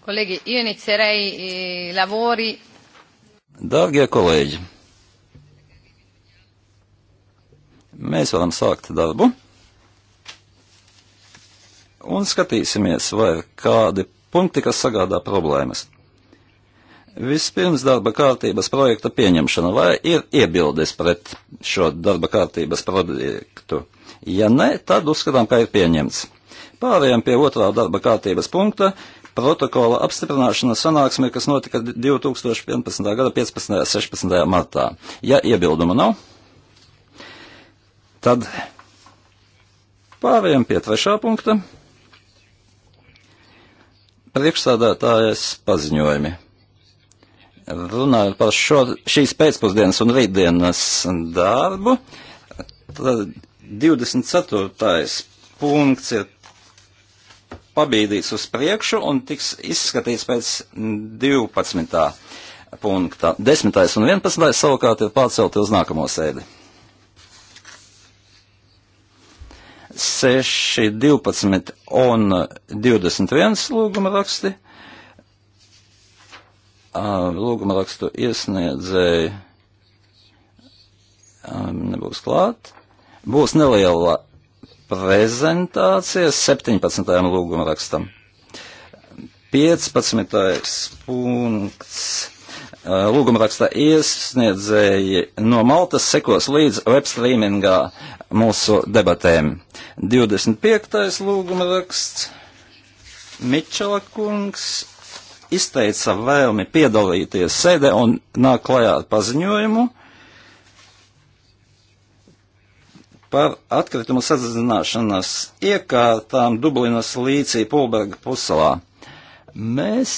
Kolēģi, io inizierei e, lavori. Dārgie kolēģi, mēs varam sākt darbu un skatīsimies, vai ir kādi punkti, kas sagādā problēmas. Vispirms darba kārtības projekta pieņemšana, vai ir iebildes pret šo darba kārtības projektu? Ja nē, tad uzskatām, ka ir pieņemts. Pārējām pie otrā darba kārtības punkta protokola apstiprināšana sanāksmē, kas notika 2011. gada 15. un 16. martā. Ja iebildumu nav, tad pārējām pie trešā punkta. Priekšsādātājas paziņojumi. Runājot par šo, šīs pēcpusdienas un rītdienas darbu, tad 24. punkts ir pabīdīts uz priekšu un tiks izskatīts pēc 12. punktā. 10. un 11. savukārt ir pārcelti uz nākamo sēdi. 6, 12 un 21 lūguma raksti. Lūguma rakstu iesniedzēji nebūs klāt. Būs neliela prezentācijas 17. lūguma rakstam. 15. punkts. Lūguma rakstā iesniedzēji no Maltas sekos līdz webstreamingā mūsu debatēm. 25. lūguma raksts. Mičela kungs izteica vēlmi piedalīties sēdē un nāk klajā ar paziņojumu, par atkritumu sazināšanas iekārtām Dublinas līcī Pulberga pusalā. Mēs,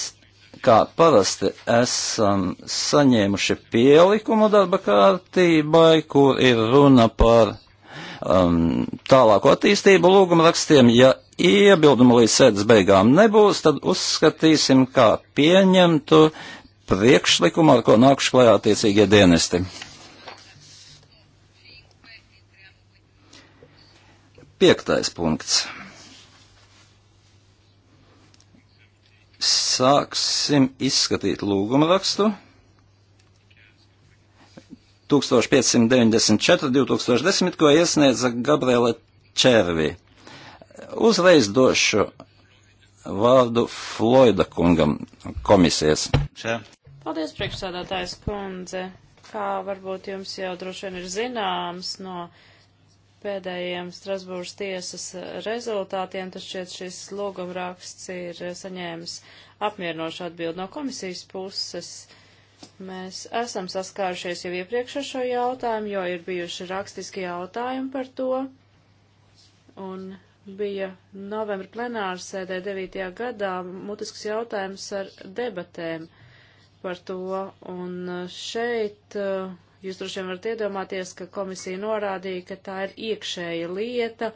kā parasti, esam saņēmuši pielikumu darba kārtībai, kur ir runa par um, tālāko attīstību lūguma rakstiem. Ja iebildumu līdz sēdes beigām nebūs, tad uzskatīsim, kā pieņemtu priekšlikumu, ar ko nākuši klajā attiecīgie dienesti. Piektais punkts. Sāksim izskatīt lūguma rakstu. 1594, 2010, ko iesniedza Gabriela Červi. Uzreiz došu vārdu Floida kungam komisijas. Čia. Paldies, priekšsādātājs kundze. Kā varbūt jums jau droši vien ir zināms no pēdējiem Strasbūras tiesas rezultātiem, tad šķiet šis lūgumraksts ir saņēmis apmierinošu atbildi no komisijas puses. Mēs esam saskārušies jau iepriekš ar šo jautājumu, jo ir bijuši rakstiski jautājumi par to. Un bija novembra plenāra sēdē 9. gadā mutisks jautājums ar debatēm par to. Un šeit uh, Jūs droši vien varat iedomāties, ka komisija norādīja, ka tā ir iekšēja lieta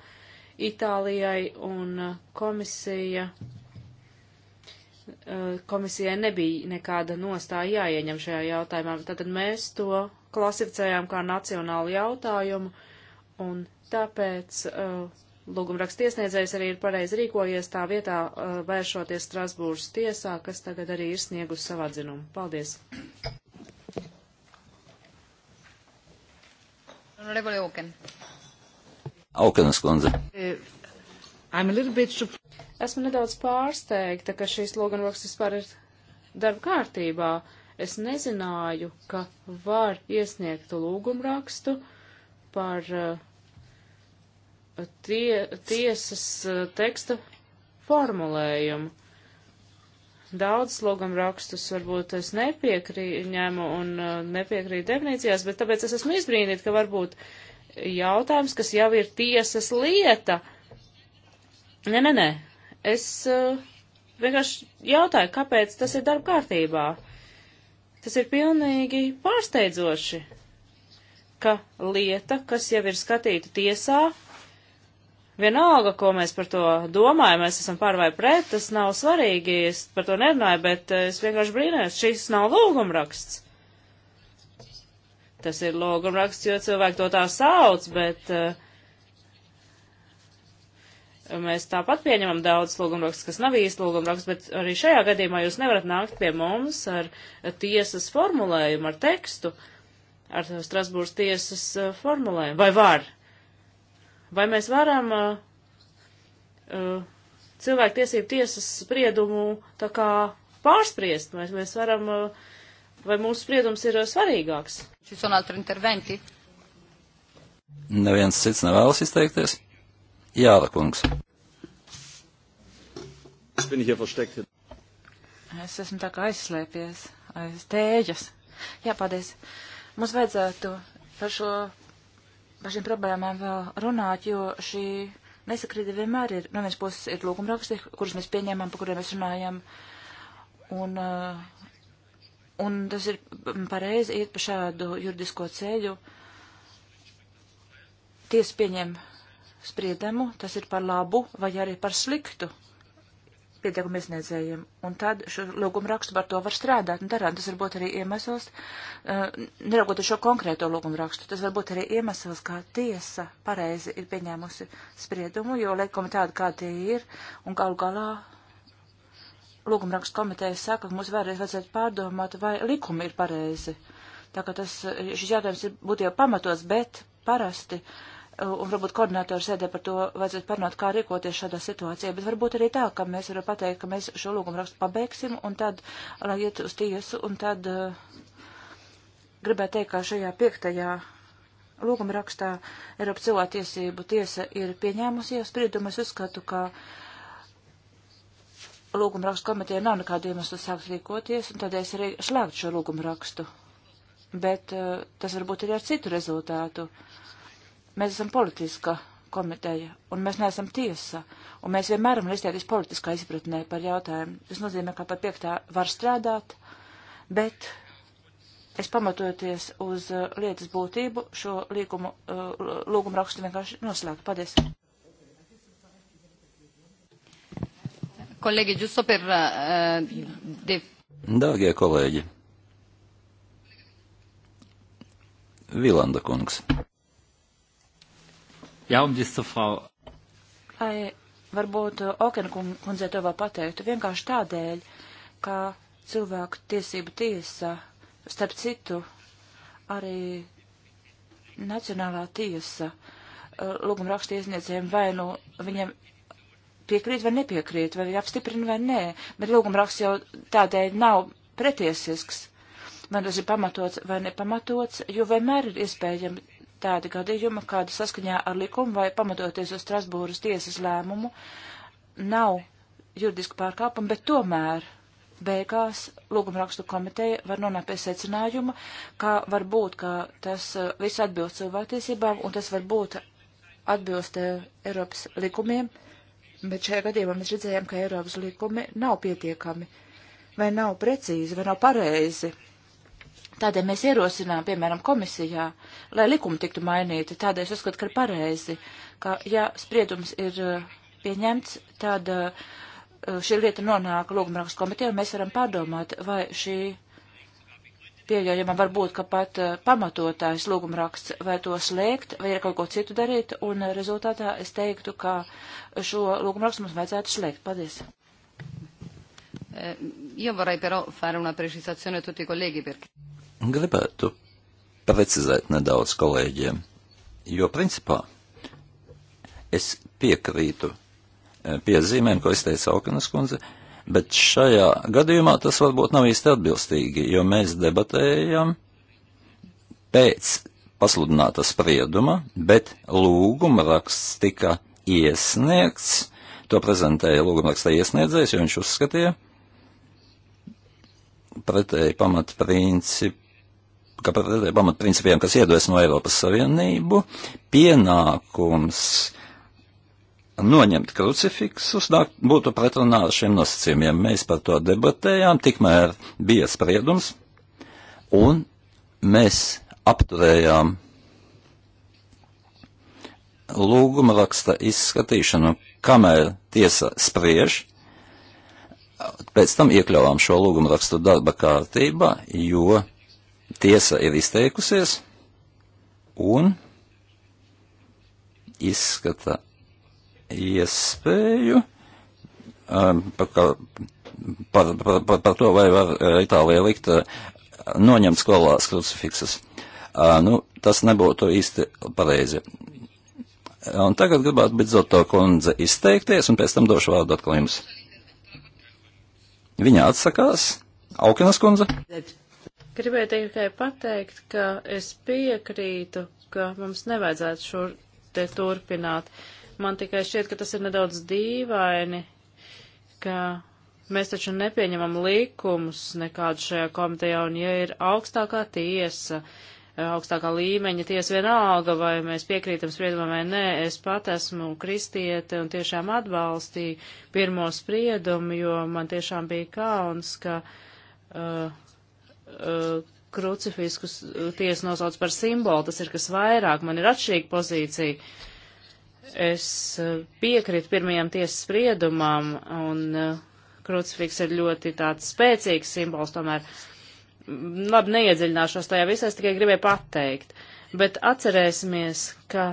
Itālijai, un uh, komisija, uh, komisijai nebija nekāda nostāja jāieņem šajā jautājumā. Tātad mēs to klasificējām kā nacionālu jautājumu, un tāpēc uh, lūgumraksta iesniedzējs arī ir pareizi rīkojies tā vietā, vēršoties Strasbūras tiesā, kas tagad arī ir sniegus savā dzinumu. Paldies! Honorevole Auken. Aukenas kundze. Eh, bit... Esmu nedaudz pārsteigta, ka šīs loganroks vispār ir darba kārtībā. Es nezināju, ka var iesniegt lūgumrakstu par eh, tie, tiesas eh, teksta formulējumu daudz logam rakstus, varbūt es nepiekrīņēmu un uh, nepiekrītu definīcijās, bet tāpēc es esmu izbrīnīt, ka varbūt jautājums, kas jau ir tiesas lieta. Nē, nē, nē. Es uh, vienkārši jautāju, kāpēc tas ir darba kārtībā. Tas ir pilnīgi pārsteidzoši, ka lieta, kas jau ir skatīta tiesā, Vienalga, ko mēs par to domājam, mēs esam par vai pret, tas nav svarīgi, es par to nerunāju, bet eh, es vienkārši brīnējos, šis nav lūgumraksts. Tas ir lūgumraksts, jo cilvēki to tā sauc, bet uh, mēs tāpat pieņemam daudz lūgumrakstus, kas nav īsti lūgumraksts, bet arī šajā gadījumā jūs nevarat nākt pie mums ar eh, tiesas formulējumu, ar tekstu, ar Strasbūras tiesas formulējumu. Vai var? Vai mēs varam uh, uh, cilvēktiesību tiesas spriedumu tā kā pārspriest? Mēs, mēs varam, uh, vai mūsu spriedums ir uh, svarīgāks? Šis un altri interventi. Neviens cits nevēlas izteikties? Jā, kungs. Es esmu tā kā aizslēpies aiz tēģas. Jā, paldies. Mums vajadzētu par šo par šīm problēmām vēl runāt, jo šī nesakrīta vienmēr ir. No vienas puses ir lūgumraksti, kurus mēs pieņēmām, par kuriem mēs runājam. Un, eh, un tas ir pareizi iet pa šādu juridisko ceļu. Tiesa pieņem spriedumu, tas ir par labu vai arī par sliktu pietiekami iesniedzējiem. Un tad šo lūgumu rakstu par to var strādāt un darāt. Tas varbūt arī iemesls, uh, neraugot uz šo konkrēto lūgumu rakstu, tas varbūt arī iemesls, kā tiesa pareizi ir pieņēmusi spriedumu, jo liekumi tādi, kā tie ir, un galu galā lūgumu rakstu komiteja saka, ka mums vēlreiz vajadzētu pārdomāt, vai likumi ir pareizi. Tā kā tas, šis jautājums ir būtībā pamatots, bet parasti. Uh, un varbūt koordinātoru sēdē par to vajadzētu parunāt, kā rīkoties šādā situācijā, bet varbūt arī tā, ka mēs varam pateikt, ka mēs šo lūgumu rakstu pabeigsim un tad, lai iet uz tiesu, un tad uh, gribētu teikt, ka šajā piektajā lūguma rakstā Eiropas cilvēktiesību tiesa ir pieņēmusi jau spriedumu. Es uzskatu, ka lūguma rakstu komitē nav nekāda iemesla sākt rīkoties, un tādēļ es arī slēgtu šo lūgumu rakstu. Bet uh, tas varbūt ir ar citu rezultātu. Uh, Mēs esam politiska komiteja, un mēs neesam tiesa, un mēs vienmēr varam liestēties politiskā izpratnē par jautājumu. Tas nozīmē, ka par piektā var strādāt, bet es pamatoties uz uh, lietas būtību šo līgumu, uh, lūgumu rakstu vienkārši noslēgtu. Paldies! Kolēģi, giusto per... Uh, de... Dārgie kolēģi! Vilanda kungs. Jā, un jūs, frau. Lai varbūt eh, Okena kundzei to vēl pateiktu, vienkārši tādēļ, ka cilvēku tiesību tiesa, starp citu, arī Nacionālā tiesa eh, lūguma rakstu iesniedzējiem vai nu viņiem piekrīt vai nepiekrīt, vai viņi apstiprina vai nē, bet lūguma raksts jau tādēļ nav pretiesisks. Vai tas ir pamatots vai nepamatots, jo vienmēr ir iespējami tādi gadījumi, kāda saskaņā ar likumu vai pamatoties uz Strasbūras tiesas lēmumu nav juridiski pārkāpumi, bet tomēr beigās lūgumrakstu komiteja var nonākt pie secinājuma, ka var būt, ka tas eh, viss atbilst cilvēktiesībām un tas var būt atbilst eh, Eiropas likumiem, bet šajā gadījumā mēs redzējām, ka Eiropas likumi nav pietiekami, vai nav precīzi, vai nav pareizi Tādēļ mēs ierosinām, piemēram, komisijā, lai likumi tiktu mainīti. Tādēļ es uzskatu, ka ir pareizi, ka, ja spriedums ir eh, pieņemts, tad eh, šī lieta nonāk lūgumrakstu komitē, un mēs varam pārdomāt, vai šī pieļaujama var būt, ka pat eh, pamatotājs lūgumraksts vai to slēgt, vai ir kaut ko citu darīt, un rezultātā es teiktu, ka šo lūgumrakstu mums vajadzētu slēgt. Paldies! Io vorrei però fare una precisazione a tutti i colleghi perché. Gribētu precizēt nedaudz kolēģiem, jo principā es piekrītu eh, piezīmēm, ko izteica Aukanas kundze, bet šajā gadījumā tas varbūt nav īsti atbilstīgi, jo mēs debatējam pēc pasludināta sprieduma, bet lūguma raksts tika iesniegts, to prezentēja lūguma rakstā iesniedzējs, jo viņš uzskatīja pretēji pamatprincipu ka pamatprincipiem, kas iedvesmo no Eiropas Savienību, pienākums noņemt krucifiksus nāk, būtu pretrunā ar šiem nosacījumiem. Mēs par to debatējām, tikmēr bija spriedums, un mēs apturējām lūguma raksta izskatīšanu, kamēr tiesa spriež, pēc tam iekļāvām šo lūgumu rakstu darba kārtībā, jo tiesa ir izteikusies un izskata iespēju um, par, par, par, par, par to, vai var uh, Itālijā likt uh, noņemt skolās krucifikses. Uh, nu, tas nebūtu īsti pareizi. Un tagad gribētu beidzot to kundze izteikties, un pēc tam došu vārdu atkal jums. Viņa atsakās. Aukinas kundze. That Gribēju tikai pateikt, ka es piekrītu, ka mums nevajadzētu šo te turpināt. Man tikai šķiet, ka tas ir nedaudz dīvaini, ka mēs taču nepieņemam likumus nekādu šajā komitejā, un ja ir augstākā tiesa, augstākā līmeņa tiesa vienalga, vai mēs piekrītam spriedumam vai nē, es pat esmu kristiete un tiešām atbalstīju pirmo spriedumu, jo man tiešām bija kauns, ka uh, uh, krucifiskus uh, tiesa nosauc par simbolu, tas ir kas vairāk, man ir atšķirīga pozīcija. Es uh, piekrītu pirmajam tiesas spriedumam, un uh, krucifiks ir ļoti tāds spēcīgs simbols, tomēr mm, labi neiedziļināšos tajā visā, es tikai gribēju pateikt. Bet atcerēsimies, ka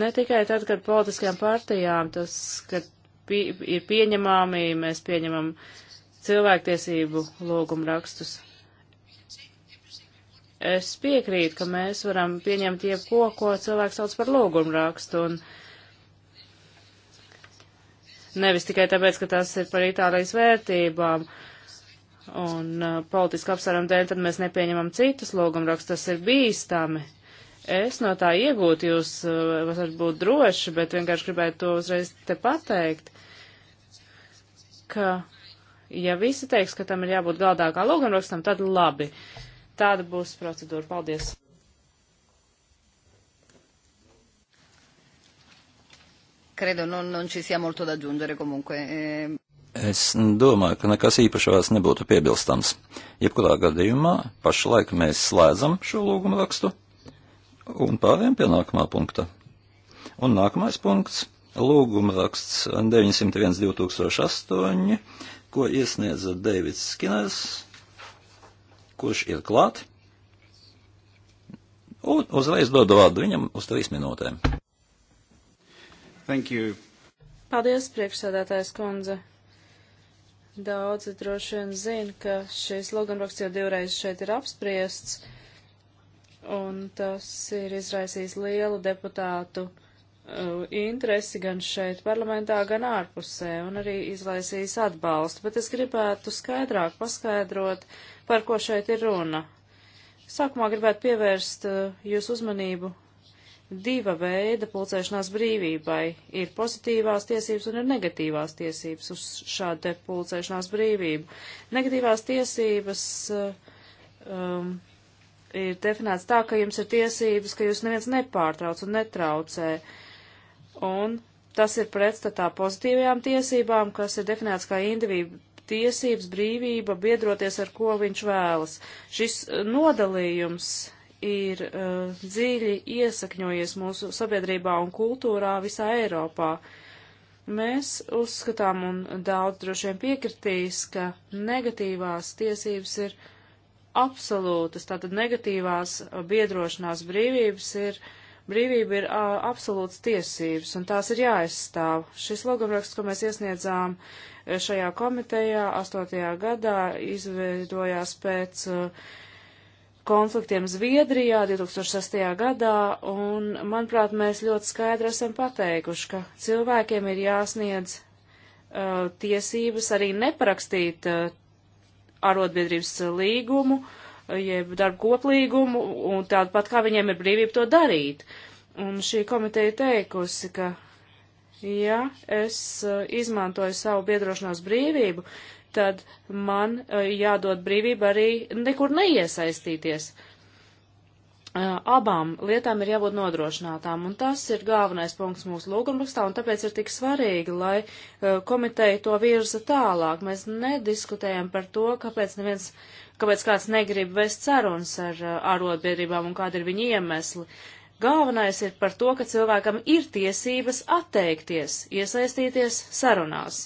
ne tikai tad, kad politiskajām partijām tas, kad pi ir pieņemami, mēs pieņemam uh, cilvēktiesību lūgumu rakstus. Es piekrītu, ka mēs varam pieņemt jebko, ko cilvēks sauc par lūgumu rakstu, un nevis tikai tāpēc, ka tas ir par Itālijas vērtībām, un uh, politiski apsvērumu dēļ tad mēs nepieņemam citus lūgumu rakstus, tas ir bīstami. Es no tā iegūtu, jūs uh, varat būt droši, bet vienkārši gribētu to uzreiz te pateikt, ka Ja visi teiks, ka tam ir jābūt galdā kā lūgumrakstam, tad labi. Tāda būs procedūra. Paldies! Credo non, non ci sia molto da aggiungere comunque. Eh, es domāju, ka nekas īpaši vairs nebūtu piebilstams. Jebkurā gadījumā pašlaik mēs slēdzam šo lūgumu rakstu un pārējām pie nākamā punkta. Un nākamais punkts - lūguma raksts 901 2008 ko iesniedza Deivids Skiners, kurš ir klāt. Un uzreiz dodu vārdu viņam uz trīs minūtēm. Thank you. Paldies, priekšsēdētājs kundze. Daudzi droši vien zina, ka šīs loganraksts jau divreiz šeit ir apspriests, un tas ir izraisījis lielu deputātu Uh, interesi gan šeit parlamentā, gan ārpusē, un arī izlaisīs atbalstu, bet es gribētu skaidrāk paskaidrot, par ko šeit ir runa. Sākumā gribētu pievērst uh, jūsu uzmanību diva veida pulcēšanās brīvībai. Ir pozitīvās tiesības un ir negatīvās tiesības uz šādu te pulcēšanās brīvību. Negatīvās tiesības. Uh, um, Ir definēts tā, ka jums ir tiesības, ka jūs neviens nepārtrauc un netraucē. Uh, un tas ir pretstatā pozitīvajām tiesībām, kas ir definēts kā individu tiesības, brīvība, biedroties ar ko viņš vēlas. Šis eh, nodalījums ir uh, dziļi iesakņojies mūsu sabiedrībā un kultūrā visā Eiropā. Mēs uzskatām un daudz droši vien piekritīs, ka negatīvās tiesības ir absolūtas, tātad negatīvās eh, biedrošanās brīvības ir uh, Brīvība ir uh, absolūts tiesības, un tās ir jāaizstāv. Šis logumraksts, ko mēs iesniedzām šajā komitejā 8. gadā, izveidojās pēc uh, konfliktiem Zviedrijā 2006. gadā, un, manuprāt, mēs ļoti skaidri esam pateikuši, ka cilvēkiem ir jāsniedz uh, tiesības arī neparakstīt uh, arotbiedrības līgumu, uh, jeb darba koplīgumu, un tāpat kā viņiem ir brīvība to darīt. Un šī komiteja teikusi, ka, ja es eh, izmantoju savu biedrošanās brīvību, tad man eh, jādod brīvība arī nekur neiesaistīties. Eh, abām lietām ir jābūt nodrošinātām, un tas ir galvenais punkts mūsu lūgumrakstā, un tāpēc ir tik svarīgi, lai komiteja to virza tālāk. Mēs nediskutējam par to, kāpēc neviens kāpēc kāds negrib vēst sarunas ar ārotbiedrībām eh, un kāda ir viņa iemesli. Galvenais ir par to, ka cilvēkam ir tiesības atteikties, iesaistīties sarunās.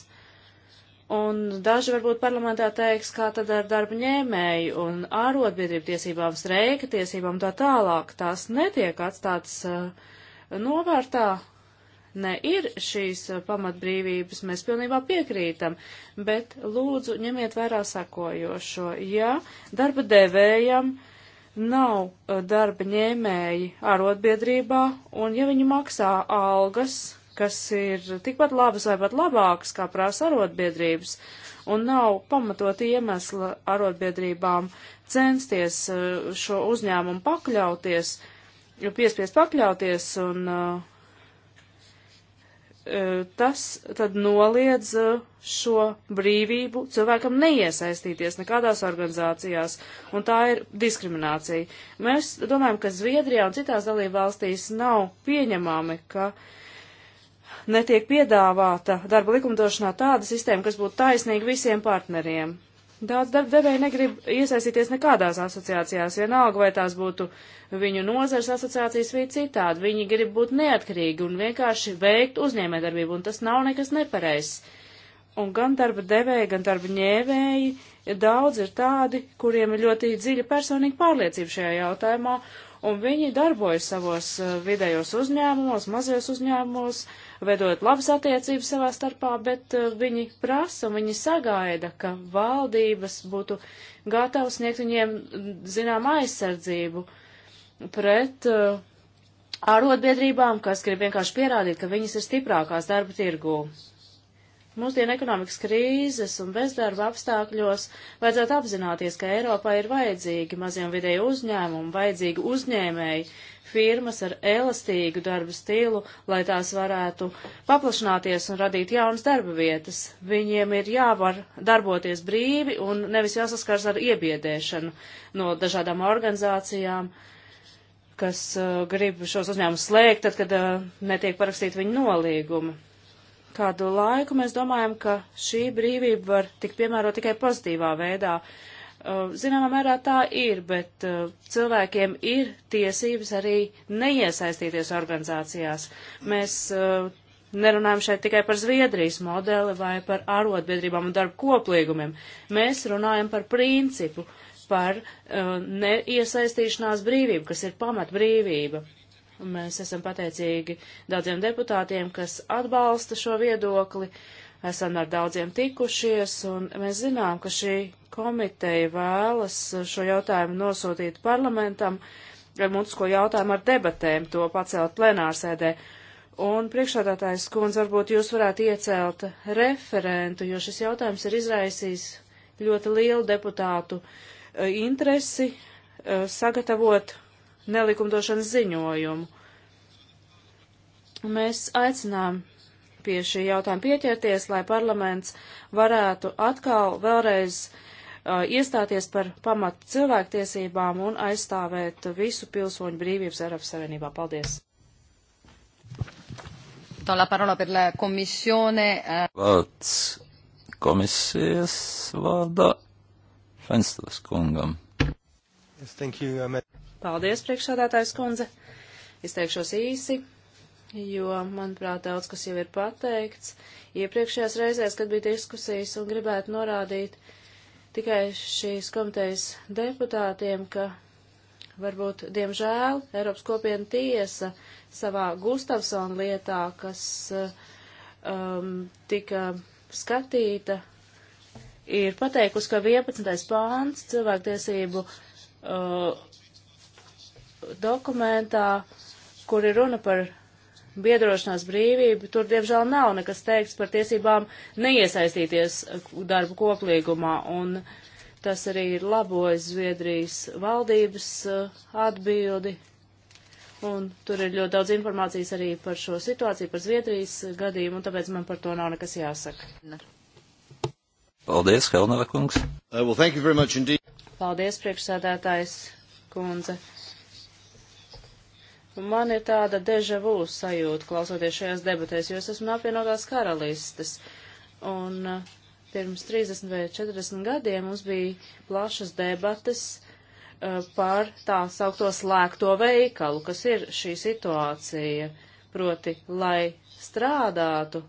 Un daži varbūt parlamentā teiks, kā tad ar darba ņēmēju un ārotbiedrību tiesībām, streika tiesībām tā tālāk. Tās netiek atstātas uh, eh, novērtā, nē, ir šīs uh, pamatbrīvības, mēs pilnībā piekrītam, bet lūdzu ņemiet vērā sakojošo. Ja darba devējam nav uh, darba ņēmēji arotbiedrībā, un ja viņi maksā algas, kas ir tikpat labas vai pat labākas, kā prasa arotbiedrības, un nav pamatot iemesla arotbiedrībām censties uh, šo uzņēmumu pakļauties, piespiest pakļauties un uh, E, tas tad noliedz e, šo brīvību cilvēkam neiesaistīties nekādās organizācijās, un tā ir diskriminācija. Mēs domājam, ka Zviedrijā un citās dalībvalstīs nav pieņemami, ka netiek piedāvāta darba likumdošanā tāda sistēma, kas būtu taisnīga visiem partneriem. Daudz darbdevēji negrib iesaistīties nekādās asociācijās, vienalga vai tās būtu viņu nozars asociācijas vai citādi. Viņi grib būt neatkarīgi un vienkārši veikt uzņēmējdarbību, un tas nav nekas nepareizs. Un gan darba devēji, gan darba ņēvēji daudz ir tādi, kuriem ir ļoti dziļa personīga pārliecība šajā jautājumā, un viņi darbojas savos eh, vidējos uzņēmumos, mazajos uzņēmumos, vedot labas attiecības savā starpā, bet eh, viņi prasa un viņi sagaida, ka valdības būtu gatavas sniegt viņiem mm, zinām aizsardzību pret uh, eh, arotbiedrībām, kas grib vienkārši pierādīt, ka viņas ir stiprākās darba tirgū. Mūsdienu ekonomikas krīzes un bezdarba apstākļos vajadzētu apzināties, ka Eiropā ir vajadzīgi maziem vidēju uzņēmumu, vajadzīgi uzņēmēji, firmas ar elastīgu darba stilu, lai tās varētu paplašināties un radīt jaunas darba vietas. Viņiem ir jāvar darboties brīvi un nevis jāsaskars ar iebiedēšanu no dažādām organizācijām kas uh, grib šos uzņēmumus slēgt, tad, kad uh, netiek parakstīti viņu nolīgumi kādu laiku mēs domājam, ka šī brīvība var tikt piemērot tikai pozitīvā veidā. Uh, zināmā mērā tā ir, bet uh, cilvēkiem ir tiesības arī neiesaistīties organizācijās. Mēs uh, nerunājam šeit tikai par Zviedrijas modeli vai par arotbiedrībām un darbu koplīgumiem. Mēs runājam par principu, par neiesaistīšanās brīvību, kas ir pamatbrīvība. Mēs esam pateicīgi daudziem deputātiem, kas atbalsta šo viedokli. Esam ar daudziem tikušies, un mēs zinām, ka šī komiteja vēlas šo jautājumu nosūtīt parlamentam, vai mutisko jautājumu ar debatēm to pacelt plenārsēdē. Un priekšādātājs kundze, varbūt jūs varētu iecelt referentu, jo šis jautājums ir izraisījis ļoti lielu deputātu eh, interesi eh, sagatavot nelikumdošanas ziņojumu. Mēs aicinām pie šī jautājuma pieķerties, lai parlaments varētu atkal vēlreiz uh, iestāties par pamatu cilvēktiesībām un aizstāvēt visu pilsoņu brīvības Eiropas Savienībā. Paldies! Eh. Vārds komisijas vārdā Fenstelas kungam. Yes, thank you, um... Paldies, priekšsādātājs kundze. Izteikšos īsi, jo, manuprāt, daudz kas jau ir pateikts iepriekšējās reizēs, kad bija diskusijas, un gribētu norādīt tikai šīs komitejas deputātiem, ka varbūt, diemžēl, Eiropas kopiena tiesa savā Gustavsona lietā, kas um, tika skatīta, ir pateikusi, ka 11. pāns cilvēktiesību uh, dokumentā, kur ir runa par biedrošanās brīvību, tur diemžēl nav nekas teikts par tiesībām neiesaistīties darbu koplīgumā, un tas arī ir labojis Zviedrijas valdības uh, atbildi, un tur ir ļoti daudz informācijas arī par šo situāciju, par Zviedrijas gadījumu, un tāpēc man par to nav nekas jāsaka. Paldies, Helnava kungs. Uh, well, Paldies, priekšsēdētājs kundze. Un man ir tāda deja vu sajūta, klausoties šajās debatēs, jo es esmu apvienotās karalistes. Un uh, pirms 30 vai 40 gadiem mums bija plašas debates uh, par tā saukto slēgto veikalu, kas ir šī situācija. Proti, lai strādātu,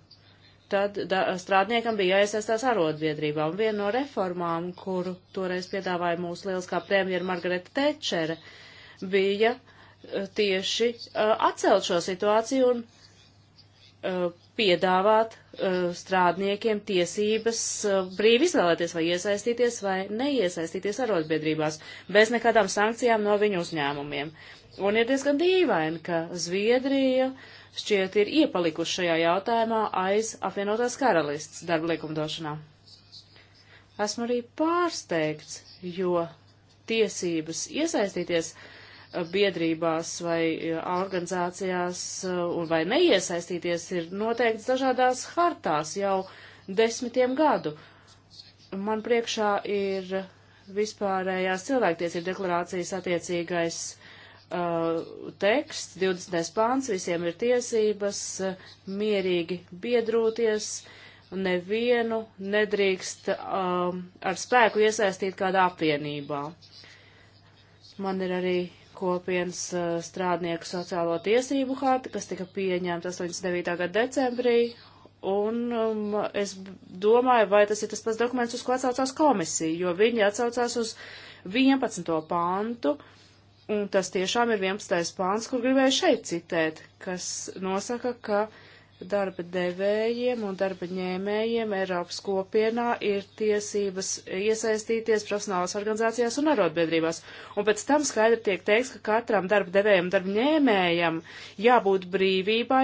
tad da, strādniekam bija jāiesaistās arotbiedrībā, un viena no reformām, kuru toreiz piedāvāja mūsu lieliskā premjera Margareta Tečere, bija tieši eh, atcelt šo situāciju un eh, piedāvāt eh, strādniekiem tiesības brīvi izvēlēties, vai iesaistīties vai neiesaistīties arotbiedrībās, bez nekādām sankcijām no viņu uzņēmumiem. Un ir diezgan dīvaini, ka Zviedrija šķiet ir iepalikuši šajā jautājumā aiz apvienotās karalists darba likumdošanā. Esmu arī pārsteigts, jo tiesības iesaistīties uh, biedrībās vai e, organizācijās e, un vai neiesaistīties ir noteikts dažādās hartās jau desmitiem gadu. Man priekšā ir vispārējās cilvēktiesību deklarācijas attiecīgais uh, teksts, 20. pāns, visiem ir tiesības uh, mierīgi biedrūties, nevienu nedrīkst uh, ar spēku iesaistīt kādā apvienībā. Man ir arī kopienas eh, strādnieku sociālo tiesību harta, kas tika pieņemta 89. gada decembrī, Un um, es domāju, vai tas ir tas pats dokuments, uz ko atsaucās komisija, jo viņi atsaucās uz 11. pantu, un tas tiešām ir 11. pants, kur gribēju šeit citēt, kas nosaka, ka uh, darba devējiem un darba ņēmējiem Eiropas kopienā ir tiesības iesaistīties profesionālās organizācijās un arotbiedrībās. Un pēc tam skaidri tiek teiks, ka katram darba devējam un darba ņēmējam jābūt brīvībai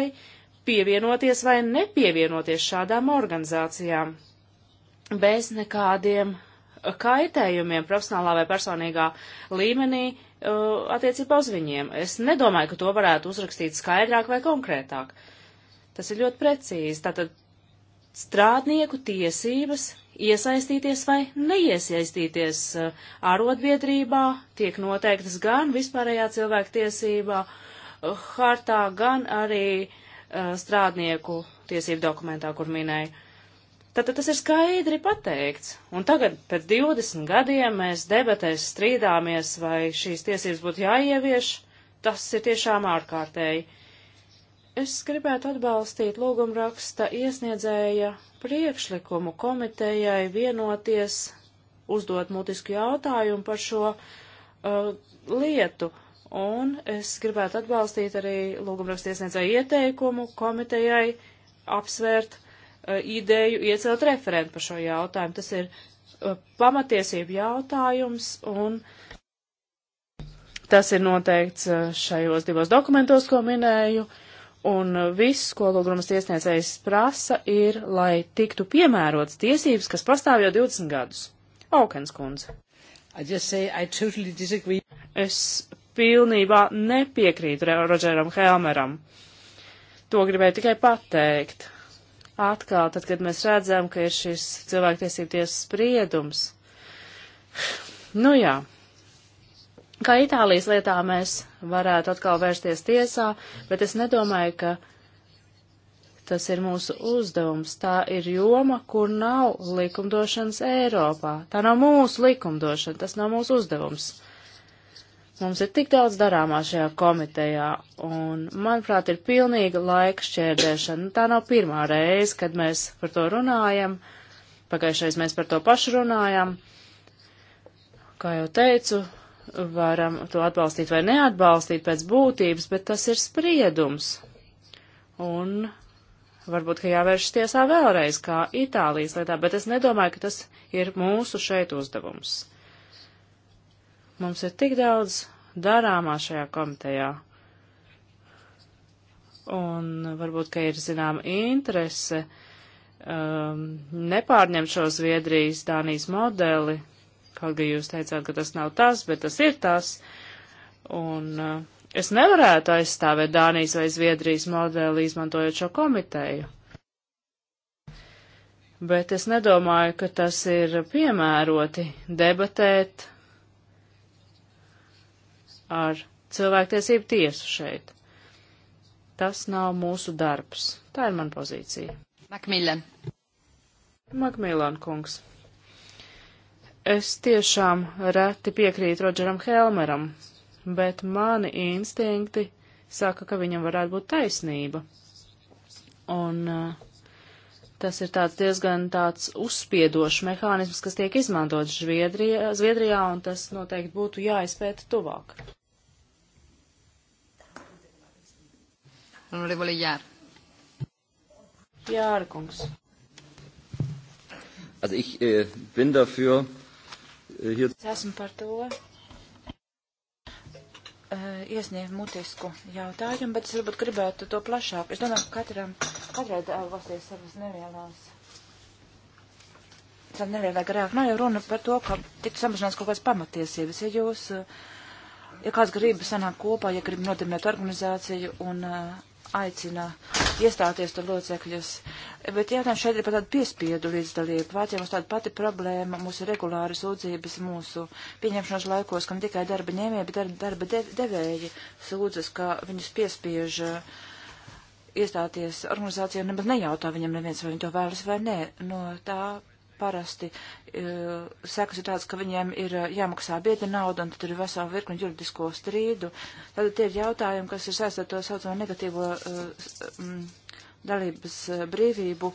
pievienoties vai nepievienoties šādām organizācijām bez nekādiem kaitējumiem profesionālā vai personīgā līmenī uh, attiecībā uz viņiem. Es nedomāju, ka to varētu uzrakstīt skaidrāk vai konkrētāk. Uh, Tas ir ļoti precīzi. Tātad strādnieku tiesības iesaistīties vai neiesaistīties uh, arotbiedrībā tiek noteiktas gan vispārējā cilvēku tiesībā uh, hartā, gan arī uh, strādnieku tiesību dokumentā, kur minēja. Tātad tas ir skaidri pateikts. Un tagad, pēc 20 gadiem, mēs debatēs strīdāmies, vai šīs tiesības būtu jāievieš. Tas ir tiešām ārkārtēji. Uh, Es gribētu atbalstīt lūgumraksta iesniedzēja priekšlikumu komitejai vienoties, uzdot mutisku jautājumu par šo uh, lietu. Un es gribētu atbalstīt arī lūgumraksta iesniedzēja ieteikumu komitejai apsvērt uh, ideju iecelt referentu par šo jautājumu. Tas ir uh, pamatiesību jautājums un tas ir noteikts uh, šajos divos dokumentos, ko minēju. Uh, Un uh, viss, ko lūgrumas tiesniecējs prasa, ir, lai tiktu piemērots tiesības, kas pastāv jau 20 gadus. Aukens kundze. Say, totally disagree. es pilnībā nepiekrītu Rodžeram Helmeram. To gribēju tikai pateikt. Atkal, tad, kad mēs redzam, ka ir šis cilvēktiesību tiesas spriedums, nu jā, Kā Itālijas lietā mēs varētu atkal vērsties tiesā, bet es nedomāju, ka tas ir mūsu uzdevums. Tā ir joma, kur nav likumdošanas Eiropā. Tā nav mūsu likumdošana, tas nav mūsu uzdevums. Mums ir tik daudz darāmā šajā komitejā, un, manuprāt, ir pilnīga laika šķērdēšana. Nu, tā nav pirmā reize, kad mēs par to runājam. Pagājušais mēs par to pašu runājam. Kā jau teicu, varam to atbalstīt vai neatbalstīt pēc būtības, bet tas ir spriedums. Un varbūt, ka jāvēršas tiesā vēlreiz, kā Itālijas lietā, bet es nedomāju, ka tas ir mūsu šeit uzdevums. Mums ir tik daudz darāmā šajā komitejā. Un varbūt, ka ir zināma interese um, nepārņemt šo Zviedrijas, Dānijas modeli, Kaut gan jūs teicāt, ka tas nav tas, bet tas ir tas. Un uh, es nevarētu aizstāvēt Dānijas vai Zviedrijas modeli, izmantojot šo komiteju. Bet es nedomāju, ka tas ir piemēroti debatēt ar cilvēktiesību tiesu šeit. Tas nav mūsu darbs. Tā ir mana pozīcija. Makmillan. Makmillan kungs. Es tiešām reti piekrītu Rodžeram Helmeram, bet mani instinkti saka, ka viņam varētu būt taisnība. Un uh, tas ir tāds diezgan tāds uzspiedošs mehānisms, kas tiek izmantots Zviedrijā, Zviedrijā, un tas noteikti būtu jāizpēta tuvāk. Honorevole Jār. Jāra kungs. Also ich äh, bin dafür, Hier... Es esmu par to eh, iesniegt mutisku jautājumu, bet es varbūt gribētu to plašāk. Es domāju, ka katram, katrai valstī savas nevienās. Tā nevienā garāk. Nav jau runa par to, ka tik samazinās kaut kādas pamatiesības. Ja jūs, eh, ja kāds grib sanākt kopā, ja grib nodimēt organizāciju un uh, aicina iestāties tur locekļus. Bet jautājums šeit ir par tādu piespiedu līdzdalību. Vācijā mums tāda pati problēma, mūsu regulāras sūdzības mūsu pieņemšanas laikos, kam tikai darba ņēmēji, bet darba de devēji sūdzas, ka viņus piespiež uh, iestāties organizācijā, nemaz nejautā viņam neviens, vai viņi to vēlas vai nē. No tā parasti uh, sekas ir tādas, ka viņiem ir e, jāmaksā bieda nauda, un tad ir vesela virkni juridisko strīdu. Tad tie ir jautājumi, kas ir saistīti ar to saucamo negatīvo uh, um, dalības uh, brīvību.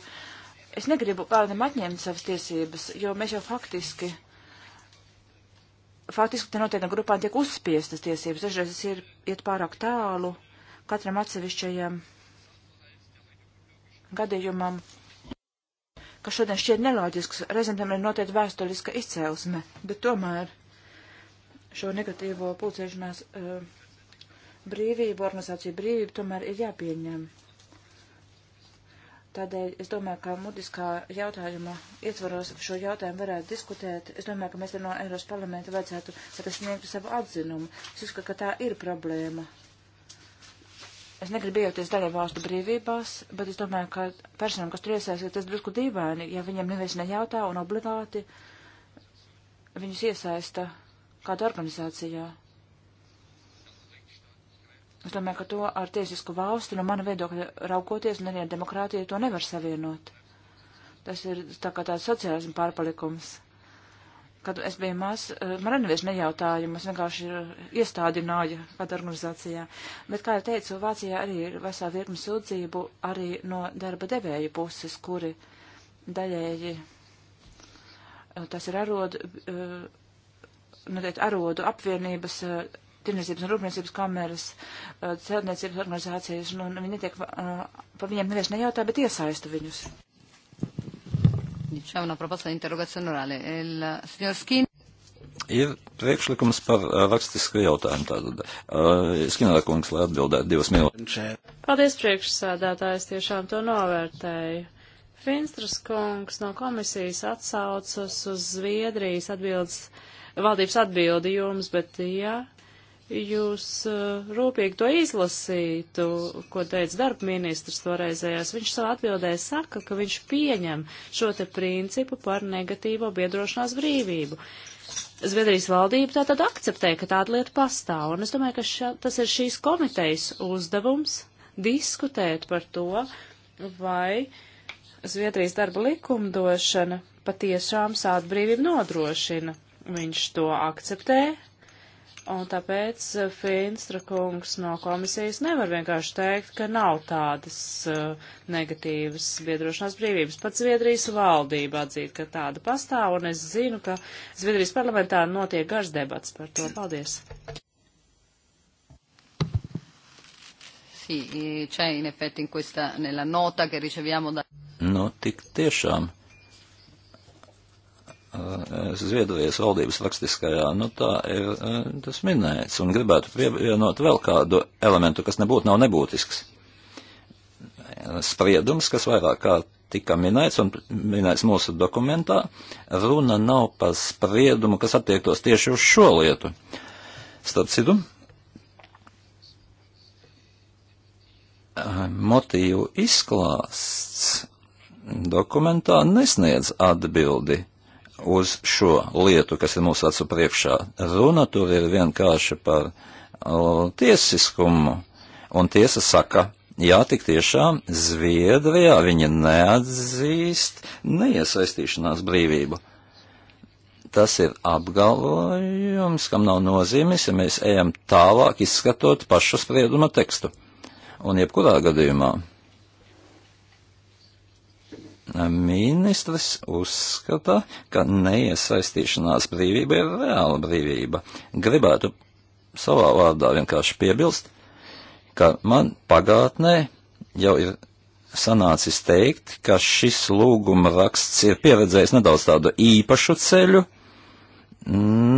Es negribu kādam atņemt savas tiesības, jo mēs jau faktiski. Faktiski te noteikti grupām tiek uzspiestas tiesības, dažreiz tas ir iet pārāk tālu katram atsevišķajam gadījumam kas šodien šķiet neloģisks, reizēm tam ir noteikti vēsturiska izcēlesme, bet tomēr šo negatīvo pulcēšanās uh, brīvību, organizāciju brīvību tomēr ir jāpieņem. Tādēļ es domāju, ka mutiskā jautājuma ietvaros šo jautājumu varētu diskutēt. Es domāju, ka mēs no Eiropas parlamenta vajadzētu, lai tas sniegtu savu atzinumu. Es uzskatu, ka tā ir problēma es negribu iejaukties dalību valstu brīvībās, bet es domāju, ka personam, kas tur iesaistīt, tas drusku dīvaini, ja viņam neviens nejautā un obligāti viņus iesaista kāda organizācijā. Es domāju, ka to ar tiesisku valsti no mana viedokļa raugoties un arī ar demokrātiju to nevar savienot. Tas ir tā kā tāds sociālismu pārpalikums kad es biju maz, eh, man arī neviens nejautāja, es vienkārši eh, iestādināju kādā organizācijā. Bet, kā jau teicu, Vācijā arī ir vesā virkni sūdzību arī no darba devēju puses, kuri daļēji, eh, tas ir arodu, netiek arodu apvienības, tirniecības un rūpniecības kameras, celtniecības organizācijas, un nu, viņi netiek, par viņiem neviens nejautā, bet iesaista viņus. C'è una proposta di interrogazione orale. E il eh, signor Skin. Ir priekšlikums par eh, rakstisku jautājumu. Tātad, uh, eh, Skinara kungs, lai atbildētu divas minūtes. Paldies, priekšsēdētājs, tiešām to novērtēju. Finstras kungs no komisijas atsaucas uz Zviedrijas atbildes, valdības atbildi jums, bet, ja jūs eh, rūpīgi to izlasītu, ko teica darba ministrs toreizējās. Viņš savā atbildē saka, ka viņš pieņem šo te principu par negatīvo biedrošanās brīvību. Zviedrijas valdība tātad akceptē, ka tāda lieta pastāv, un es domāju, ka ša, tas ir šīs komitejas uzdevums diskutēt par to, vai Zviedrijas darba likumdošana patiešām sāta brīvību nodrošina. Viņš to akceptē, Un tāpēc eh, Finstra kungs no komisijas nevar vienkārši teikt, ka nav tādas uh, negatīvas biedrošanās brīvības. Pat Zviedrijas valdība atzīt, ka tāda pastāv, un es zinu, ka Zviedrijas parlamentā notiek garš debats par to. Paldies! Eh, nu, tik tiešām Eh, Zviedrijas valdības rakstiskajā, nu tā ir eh, tas minēts, un gribētu pievienot vēl kādu elementu, kas nebūtu nav nebūtisks. Spriedums, kas vairāk kā tika minēts un minēts mūsu dokumentā, runa nav par spriedumu, kas attiektos tieši uz šo lietu. Starp citu, eh, motīvu izklāsts dokumentā nesniedz atbildi uz šo lietu, kas ir mūsu acu priekšā. Runa tur ir vienkārši par uh, tiesiskumu, un tiesa saka, jā, tik tiešām Zviedrijā viņi neatzīst neiesaistīšanās brīvību. Tas ir apgalvojums, kam nav nozīmes, ja mēs ejam tālāk izskatot pašu sprieduma tekstu. Un jebkurā gadījumā Ministrs uzskata, ka neiesaistīšanās brīvība ir reāla brīvība. Gribētu savā vārdā vienkārši piebilst, ka man pagātnē jau ir sanācis teikt, ka šis lūguma raksts ir pieredzējis nedaudz tādu īpašu ceļu,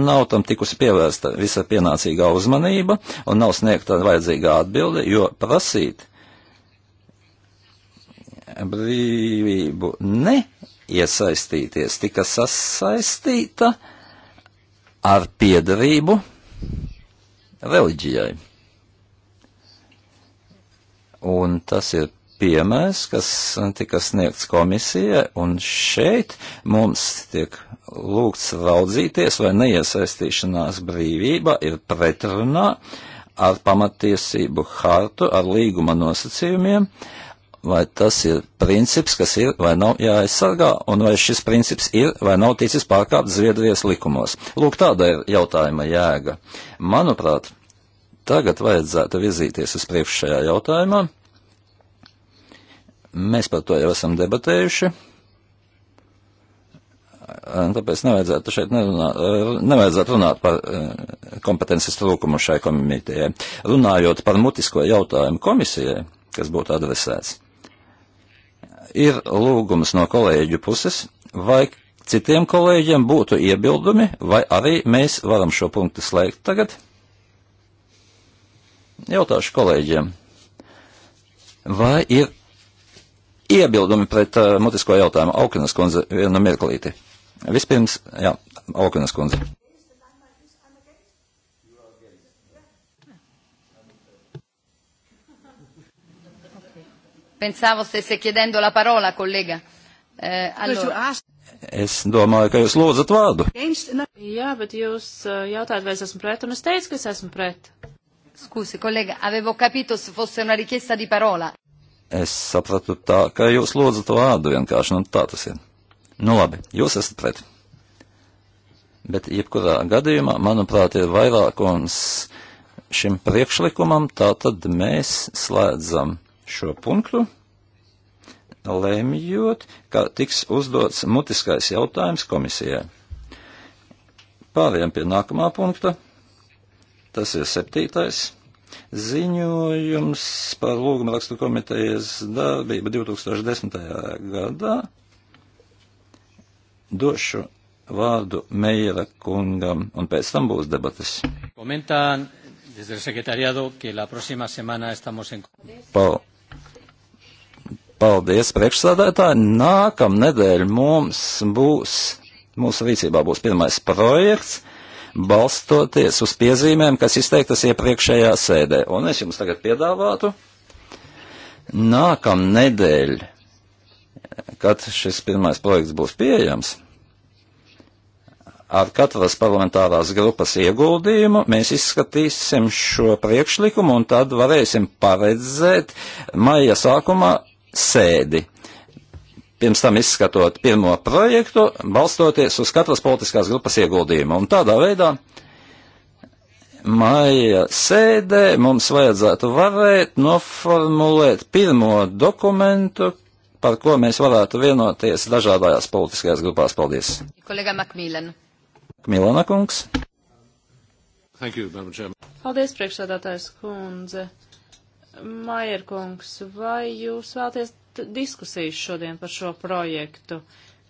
nav tam tikusi pievērsta visa pienācīgā uzmanība un nav sniegta vajadzīgā atbilde, jo prasīt brīvību neiesaistīties tika sasaistīta ar piedarību reliģijai. Un tas ir piemērs, kas tika sniegts komisijai, un šeit mums tiek lūgts raudzīties, vai neiesaistīšanās brīvība ir pretrunā ar pamatiesību hartu, ar līguma nosacījumiem, uh, vai tas ir princips, kas ir vai nav jāaizsargā, un vai šis princips ir vai nav ticis pārkāpts Zviedrijas likumos. Lūk, tāda ir jautājuma jēga. Manuprāt, tagad vajadzētu virzīties uz priekšu šajā jautājumā. Mēs par to jau esam debatējuši. Tāpēc nevajadzētu šeit nerunāt, nevajadzētu runāt par eh, kompetences trūkumu šai komitejai. Runājot par mutisko jautājumu komisijai, kas būtu adresēts. Ir lūgums no kolēģu puses, vai citiem kolēģiem būtu iebildumi, vai arī mēs varam šo punktu slēgt tagad? Jautāšu kolēģiem, vai ir iebildumi pret uh, mutisko jautājumu? Aukenas kundze, vienu mirklīti. Vispirms, jā, Aukenas kundze. Pensavo stesse chiedendo la parola, kolēģa. Eh, allora. Es domāju, ka jūs lūdzat vārdu. Jā, bet jūs eh, jautājat, vai es esmu pret, un es teicu, ka es esmu pret. Scusi, kolēģa, avevo capito se fosse una richiesta di parola. Es sapratu tā, ka jūs lūdzat vārdu vienkārši, nu tā tas ir. Nu labi, jūs esat pret. Bet jebkurā gadījumā, manuprāt, ir vairākums šim priekšlikumam, tā tad mēs slēdzam šo punktu, lēmjot, ka tiks uzdots mutiskais jautājums komisijai. Pārējām pie nākamā punkta. Tas ir septītais. Ziņojums par lūguma rakstu komitejas darbību 2010. gadā. Došu vārdu Meijera kungam, un pēc tam būs debatas. Komentā desde el secretariado que la próxima semana estamos en. Paldies. Paldies, priekšsādētāji. Nākam nedēļ mums būs, mūsu rīcībā būs pirmais projekts, balstoties uz piezīmēm, kas izteiktas iepriekšējā sēdē. Un es jums tagad piedāvātu, nākam nedēļ, kad šis pirmais projekts būs pieejams, ar katras parlamentārās grupas ieguldījumu mēs izskatīsim šo priekšlikumu un tad varēsim paredzēt maija sākumā sēdi. Pirms tam izskatot pirmo projektu, balstoties uz katras politiskās grupas ieguldījumu. Un tādā veidā maija sēdē mums vajadzētu varēt noformulēt pirmo dokumentu, par ko mēs varētu vienoties dažādajās politiskajās grupās. Paldies! Kolēģa Makmīlena. Makmīlena kungs. Thank you, Paldies, priekšsēdātājs kundze. Maierkungs, vai jūs vēlties diskusijas šodien par šo projektu,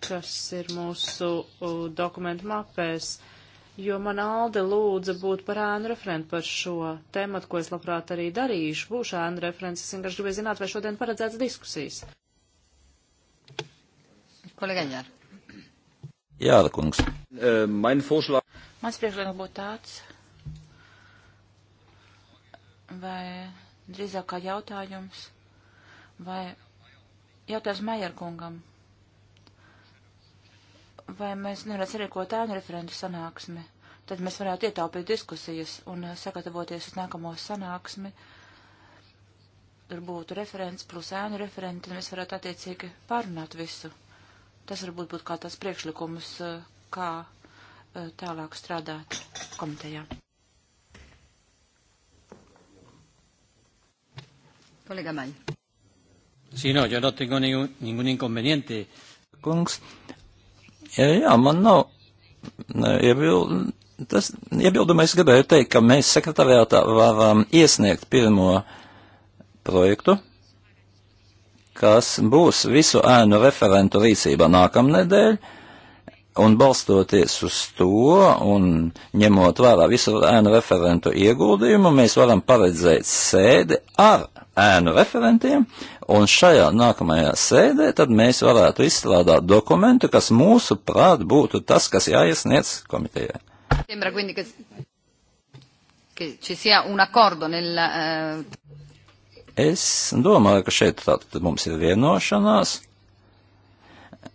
kas ir mūsu uh, dokumentu mapēs? Jo man Alde lūdza būt par ēnu referentu par šo tematu, ko es labprāt arī darīšu. Būšu ēnu referents, es vienkārši gribēju zināt, vai šodien paredzēts diskusijas. Kolēģi Jāra. Jāra kungs. Uh, mein Vorschlag. Mans priekšlikums būtu tāds, vai drīzāk kā jautājums vai jautājums Majerkungam. Vai mēs nevarētu sarīkot ēnu referentu sanāksmi? Tad mēs varētu ietaupīt diskusijas un eh, sagatavoties uz nākamo sanāksmi. Tur būtu referents plus ēnu referenti, tad mēs varētu attiecīgi pārunāt visu. Tas varbūt būtu kā tas priekšlikums, eh, kā eh, tālāk strādāt komitejā. Kolega Maļ. Sí, no, yo no tengo ningún, ningún inconveniente. Kungs, jā, jā man nav iebil, tas, iebildumi. Es gribēju teikt, ka mēs sekretariātā varam iesniegt pirmo projektu, kas būs visu ēnu referentu rīcība nākamnedēļ Un balstoties uz to un ņemot vērā visu ēnu referentu ieguldījumu, mēs varam paredzēt sēdi ar ēnu referentiem, un šajā nākamajā sēdē tad mēs varētu izstrādāt dokumentu, kas mūsu prāt būtu tas, kas jāiesniedz komitejai. Eh, es domāju, ka šeit tātad mums ir vienošanās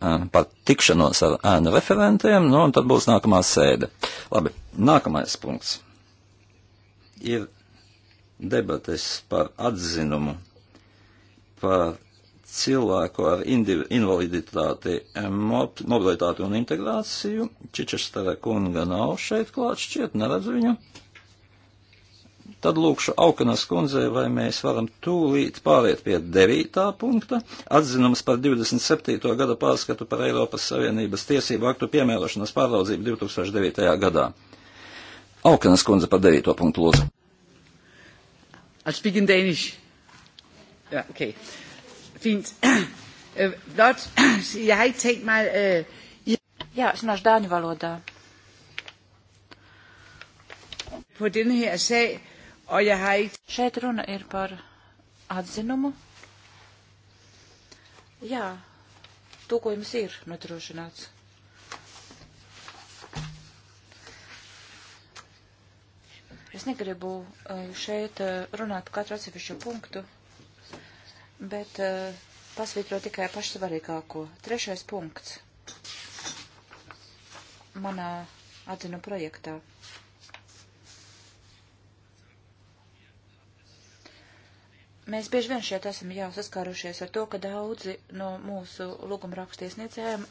par tikšanos ar ēnu referentiem, nu, un tad būs nākamā sēde. Labi, nākamais punkts ir debates par atzinumu par cilvēku ar invaliditāti, mobilitāti un integrāciju. Čičestara kunga nav šeit klāt šķiet, neredzu viņu. Tad lūkšu Aukanas kundzei, vai mēs varam tūlīt pāriet pie 9. punkta - atzinums par 27. gada pārskatu par Eiropas Savienības tiesību aktu piemērošanas pārlaudzību 2009. gadā. Aukanas kundze par 9. punktu lūdzu. I'll speak in Danish. Ja, okay. Fint. Eh, Blot, jeg har ikke tænkt mig... Øh, eh, Ja, es runāšu dāņu valodā. På denne her sag, Šeit runa ir par atzinumu. Jā, tūkojums ir nodrošināts. Es negribu eh, šeit eh, runāt katru atsevišķu punktu, bet eh, pasvītro tikai pašsvarīgāko. Trešais punkts manā atzinu projektā. Mēs bieži vien šeit esam jau saskārušies ar to, ka daudzi no mūsu lūguma rakstiesniecējiem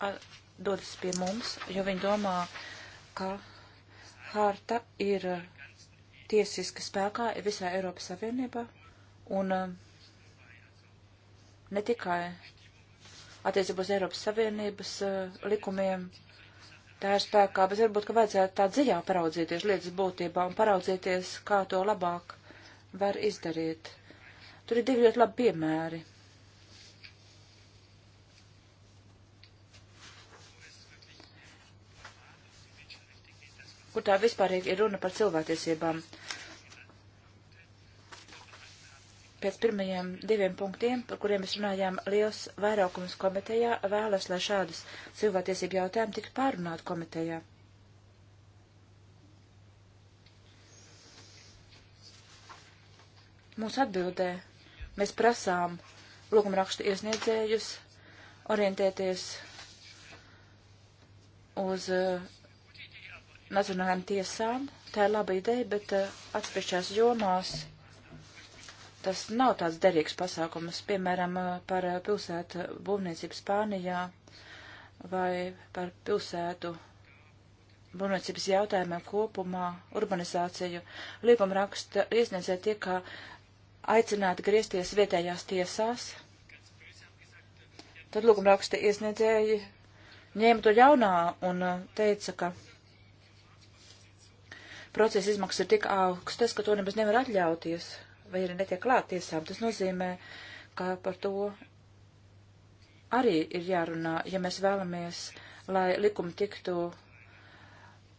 dodas pie mums, jo viņi domā, ka harta ir tiesiska spēkā visā Eiropas Savienībā un e, ne tikai attiecībā uz Eiropas Savienības e, likumiem, tā ir spēkā, bet varbūt, ka vajadzētu tā dziļāk paraudzīties lietas būtībā un paraudzīties, kā to labāk var izdarīt. Tur ir divi ļoti labi piemēri. Kur tā vispārīgi ir runa par cilvēktiesībām. Pēc pirmajiem diviem punktiem, par kuriem mēs runājām, liels vairākums komitejā vēlas, lai šādas cilvēktiesību jautājumi tiktu pārunāt komitejā. Mūsu atbildē Mēs prasām lūgumrakstu iesniedzējus orientēties uz uh, nacionālajām tiesām. Tā ir laba ideja, bet uh, atsevišķās jomās tas nav tāds derīgs pasākums, piemēram, uh, par pilsētu būvniecību Spānijā vai par pilsētu būvniecības jautājumiem kopumā, urbanizāciju. Līguma raksta iesniedzēja tie, kā aicināti griezties vietējās tiesās, tad lūgumraksta iesniedzēji ņēma to ļaunā un uh, teica, ka procesa izmaksas ir tik augstas, ka to nemaz nevar atļauties, vai arī netiek klāt tiesām. Tas nozīmē, ka par to arī ir jārunā, ja mēs vēlamies, lai likumi tiktu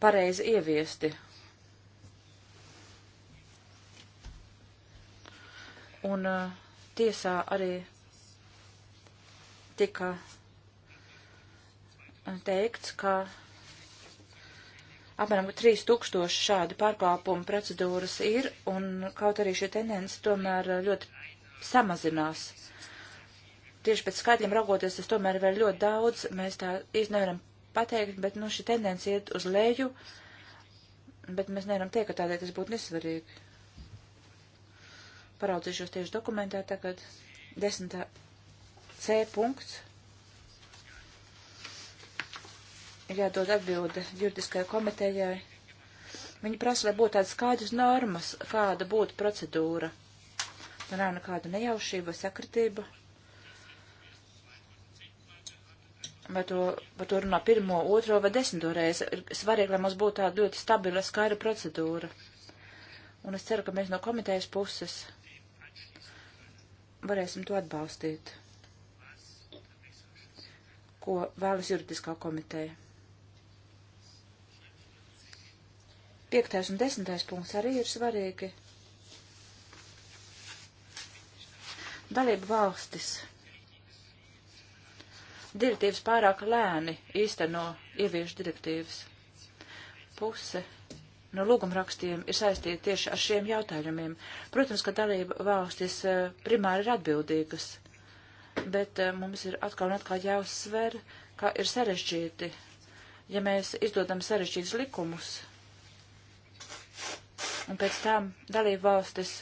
pareizi ieviesti Un uh, tiesā arī tika uh, teikts, ka apmēram 3000 šādu pārkāpumu procedūras ir, un kaut arī šī tendence tomēr uh, ļoti samazinās. Tieši pēc skaitļiem raugoties, tas tomēr ir vēl ļoti daudz, mēs tā īsti nevaram pateikt, bet nu, šī tendence iet uz leju, bet mēs nevaram teikt, ka tādēļ tas būtu nesvarīgi. Paraudzīšos tieši dokumentā tagad. Desmitā C punkts. Ir jādod atbilde juridiskajai komitejai. Viņi prasa, lai būtu tādas skaidras normas, kāda būtu procedūra. Nu nav nekāda nejaušība, sakritība. Vai to, par to runā pirmo, otro vai desmito reizi. Ir svarīgi, lai mums būtu tāda ļoti stabila, skaidra procedūra. Un es ceru, ka mēs no komitejas puses varēsim to atbalstīt, ko vēlas juridiskā komiteja. Piektais un desmitais punkts arī ir svarīgi. Dalība valstis. Direktīvas pārāk lēni īsteno ieviešu direktīvas. Puse no lūgumrakstiem ir saistīti tieši ar šiem jautājumiem. Protams, ka dalība valstis eh, primāri ir atbildīgas, bet eh, mums ir atkal un atkal jāuzsver, ka ir sarežģīti, ja mēs izdodam sarežģītus likumus, un pēc tam dalība valstis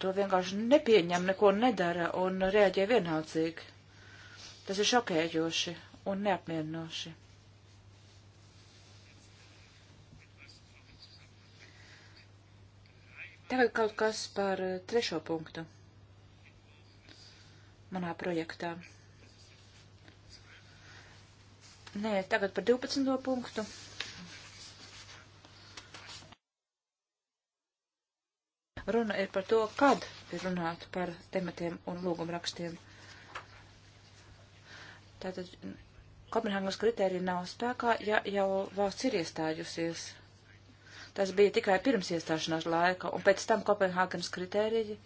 to vienkārši nepieņem, neko nedara un reaģē vienaldzīgi. Tas ir šokējoši un neapmierinoši. Tagad kaut kas par eh, trešo punktu manā projektā. Nē, tagad par 12. punktu. Runa ir par to, kad ir runāt par tematiem un lūgumrakstiem. Tātad Kopenhāgas kritērija nav spēkā, ja jau valsts ir iestājusies Tas bija tikai pirms iestāšanās laika, un pēc tam Kopenhāgenes kritēriji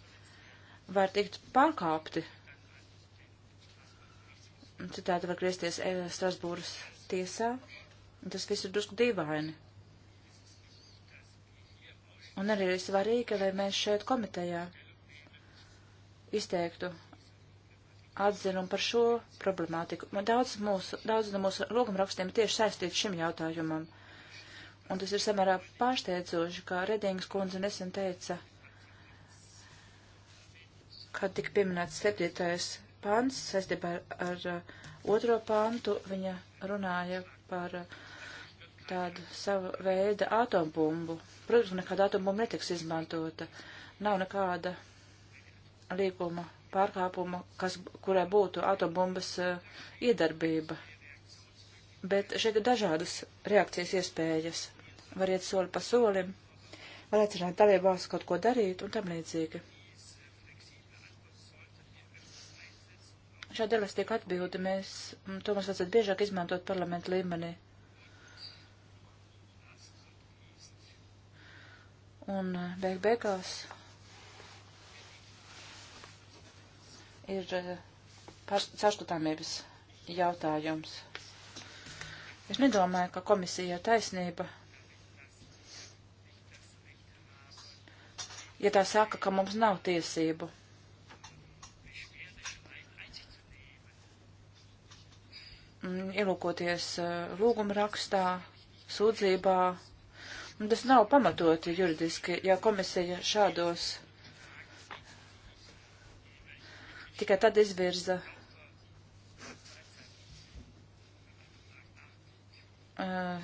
var tikt pārkāpti. Citādi var griezties e, Strasbūras tiesā, un tas viss ir drusku dīvaini. Un arī ir svarīgi, lai mēs šeit komitejā izteiktu atzinumu par šo problemātiku. Man daudz, mūsu, daudz no mūsu lūgumrakstiem tieši saistīts šim jautājumam. Uh, un tas ir samērā pārsteidzoši, kā Redingas kundze nesen teica, kad tika pieminēts septītais pants, saistībā ar, ar otro pantu, viņa runāja par tādu savu veidu atombumbu. Protams, nekāda atombumba netiks izmantota. Nav nekāda līguma pārkāpuma, kas, kurai būtu atombumbas uh, eh, iedarbība bet šeit ir dažādas reakcijas iespējas. Var iet soli pa solim, var aicināt dalībvalsts kaut ko darīt un tam līdzīgi. Šāda elastīga atbilde mēs, mm, to mums vajadzētu biežāk izmantot parlamentu līmenī. Un eh, beig beigās ir eh, pārskatāmības jautājums. Es nedomāju, ka komisija taisnība. Ja tā saka, ka mums nav tiesību. Mm, ielūkoties eh, lūguma rakstā, sūdzībā, Un tas nav pamatoti juridiski, ja komisija šādos tikai tad izvirza uh,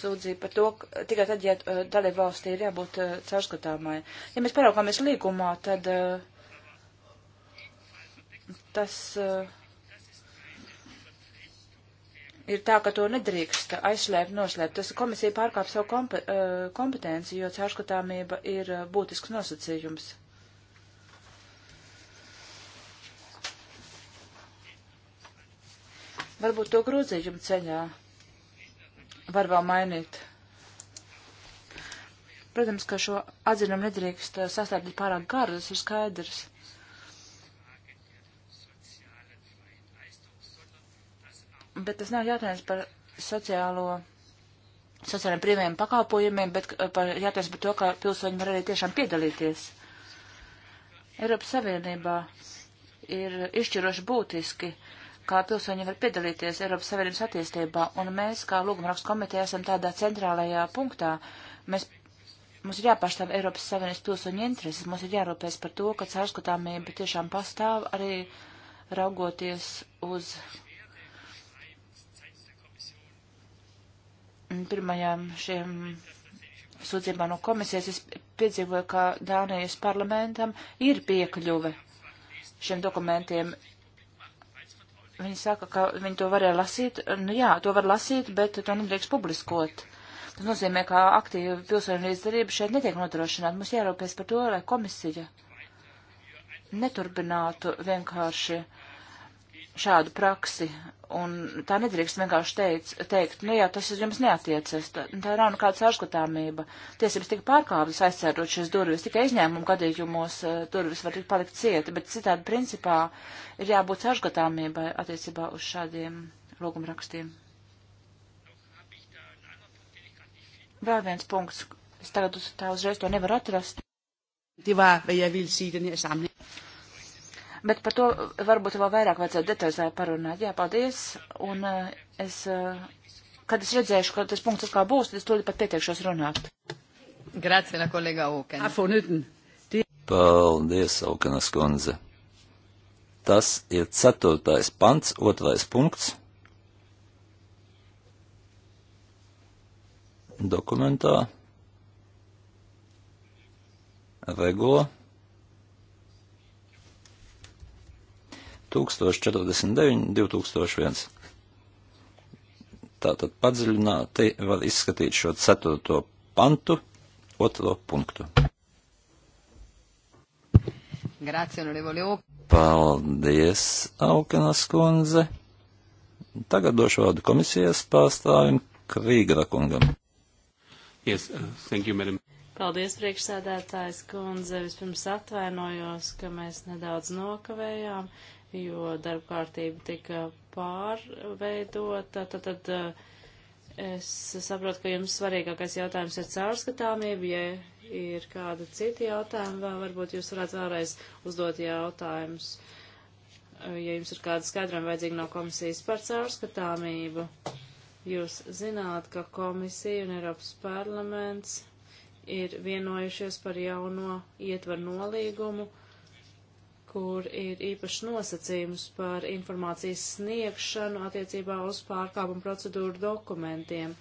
sūdzību par to, ka tikai tad, ja uh, eh, dalība valstī ir jābūt uh, caurskatāmai. Ja mēs paraugāmies līgumā, tad tas ir tā, ka to nedrīkst aizslēpt, noslēpt. Tas komisija pārkāp savu komp kompetenci, jo caurskatāmība ir būtisks nosacījums. Varbūt to grūzījumu ceļā var vēl mainīt. Protams, ka šo atzinumu nedrīkst eh, sastādīt pārāk garu, tas ir skaidrs. Bet tas nav jautājums par sociālo sociālajiem brīviem pakalpojumiem, bet eh, par jātājums par to, ka pilsoņi var arī tiešām piedalīties. Eiropas Savienībā ir izšķiroši būtiski, uh, kā pilsoņi var piedalīties Eiropas Savienības attīstībā, un mēs, kā lūgumrakstu komiteja, esam tādā centrālajā punktā. Mēs, mums ir jāpārstāv Eiropas Savienības pilsoņu intereses, mums ir jārūpēs par to, ka caurskatāmība tiešām pastāv arī raugoties uz pirmajām šiem sūdzībā no komisijas es piedzīvoju, ka Dānijas parlamentam ir piekļuve šiem dokumentiem. Viņi saka, ka viņi to varēja lasīt. Nu jā, to var lasīt, bet to nedrīkst publiskot. Tas nozīmē, ka aktīva pilsoņu līdzdarība šeit netiek nodrošināta. Mums jārūpēs par to, lai komisija neturpinātu vienkārši uh, šādu praksi, un tā nedrīkst vienkārši teic, teikt, nu jā, tas uz jums neatiecas, tā, tā nav nekāda sārskatāmība. Tiesības tika pārkāptas aizsērot šīs durvis, tikai izņēmumu gadījumos eh, durvis var palikt cieta, bet citādi principā ir jābūt sārskatāmībai attiecībā uz šādiem lūgumrakstiem. Vēl viens punkts, es tagad uz tā uzreiz to nevaru atrast. Det var, hvad jeg ville sige i den her sammenhæng. Bet par to varbūt vēl vairāk vajadzētu detalizēt parunāt. Jā, paldies. Un eh, es, eh, kad es redzēšu, ka tas punkts atkal būs, tad es tūlīt pat pieteikšos runāt. Grazie, la kolēga Auken. Ah, paldies, Aukenas kundze. Tas ir ceturtais pants, otrais punkts. Dokumentā. Regula 1049-2001. Tātad padziļināti var izskatīt šo ceturto pantu, otro punktu. Grazie, onorevole. Paldies, Aukenas kundze. Tagad došu vārdu komisijas pārstāvim Krīgra kungam. Yes, uh, thank you, madam. Paldies, priekšsēdētājs kundze. Vispirms atvainojos, ka mēs nedaudz nokavējām, jo darba kārtība tika pārveidota. Tad, tad eh, es saprotu, ka jums svarīgākais jautājums ir caurskatāmība. Ja ir kāda cita jautājuma, vēl varbūt jūs varētu vēlreiz uzdot jautājumus. Eh, ja jums ir kāda skaidrojuma vajadzīga no komisijas par caurskatāmību, jūs zināt, ka komisija un Eiropas parlaments ir vienojušies par jauno ietvaru nolīgumu kur ir īpaši nosacījums par informācijas sniegšanu attiecībā uz pārkāpumu procedūru dokumentiem,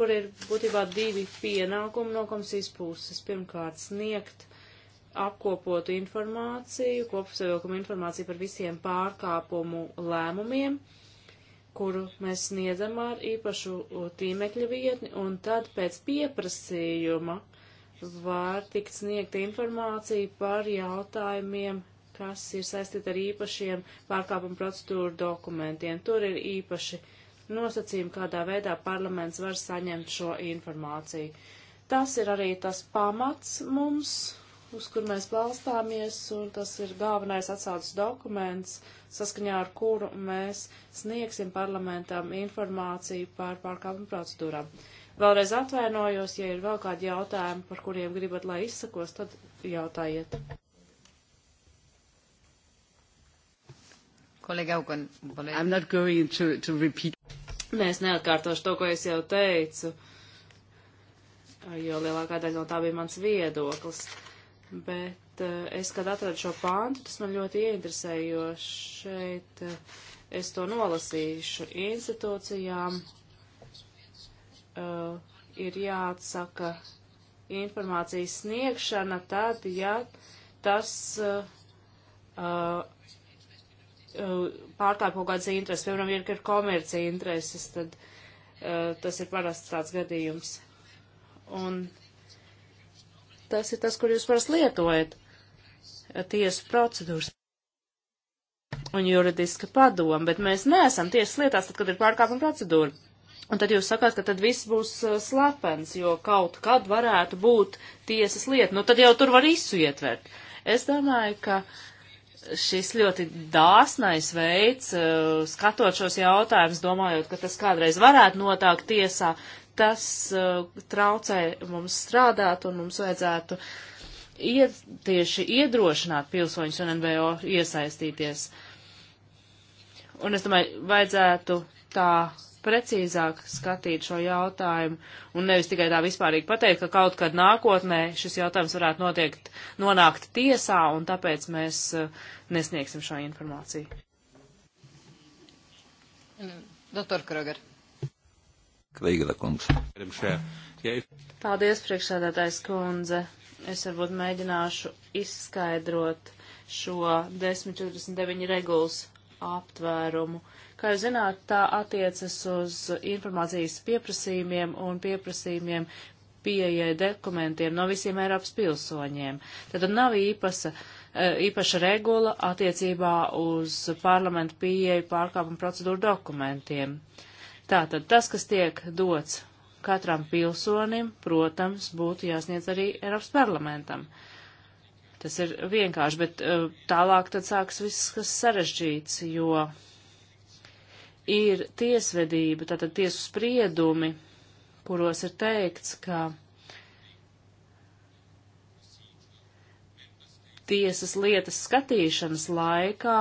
kur ir būtībā divi pienākumi no komisijas puses. Pirmkārt, sniegt apkopotu informāciju, kopsavilkuma informāciju par visiem pārkāpumu lēmumiem, kuru mēs sniedzam ar īpašu tīmekļa vietni, un tad pēc pieprasījuma var tikt sniegta informācija par jautājumiem kas ir saistīti ar īpašiem pārkāpuma procedūru dokumentiem. Tur ir īpaši nosacījumi, kādā veidā parlaments var saņemt šo informāciju. Tas ir arī tas pamats mums, uz kur mēs balstāmies, un tas ir galvenais atsaucas dokuments, saskaņā ar kuru mēs sniegsim parlamentam informāciju par pārkāpuma procedūrām. Vēlreiz atvainojos, ja ir vēl kādi jautājumi, par kuriem gribat, lai izsakos, tad jautājiet. Kolēģi Aukan, I'm not going to, to repeat. Mēs neatkārtošu to, ko es jau teicu, jo lielākā daļa no tā bija mans viedoklis. Bet uh, es, kad atradu šo pāntu, tas man ļoti ieinteresēja, jo šeit uh, es to nolasīšu institūcijām. Uh, ir jāatsaka informācijas sniegšana tad, ja tas uh, uh, Uh, pārkāp kaut kādas intereses, piemēram, ja ir komerci intereses, tad uh, tas ir parasts tāds gadījums. Un tas ir tas, kur jūs parasti lietojat uh, tiesu procedūras un juridiska padoma, bet mēs neesam tiesas lietās, tad, kad ir pārkāpuma procedūra. Un tad jūs sakāt, ka tad viss būs uh, slepens, jo kaut kad varētu būt tiesas lieta. Nu, tad jau tur var visu ietvert. Es domāju, ka uh, šis ļoti dāsnais veids, eh, skatot šos jautājumus, domājot, ka tas kādreiz varētu notākt tiesā, tas eh, traucē mums strādāt un mums vajadzētu iet, tieši iedrošināt pilsoņus un NVO iesaistīties. Un es domāju, vajadzētu tā precīzāk skatīt šo jautājumu un nevis tikai tā vispārīgi pateikt, ka kaut kad nākotnē šis jautājums varētu notiekt, nonākt tiesā un tāpēc mēs eh, nesniegsim šo informāciju. Doktor Kroger. Klīgla kungs. Paldies, priekšsēdētājs kundze. Es varbūt mēģināšu izskaidrot šo 1049 regulas aptvērumu. Uh, Kā jūs zināt, tā attiecas uz informācijas pieprasījumiem un pieprasījumiem pieejai dokumentiem no visiem Eiropas pilsoņiem. Tad nav īpasa, e, īpaša regula attiecībā uz parlamentu pieeju pārkāpumu procedūru dokumentiem. Tātad tas, kas tiek dots katram pilsonim, protams, būtu jāsniedz arī Eiropas parlamentam. Tas ir vienkārši, bet e, tālāk tad sāks viss, kas sarežģīts, jo ir tiesvedība, tātad tiesu spriedumi, kuros ir teikts, ka tiesas lietas skatīšanas laikā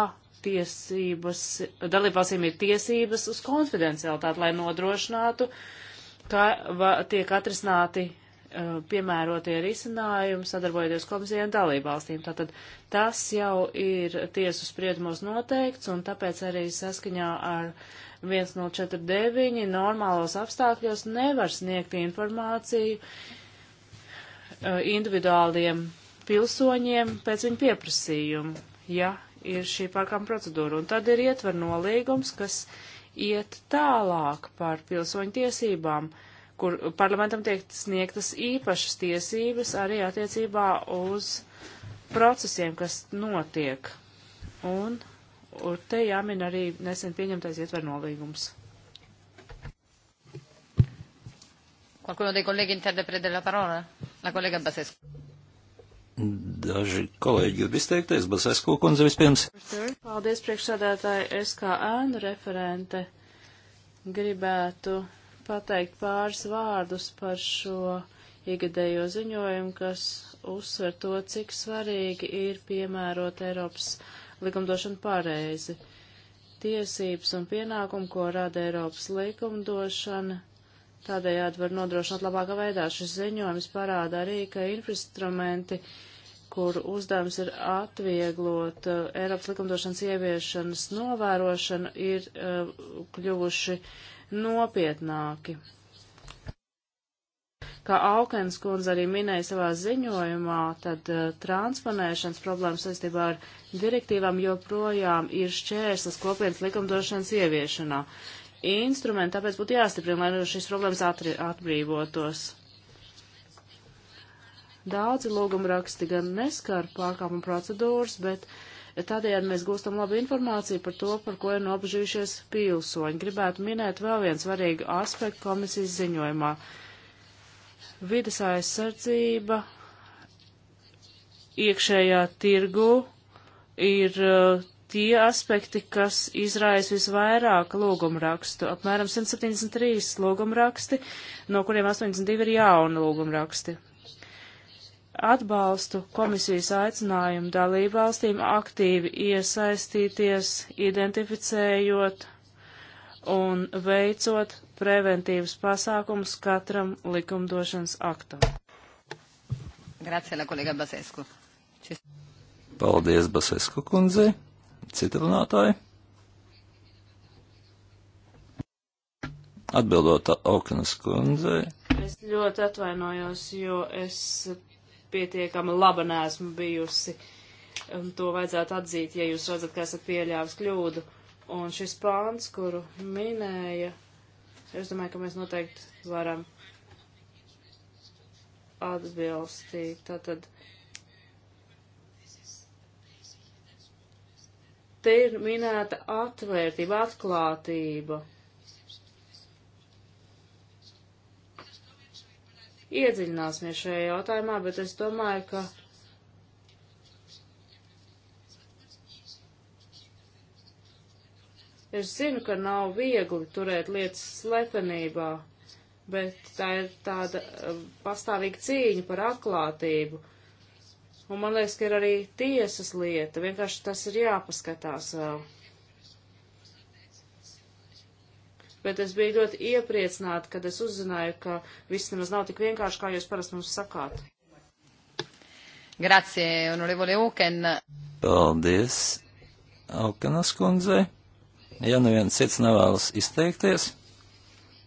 tiesības, dalībvalstīm ir tiesības uz konfidencialitāti, lai nodrošinātu, ka va, tiek atrisināti Uh, piemērotie risinājumi sadarbojoties komisijai un dalībvalstīm. Tātad tas jau ir tiesu spriedumos noteikts un tāpēc arī saskaņā ar 149 normālos apstākļos nevar sniegt informāciju uh, individuāliem pilsoņiem pēc viņu pieprasījumu, ja ir šī pārkāpuma procedūra. Un tad ir ietver nolīgums, kas iet tālāk par pilsoņu tiesībām. Uh, kur parlamentam tiek sniegtas īpašas tiesības arī attiecībā uz procesiem, kas notiek. Un, un te jāmin arī nesen pieņemtais ietver nolīgums. Qualcuno dei colleghi intende prendere la parola? La collega Basescu. Daži kolēģi grib izteikties. Basescu kundze vispirms. Paldies priekšsādātāji. Es kā ēnu referente gribētu pateikt pāris vārdus par šo iegadējo ziņojumu, kas uzsver to, cik svarīgi ir piemērot Eiropas likumdošanu pareizi. Tiesības un pienākumu, ko rada Eiropas likumdošana, tādējādi var nodrošināt labākā veidā. Šis ziņojums parāda arī, ka instrumenti, kur uzdevums ir atvieglot uh, Eiropas likumdošanas ieviešanas novērošanu, ir uh, kļuvuši uh, nopietnāki. Kā Aukens kundze arī minēja savā ziņojumā, tad uh, transponēšanas problēmas saistībā ar direktīvām joprojām ir šķērslis kopienas likumdošanas ieviešanā. Instrumenti tāpēc būtu jāstiprina, lai nu šīs problēmas atri, atbrīvotos. Daudzi lūgumraksti gan neskar pārkāpuma procedūras, bet uh, Tādējādi mēs gūstam labu informāciju par to, par ko ir nobežījušies pilsoņi. Gribētu minēt vēl vienu svarīgu aspektu komisijas ziņojumā. Vides aizsardzība iekšējā tirgu ir uh, tie aspekti, kas izraisa visvairāk lūgumrakstu, apmēram 173 lūgumraksti, no kuriem 82 ir jauni lūgumraksti atbalstu komisijas aicinājumu dalībvalstīm aktīvi iesaistīties, identificējot un veicot preventīvas pasākumus katram likumdošanas aktam. Grazie, la kolēga Basesku. Čis. Paldies, Basesku kundzei. Citi runātāji. Atbildot Aukenas kundzei. Es ļoti atvainojos, jo es pietiekama laba neesmu bijusi. Un to vajadzētu atzīt, ja jūs redzat, ka esat pieļāvis kļūdu. Un šis pāns, kuru minēja, es domāju, ka mēs noteikti varam atbilstīt. Tātad te ir minēta atvērtība, atklātība. iedziļināsimies šajā jautājumā, bet es domāju, ka Es zinu, ka nav viegli turēt lietas slepenībā, bet tā ir tāda eh, pastāvīga cīņa par atklātību. Un man liekas, ka ir arī tiesas lieta, vienkārši tas ir jāpaskatās vēl. Uh, bet es biju ļoti iepriecināta, kad es uzzināju, ka viss nemaz nav tik vienkārši, kā jūs parasti mums sakāt. Grazie, onorevole Oken. Paldies, Aukenas kundzei. Ja neviens cits nevēlas izteikties,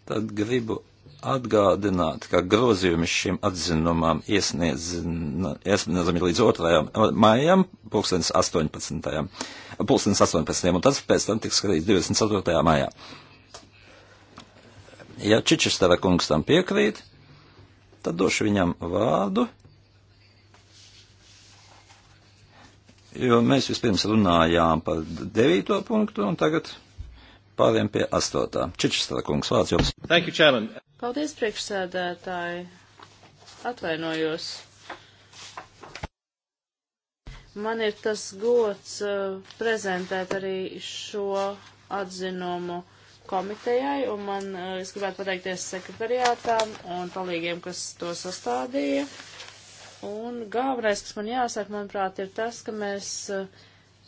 tad gribu atgādināt, ka grozījumi šim atzinumam iesniedzami līdz 2. maijam, 2018. 2018. un tas pēc tam tiks skatīts 24. maijā. Ja Čičistara kungs tam piekrīt, tad došu viņam vārdu, jo mēs vispirms runājām par devīto punktu un tagad pāriem pie astotā. Čičistara kungs, vārds jums. Thank you, Chairman. Paldies, priekšsēdētāji. Atvainojos. Man ir tas gods uh, prezentēt arī šo atzinumu komitejai, un man, eh, es gribētu pateikties sekretariātām un palīgiem, kas to sastādīja. Un galvenais, kas man jāsaka, manuprāt, ir tas, ka mēs eh,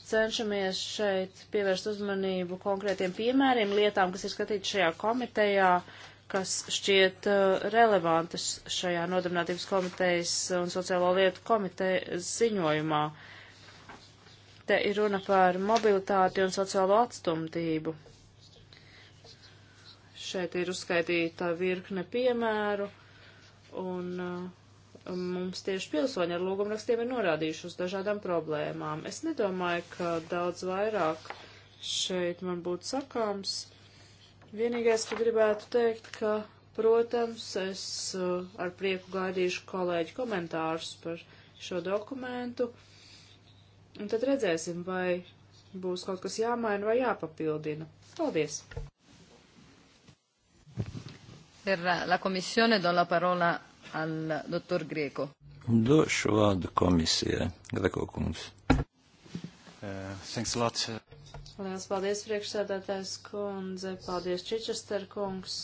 cenšamies šeit pievērst uzmanību konkrētiem piemēriem, lietām, kas ir skatītas šajā komitejā, kas šķiet eh, relevantas šajā nodarbinātības komitejas un sociālo lietu komitejas ziņojumā. Te ir runa par mobilitāti un sociālo atstumtību. Šeit ir uzskaitīta virkne piemēru, un uh, mums tieši pilsoņi ar lūgumrakstiem ir norādījuši uz dažādām problēmām. Es nedomāju, ka daudz vairāk šeit man būtu sakāms. Vienīgais, ka gribētu teikt, ka, protams, es uh, ar prieku gaidīšu kolēģi komentārus par šo dokumentu, un tad redzēsim, vai būs kaut kas jāmaina vai jāpapildina. Paldies! Per la Commissione do la parola al dottor Grieco. Došu vārdu komisijai. Greko kungs. Uh, thanks a lot. Eh. Liels paldies, priekšsēdētājs kundze. Paldies, Čičester kungs,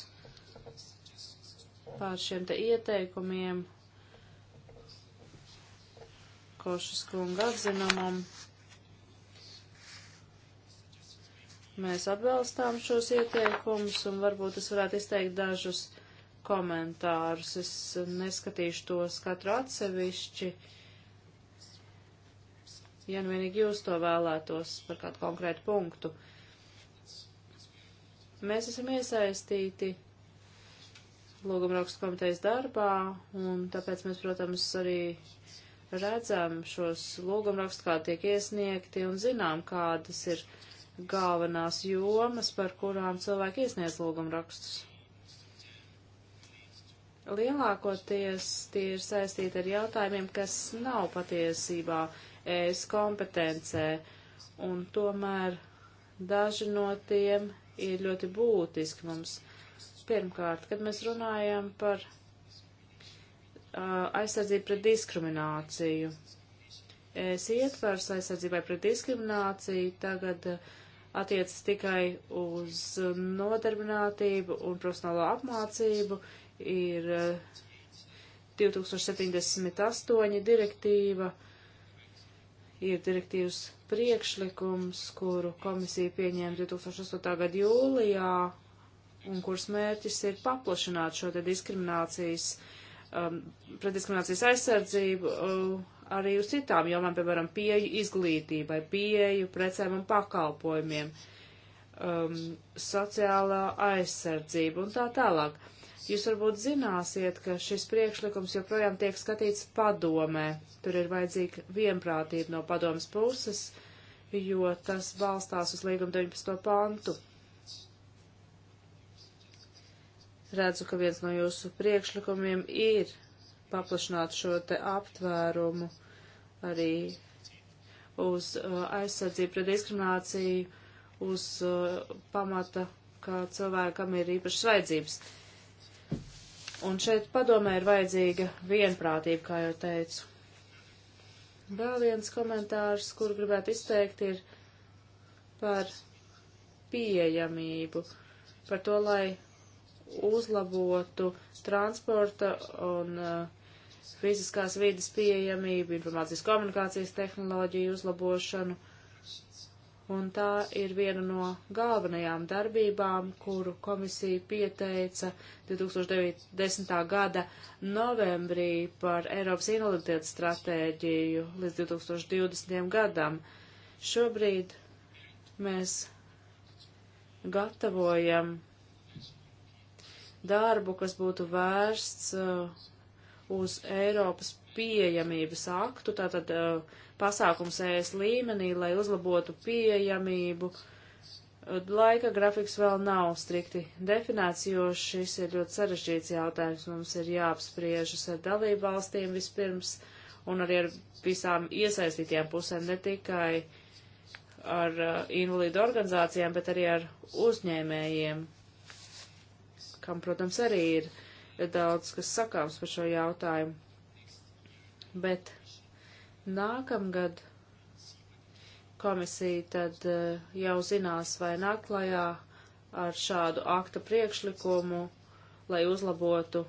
par šiem te ieteikumiem. Košas kunga atzinumam. Mēs atbalstām šos ieteikumus un varbūt es varētu izteikt dažus komentārus. Es neskatīšu tos katru atsevišķi. Ja nu vienīgi jūs to vēlētos par kādu konkrētu punktu. Mēs esam iesaistīti lūgumrakstu komitejas darbā, un tāpēc mēs, protams, arī redzam šos lūgumrakstus, kā tiek iesniegti, un zinām, kādas ir galvenās jomas, par kurām cilvēki iesniedz lūgumrakstus. Lielākoties tie ir saistīti ar jautājumiem, kas nav patiesībā ES kompetencē, un tomēr daži no tiem ir ļoti būtiski mums. Pirmkārt, kad mēs runājam par uh, aizsardzību pret diskrimināciju, es ietvars aizsardzībai pret diskrimināciju tagad attiecas tikai uz nodarbinātību un profesionālo apmācību, ir 2078 eh, direktīva, ir direktīvas priekšlikums, kuru komisija pieņēma 2008. gada jūlijā, un kuras mērķis ir paplašināt šo te diskriminācijas, um, pretdiskriminācijas aizsardzību uh, arī uz citām jomām, piemēram, pieeju izglītībai, pieeju precēm un pakalpojumiem, um, sociālā aizsardzība un tā tālāk. Uh, Jūs varbūt zināsiet, ka šis priekšlikums joprojām tiek skatīts padomē. Tur ir vajadzīga vienprātība no padomas puses, jo tas balstās uz līguma 19. pantu. Redzu, ka viens no jūsu priekšlikumiem ir paplašināt šo te aptvērumu arī uz uh, aizsardzību pret diskrimināciju uz uh, pamata, ka cilvēkam ir īpašas vajadzības. Uh, Un šeit padomē ir vajadzīga vienprātība, kā jau teicu. Vēl viens komentārs, kuru gribētu izteikt, ir par pieejamību, par to, lai uzlabotu transporta un uh, fiziskās vidas pieejamību, informācijas komunikācijas tehnoloģiju uzlabošanu. Uh, un tā ir viena no galvenajām darbībām, kuru komisija pieteica 2010. gada novembrī par Eiropas invaliditātes stratēģiju līdz 2020. gadam. Šobrīd mēs gatavojam darbu, kas būtu vērsts uh, uz Eiropas pieejamības aktu, tātad uh, pasākums ES līmenī, lai uzlabotu pieejamību. Laika grafiks vēl nav strikti definēts, jo šis ir ļoti sarežģīts jautājums. Mums ir jāapspriežas ar dalību valstīm vispirms un arī ar visām iesaistītajām pusēm, ne tikai ar uh, invalīdu organizācijām, bet arī ar uzņēmējiem, kam, protams, arī ir daudz, kas sakāms par šo jautājumu. Bet Nākamgad komisija tad eh, jau zinās, vai nāk klajā ar šādu akta priekšlikumu, lai uzlabotu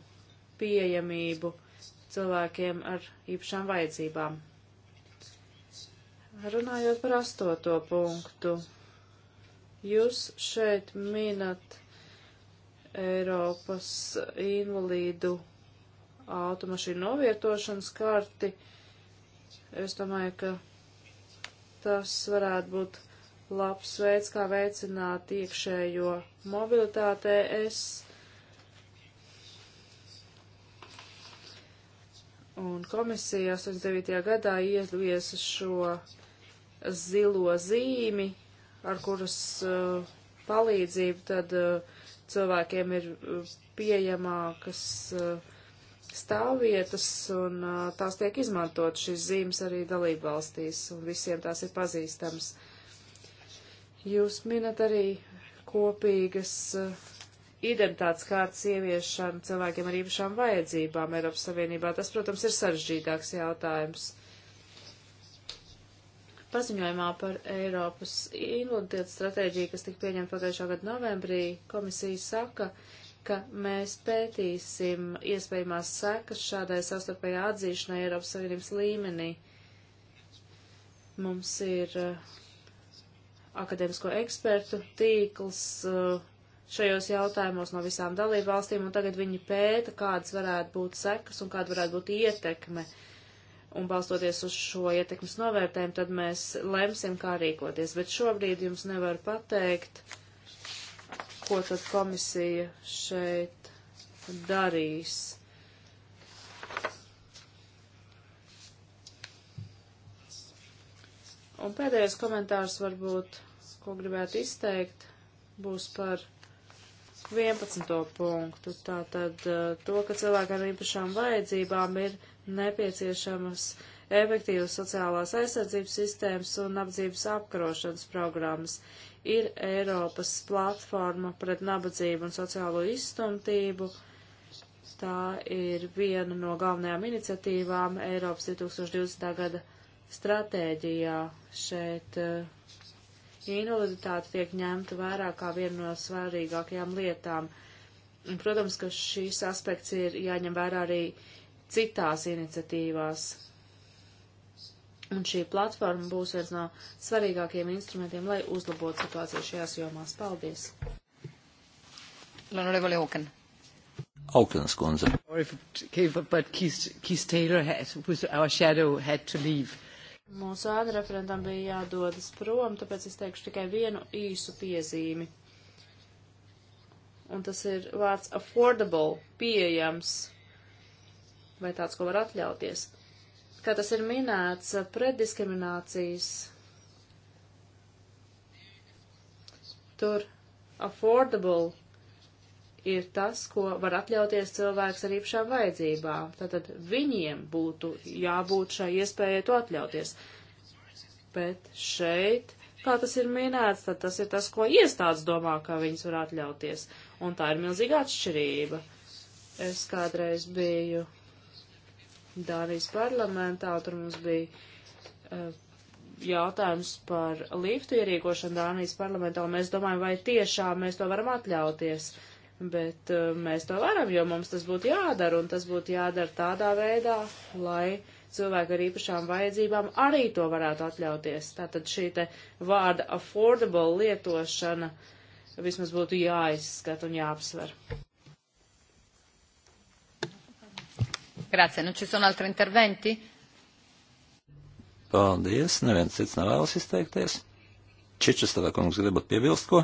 pieejamību cilvēkiem ar īpašām vajadzībām. Runājot par astoto punktu, jūs šeit minat Eiropas invalīdu automašīnu novietošanas karti. Uh, Es domāju, ka tas varētu būt labs veids, kā veicināt iekšējo mobilitātē. Es un komisija 89. gadā ieviesa šo zilo zīmi, ar kuras uh, palīdzību tad uh, cilvēkiem ir uh, pieejamākas uh, stāvvietas, un tās tiek izmantot šīs zīmes arī dalībvalstīs, un visiem tās ir pazīstams. Jūs minat arī kopīgas identitātes kārtas ieviešanu cilvēkiem ar īpašām vajadzībām Eiropas Savienībā. Tas, protams, ir sarežģītāks jautājums. Paziņojumā par Eiropas invaliditātes stratēģiju, kas tika pieņemta pagājušā gada novembrī, komisija saka, ka ka mēs pētīsim iespējamās sekas šādai sastarpējā atzīšanai Eiropas Savienības līmenī. Mums ir uh, akadēmisko ekspertu tīkls uh, šajos jautājumos no visām dalību valstīm, un tagad viņi pēta, kādas varētu būt sekas un kāda varētu būt ietekme. Un balstoties uz šo ietekmes novērtējumu, tad mēs lemsim, kā rīkoties. Bet šobrīd jums nevaru pateikt, uh, ko tad komisija šeit darīs. Un pēdējais komentārs varbūt, ko gribētu izteikt, būs par 11. punktu. Tātad eh, to, ka cilvēkam ar īpašām vajadzībām ir nepieciešamas efektīvas sociālās aizsardzības sistēmas un apdzības apkarošanas programmas ir Eiropas platforma pret nabadzību un sociālo izstumtību. Tā ir viena no galvenajām iniciatīvām Eiropas 2020. gada stratēģijā. Šeit uh, invaliditāte tiek ņemta vērā kā viena no svarīgākajām lietām. Un, protams, ka šīs aspekts ir jāņem vērā arī citās iniciatīvās. Un šī platforma būs viens no svarīgākajiem instrumentiem, lai uzlabotu situāciju šajās jomās. Paldies! L'onorevole Auken. Aukenas kundze. Mūsu āda referentam bija jādodas prom, tāpēc es teikšu tikai vienu īsu piezīmi. Un tas ir vārds affordable, pieejams, vai tāds, ko var atļauties kā tas ir minēts, preddiskriminācijas. Tur affordable ir tas, ko var atļauties cilvēks ar īpašām vajadzībām. Tātad viņiem būtu jābūt šai iespējai to atļauties. Bet šeit, kā tas ir minēts, tad tas ir tas, ko iestādes domā, ka viņas var atļauties. Un tā ir milzīga atšķirība. Es kādreiz biju Dānijas parlamentā, tur mums bija uh, jautājums par liftu ierīkošanu Dānijas parlamentā, un mēs domājam, vai tiešām mēs to varam atļauties. Bet uh, mēs to varam, jo mums tas būtu jādara, un tas būtu jādara tādā veidā, lai cilvēki ar īpašām vajadzībām arī to varētu atļauties. Tātad šī te vārda affordable lietošana vismaz būtu jāizskata un jāapsver. Grazie. Nu, ci sono altri interventi? Paldies. Neviens cits nevēlas izteikties. Čičestāvā kungs gribat piebilst ko?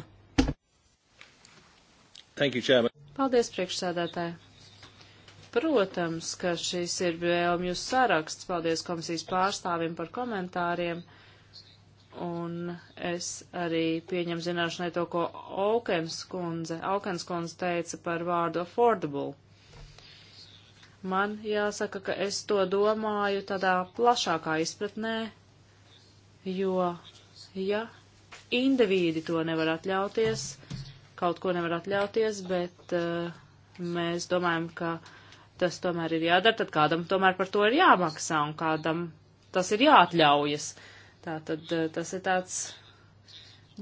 Thank you, Chairman. Paldies, priekšsēdētāji. Protams, ka šis ir vēlmju saraksts. Paldies komisijas pārstāvim par komentāriem. Un es arī pieņem zināšanai to, ko Aukens kundze, Aukens kundze teica par vārdu affordable. Man jāsaka, ka es to domāju tādā plašākā izpratnē, jo, ja indivīdi to nevar atļauties, kaut ko nevar atļauties, bet uh, mēs domājam, ka tas tomēr ir jādara, tad kādam tomēr par to ir jāmaksā un kādam tas ir jāatļaujas. Tā tad uh, eh, tas ir tāds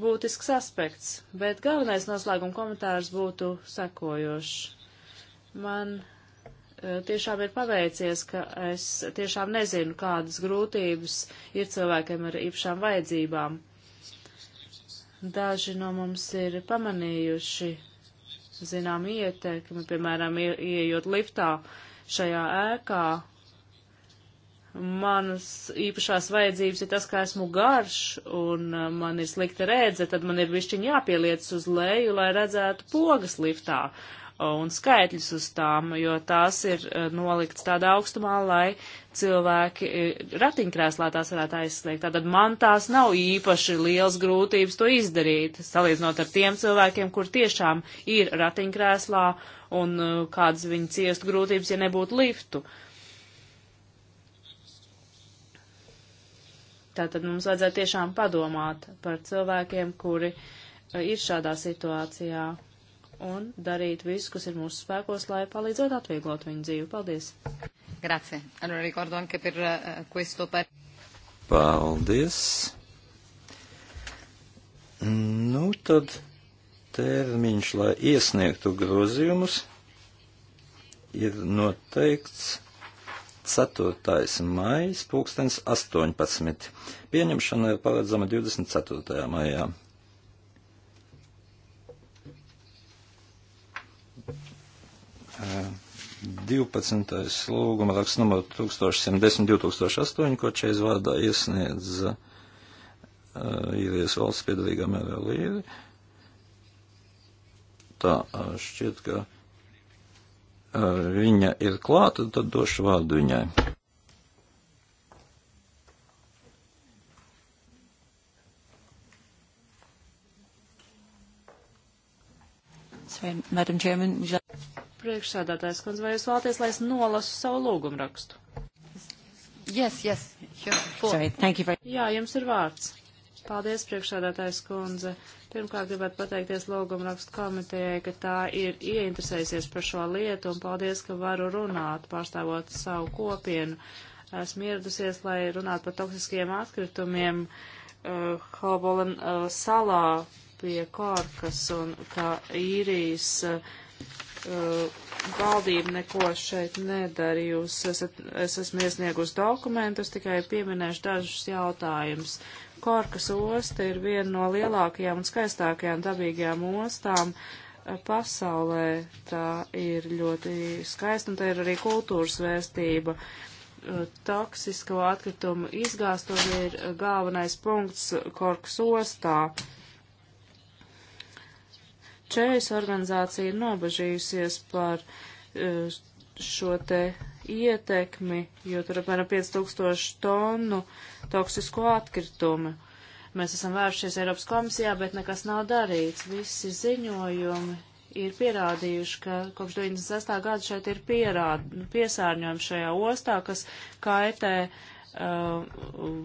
būtisks aspekts, bet galvenais noslēguma komentārs būtu sekojošs. Man Eh, tiešām ir paveicies, ka es tiešām nezinu, kādas grūtības ir cilvēkiem ar īpašām vajadzībām. Daži no mums ir pamanījuši, zinām, ietekmi, piemēram, ieejot liftā šajā ēkā. Manas īpašās vajadzības ir tas, ka esmu garš un eh, man ir slikta redze, tad man ir višķiņ jāpieliec uz leju, lai redzētu pogas liftā un skaitļus uz tām, jo tās ir eh, nolikts tādā augstumā, lai cilvēki eh, ratiņkrēslā tās varētu aizsliegt. Tātad man tās nav īpaši liels grūtības to izdarīt, salīdzinot ar tiem cilvēkiem, kur tiešām ir ratiņkrēslā un eh, kādas viņi ciestu grūtības, ja nebūtu liftu. Tātad mums vajadzētu tiešām padomāt par cilvēkiem, kuri ir šādā situācijā un darīt visu, kas ir mūsu spēkos, lai palīdzot atvieglot viņu dzīvi. Paldies! Grazie. Allora ricordo anche per uh, questo par... Paldies! Nu, tad termiņš, lai iesniegtu grozījumus, ir noteikts 4. maijas, pulkstens 18. Pieņemšana ir paredzama 24. maijā. 12. lūguma raksts numur 1110-2008, ko šeit vārdā iesniedz uh, īrijas valsts piedalīgā mērā līri. Tā uh, šķiet, ka uh, viņa ir klāta, tad došu vārdu viņai. Sorry, Madam Chairman, would you like... Priekšsēdētājs kundze, vai jūs vēlaties, lai es nolasu savu lūgumu rakstu? Yes, yes. Sorry, thank you very... Jā, jums ir vārds. Paldies, priekšsēdētājs kundze. Pirmkārt, gribētu pateikties lūgumu rakstu komitejai, ka tā ir ieinteresējusies par šo lietu, un paldies, ka varu runāt, pārstāvot savu kopienu. Esmu ieradusies, lai runātu par toksiskiem atkritumiem uh, eh, Hobolan uh, eh, salā pie Korkas un ka īrijas uh, Uh, valdība neko šeit nedarījusi. Es, es esmu iesniegusi dokumentus, tikai pieminēšu dažus jautājumus. Korkas osta ir viena no lielākajām un skaistākajām dabīgajām ostām uh, pasaulē. Tā ir ļoti skaista un tā ir arī kultūras vēstība. Uh, toksisko atkritumu izgāstuvi ir galvenais punkts Korkas ostā. Uh, Čējas organizācija ir nobežījusies par e, šo te ietekmi, jo tur apmēram 5000 tonu toksisko atkritumu. Mēs esam vēršies Eiropas komisijā, bet nekas nav darīts. Visi ziņojumi ir pierādījuši, ka kopš 96. gada šeit ir pierād, piesārņojumi šajā ostā, kas kaitē uh,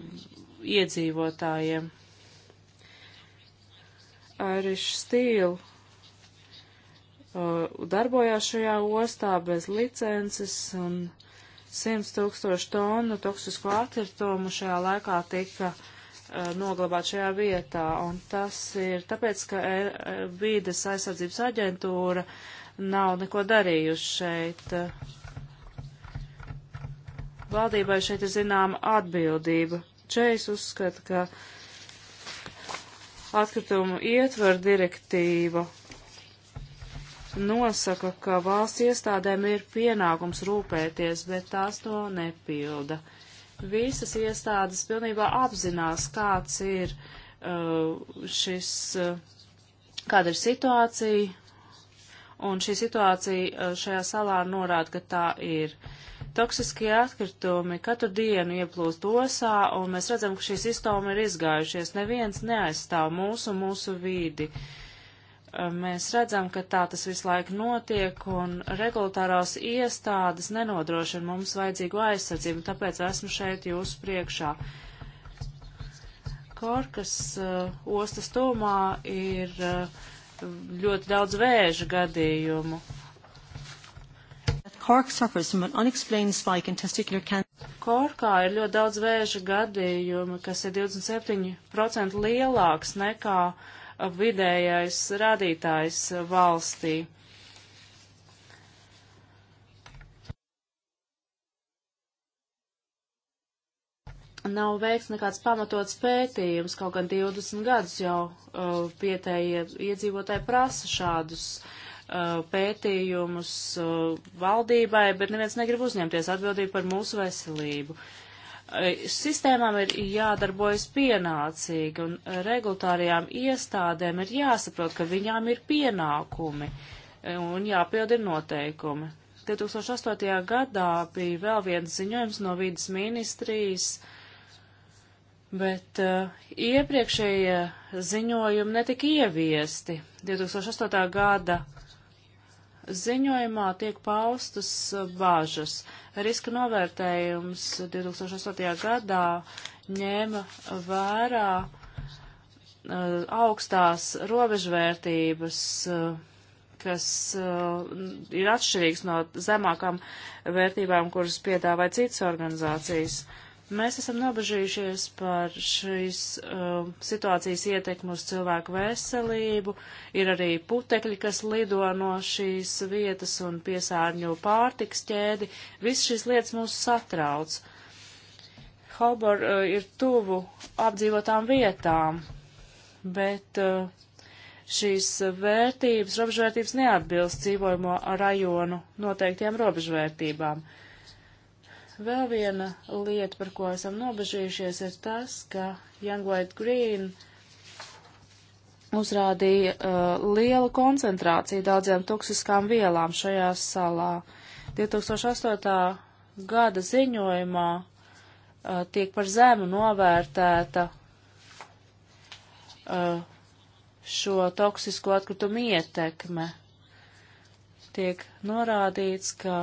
iedzīvotājiem. Irish Steel Uh, darbojās šajā ostā bez licences un 100 tūkstoši tonu toksisku atkritumu šajā laikā tika uh, noglabāt šajā vietā. Un tas ir tāpēc, ka eh, eh, vīdes aizsardzības aģentūra nav neko darījusi šeit. Uh. Valdībai šeit ir zināma atbildība. Čejs uzskata, ka atkritumu ietver direktīva nosaka, ka valsts iestādēm ir pienākums rūpēties, bet tās to nepilda. Visas iestādes pilnībā apzinās, kāds ir uh, šis, uh, kāda ir situācija, un šī situācija uh, šajā salā norāda, ka tā ir. Toksiskie atkritumi katru dienu ieplūst osā, un mēs redzam, ka šīs iztaumi ir izgājušies. Neviens neaizstāv mūsu un mūsu vīdi. Uh, mēs redzam, ka tā tas visu laiku notiek, un regulatārās iestādes nenodrošina mums vajadzīgo aizsardzību, tāpēc esmu šeit jūsu priekšā. Korkas uh, ostas tūmā ir uh, ļoti daudz vēža gadījumu. Korkā ir ļoti daudz vēža gadījumu, kas ir 27% lielāks nekā uh, vidējais rādītājs valstī. Nav veikts nekāds pamatots pētījums, kaut gan 20 gadus jau uh, pietējie iedzīvotāji prasa šādus uh, pētījumus uh, valdībai, bet neviens negrib uzņemties atbildību par mūsu veselību. Uh, sistēmām ir jādarbojas pienācīgi, un regulārijām iestādēm ir jāsaprot, ka viņām ir pienākumi un jāpildina noteikumi. 2008. gadā bija vēl viens ziņojums no vīdas ministrijas, bet uh, iepriekšējie ziņojumi netika ieviesti. 2008. gada Ziņojumā tiek paustas uh, bāžas. Riska novērtējums 2008. gadā ņēma vērā uh, augstās robežvērtības, uh, kas ir atšķirīgs no zemākām vērtībām, kuras piedāvāja citas organizācijas. Uh, Mēs esam nobežījušies par šīs uh, situācijas ietekmu uz cilvēku veselību. Ir arī putekļi, kas lido no šīs vietas un piesārņo pārtiks ķēdi. Viss šīs lietas mūs satrauc. Hobor uh, ir tuvu apdzīvotām vietām, bet uh, šīs vērtības, robežvērtības neatbilst dzīvojamo rajonu noteiktiem robežvērtībām. Uh, Vēl viena lieta, par ko esam nobežījušies, ir tas, ka Young White Green uzrādīja uh, lielu koncentrāciju daudziem toksiskām vielām šajā salā. 2008. gada ziņojumā uh, tiek par zemu novērtēta uh, šo toksisko atkritumu ietekme. Tiek norādīts, ka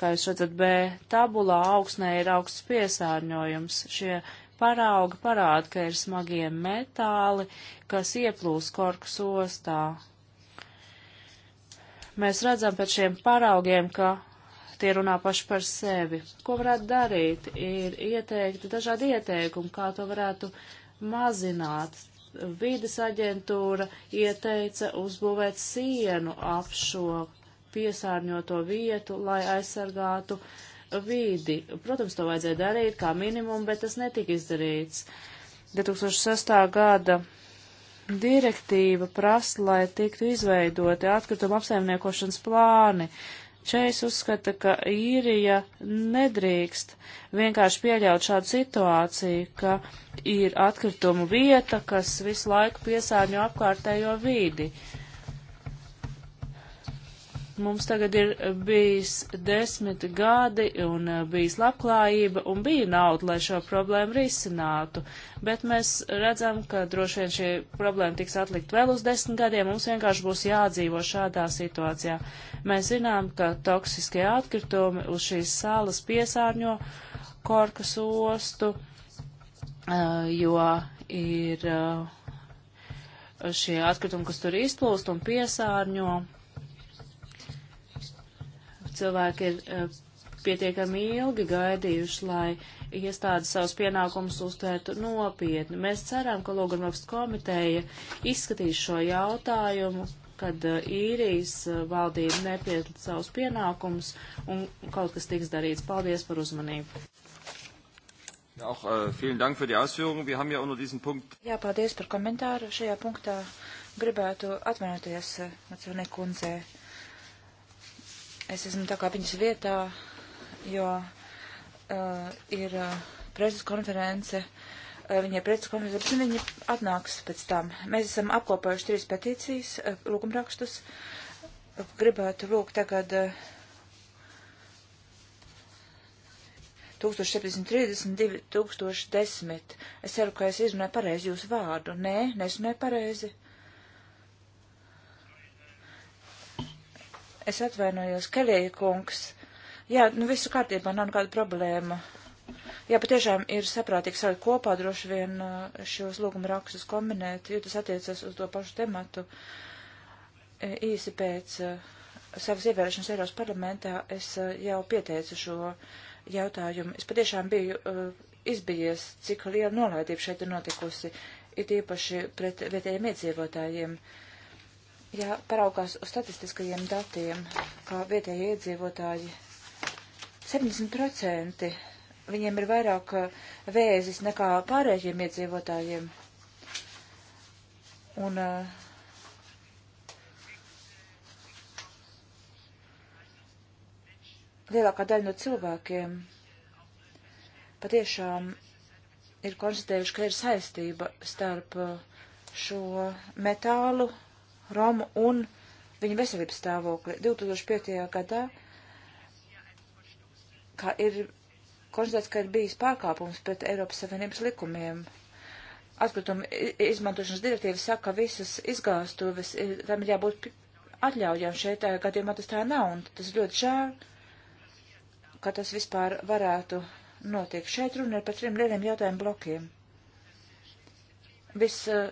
Kā jūs redzat, B tabulā augsnē ir augsts piesārņojums. Šie parauga parāda, ka ir smagie metāli, kas ieplūst korkus ostā. Mēs redzam pēc šiem paraugiem, ka tie runā paši par sevi. Ko varētu darīt? Ir ieteikti dažādi ieteikumi, kā to varētu mazināt. Vides aģentūra ieteica uzbūvēt sienu ap šo piesārņoto vietu, lai aizsargātu vīdi. Protams, to vajadzēja darīt kā minimumu, bet tas netika izdarīts. 2006. gada direktīva prasa, lai tiktu izveidoti atkrituma apsaimniekošanas plāni. Čējs uzskata, ka īrija nedrīkst vienkārši pieļaut šādu situāciju, ka ir atkritumu vieta, kas visu laiku piesārņo apkārtējo vīdi. Uh, Mums tagad ir eh, bijis desmit gadi un eh, bijis labklājība un bija nauda, lai šo problēmu risinātu, bet mēs redzam, ka droši vien šī problēma tiks atlikt vēl uz desmit gadiem, mums vienkārši būs jādzīvo šādā situācijā. Mēs zinām, ka toksiskie atkritumi uz šīs salas piesārņo Korkas ostu, eh, jo ir šie atkritumi, kas tur izplūst un piesārņo cilvēki ir eh, pietiekami ilgi gaidījuši, lai iestādes savus pienākumus uztvērtu nopietni. Mēs ceram, ka Lūgunrakstu komiteja izskatīs šo jautājumu, kad eh, īrijas eh, valdība nepietiek savus pienākumus un kaut kas tiks darīts. Paldies par uzmanību! Ja, auch, äh, vielen Dank für die Ausführungen. Wir haben ja unter diesem Punkt. Jā, paldies par komentāru. Šajā punktā gribētu atvainoties Nacionē kundzē. Es esmu tā kā viņas vietā, jo uh, ir uh, preses konference, uh, viņai preses konference, bet viņi atnāks pēc tam. Mēs esam apkopojuši trīs petīcijas, uh, lūgumrakstus. Uh, gribētu lūgt tagad uh, 1732, 2010. Es ceru, ka es izrunāju pareizi jūsu vārdu. Nē, nesunāju pareizi. Es atvainojos, Kelija kungs. Jā, nu visu kārtībā nav nekāda problēma. Jā, patiešām ir saprātīgi salikt kopā droši vien uh, šos lūguma rakstus kombinēt, jo tas attiecas uz to pašu tematu. E, īsi pēc uh, savas ievēršanas Eiropas parlamentā es uh, jau pieteicu šo jautājumu. Es patiešām biju izbijies, cik liela nolaidība šeit ir notikusi, it īpaši pret vietējiem iedzīvotājiem. Uh, ja paraugās uz statistiskajiem datiem, kā vietējie iedzīvotāji, 70% viņiem ir vairāk eh, vēzis nekā pārējiem iedzīvotājiem. Un uh, lielākā daļa no cilvēkiem patiešām ir konstatējuši, ka ir saistība starp eh, šo metālu Romu un viņa veselības stāvokli. 2005. gadā, kā ir konstatēts, ka ir bijis pārkāpums pret Eiropas Savienības likumiem. Atkrituma izmantošanas direktīva saka, ka visas izgāstuves, tam ir jābūt atļaujām šeit, tā eh, gadījumā tas tā nav, un tas ļoti žēl, ka tas vispār varētu notikt. Šeit runa ir par trim lieliem jautājumu blokiem. Viss uh,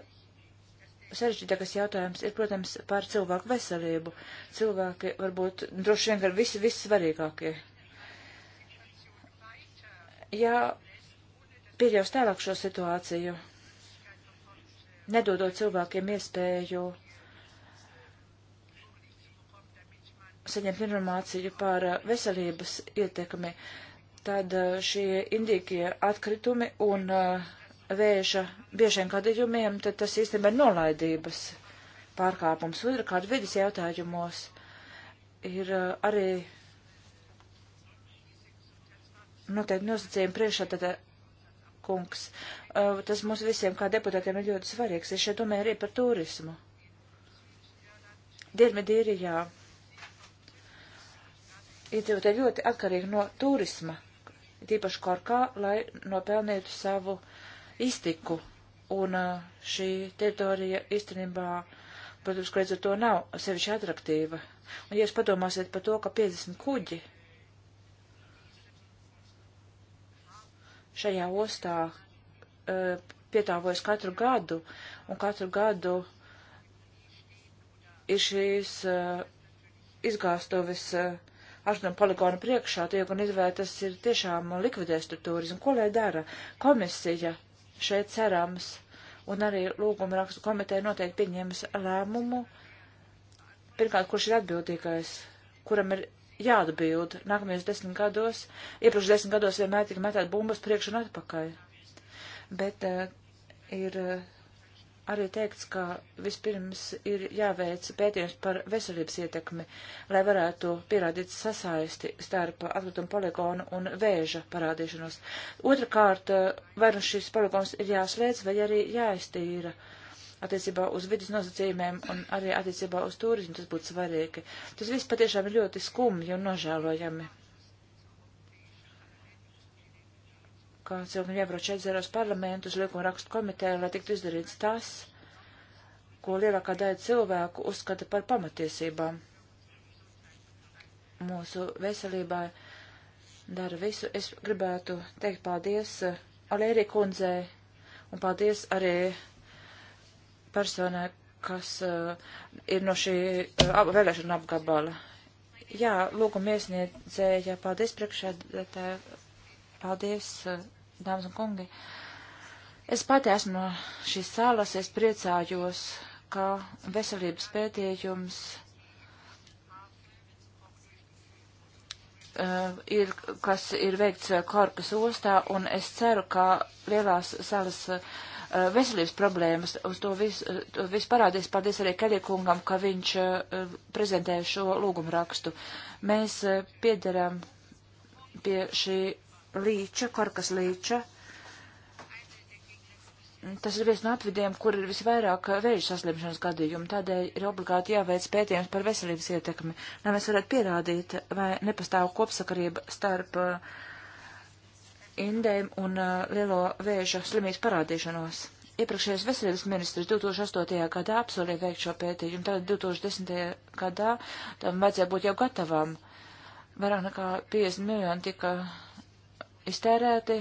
sarežģītākais jautājums ir, protams, par cilvēku veselību. Cilvēki varbūt droši vien ir visi, visi svarīgākie. Ja pieļaus tālāk šo situāciju, nedodot cilvēkiem iespēju saņemt informāciju par veselības ietekmi, tad eh, šie indīgie atkritumi un uh, vēža biežiem gadījumiem, tad tas īstenībā ir nolaidības pārkāpums. Otrakārt, vidas jautājumos ir uh, arī noteikti nosacījumi priekšā tad uh, kungs. Uh, tas mums visiem kā deputātiem ir ļoti svarīgs. Es šeit domāju arī par turismu. Dienvidīrijā iedzīvotāji ļoti atkarīgi no turisma, tīpaši korkā, lai nopelnītu savu uh, iztiku. Un šī teritorija īstenībā, protams, ka līdz ar to nav sevišķi atraktīva. Un ja jūs padomāsiet par to, ka 50 kuģi šajā ostā e, pietāvojas katru gadu, un katru gadu ir šīs e, izgāstuvis e, Ašdam poligonu priekšā tiek un izvērtas ir tiešām likvidēs tur turismu. Ko lai dara? Komisija šeit cerams, un arī lūguma rakstu komiteja noteikti pieņems lēmumu, pirmkārt, kurš ir atbildīgais, kuram ir jāatbild nākamajos desmit gados, iepriekš desmit gados vienmēr tika metēt bumbas priekš un atpakaļ. Bet uh, ir uh, arī teikts, ka vispirms ir jāveic pētījums par veselības ietekmi, lai varētu pierādīt sasaisti starp atkritumu poligonu un vēža parādīšanos. Otrakārt, vai nu šis poligons ir jāslēdz vai arī jāiztīra attiecībā uz vidas nosacījumiem un arī attiecībā uz turismu tas būtu svarīgi. Tas viss patiešām ir ļoti skumji un nožēlojami. ka cilvēkiem jābrauc atzeros parlamentus, liekuma rakstu komiteju, lai tiktu izdarīts tas, ko lielākā daļa cilvēku uzskata par pamatiesībām. Mūsu veselībā dara visu. Es gribētu teikt paldies eh, Alērija kundzē un paldies arī personai, kas uh, ir no šī uh, vēlēšana apgabala. Jā, lūgum iesniedzēja, paldies priekšēdētāju Paldies, eh, dāmas un kungi. Es pati esmu no šīs salas, es priecājos, ka veselības pētījums uh, ir, kas ir veikts eh, Korkas ostā, un es ceru, ka lielās salas uh, veselības problēmas uz to visu, to visu parādīs. Paldies arī Keļiekungam, ka viņš uh, prezentēja šo lūgumu rakstu. Mēs uh, piederam pie šī līča, karkas līča. Tas ir viens no apvidiem, kur ir visvairāk vēža saslimšanas gadījumu, tādēļ ir obligāti jāveic pētījums par veselības ietekmi, lai mēs varētu pierādīt, vai nepastāv kopsakarība starp uh, indēm un uh, lielo vēža slimības parādīšanos. Iepriekšējais veselības ministrs 2008. gadā apsolīja veikt šo pētījumu, tad 2010. gadā tam vajadzēja būt jau gatavam. Vairāk nekā 50 miljoni tika iztērēti.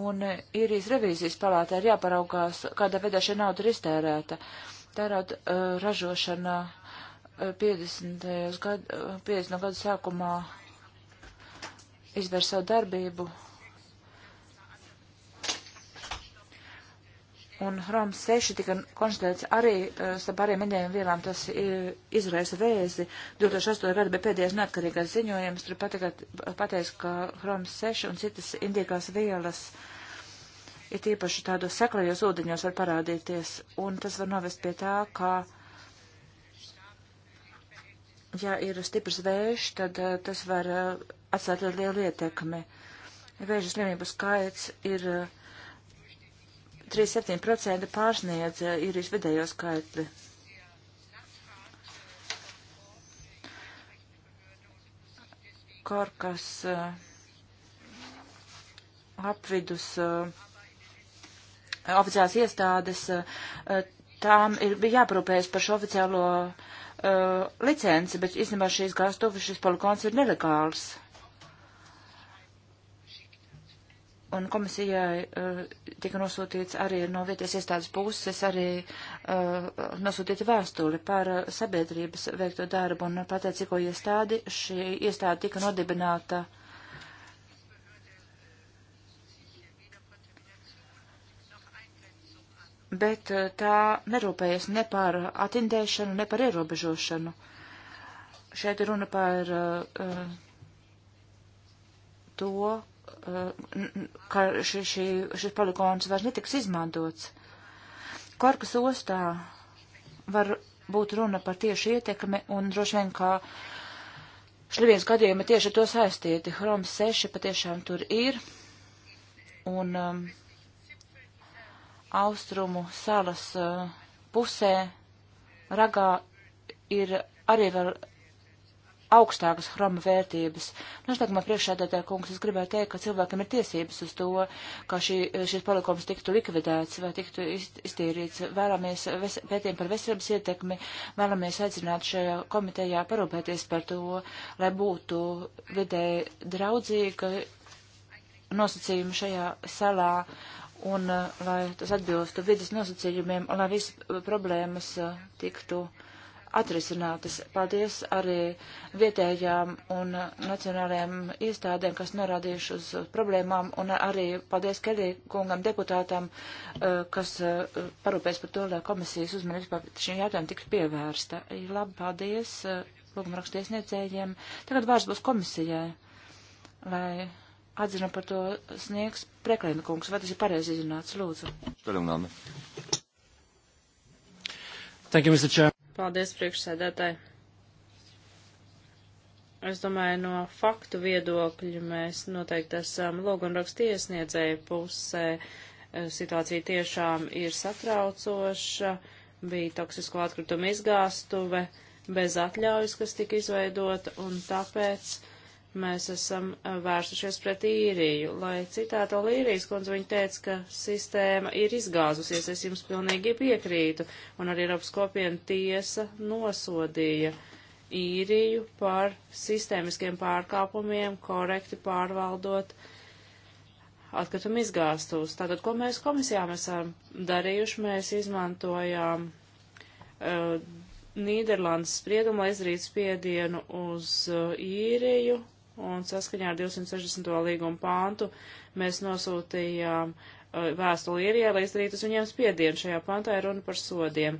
Un īrijas revīzijas palātā ir jāparaugās, kādā veidā šī nauda ir iztērēta. Tērāt uh, ražošana uh, 50. Gadu, 50. gadu sākumā izver savu darbību un Hroms 6 tika konstatēts arī eh, starp pāriem indējiem vielām, tas eh, izraisa vēzi. 2008. gada bija pēdējais neatkarīgais ziņojums, tur pateiks, ka Hroms 6 un citas indīgās vielas ir tīpaši tādos seklajos ūdeņos var parādīties, un tas var novest pie tā, ka ja ir stiprs vējš, tad uh, tas var uh, atstāt ļoti lielu ietekmi. Vēža slimību skaits ir uh, 37% pārsniedz eh, īrijas vidējo skaitli. Korkas eh, apvidus eh, oficiālās iestādes, tām ir, bija jāprūpējas par šo oficiālo licenci, bet īstenībā šīs gāstuvi šis poligons ir nelegāls. Un komisijai uh, tika nosūtīts arī no vietas iestādes puses arī uh, nosūtīta vēstuli par uh, sabiedrības veikto darbu un pateicīgo iestādi. Šī iestāde tika nodibināta. Bet uh, tā nerūpējas ne par atindēšanu, ne par ierobežošanu. Šeit runa par uh, to, Uh, ka šis šī, šis poligons vairs netiks izmantots. Korkas ostā var būt runa par tieši ietekmi un droši vien, ka šļiviens gadījumi tieši to saistīti. Hroms 6 patiešām tur ir un um, austrumu salas uh, pusē ragā ir arī vēl augstākas hroma vērtības. Noslēgumā priekšādātāja kungs, es gribēju teikt, ka cilvēkam ir tiesības uz to, ka šī, šis palikums tiktu likvidēts vai tiktu iztīrīts. Vēlamies ves, pētījumi par veselības ietekmi, vēlamies aicināt šajā komitejā parūpēties par to, lai būtu vidēji draudzīga nosacījumi šajā salā un eh, lai tas atbilstu vidas nosacījumiem, lai visas eh, problēmas eh, tiktu. Uh, atrisinātas. Paldies arī vietējām un nacionālajām iestādēm, kas norādījuši uz problēmām, un arī paldies Kelī kungam deputātam, eh, kas eh, parūpēs par to, lai komisijas uzmanības par šiem jautājumiem tiks pievērsta. Labi, paldies eh, lūgumrakstiesniedzējiem. Tagad vārds būs komisijai, lai atzina par to sniegs preklēna kungs. Vai tas ir pareizi izrunāts? Lūdzu. Thank you, Mr. Chair. Paldies priekšsēdētāji. Es domāju, no faktu viedokļa mēs noteikti esam logumrakstu iesniedzēju pusē. Eh, situācija tiešām ir satraucoša, bija toksisko atkritumu izgāstuve bez atļaujas, kas tika izveidota, un tāpēc mēs esam vērsušies pret īriju. Lai citāto līrijas kundze viņa teica, ka sistēma ir izgāzusies, es jums pilnīgi piekrītu, un arī Eiropas kopiena tiesa nosodīja īriju par sistēmiskiem pārkāpumiem, korekti pārvaldot atkritumu izgāstus. Tātad, ko mēs komisijām esam darījuši, mēs izmantojām uh, Nīderlandes spriedumu, lai izdarītu spiedienu uz uh, īriju, un saskaņā ar 260. līgumu pāntu mēs nosūtījām uh, vēstuli Irijai, lai izdarītu uz viņiem spiedienu. Šajā pāntā ir runa par sodiem.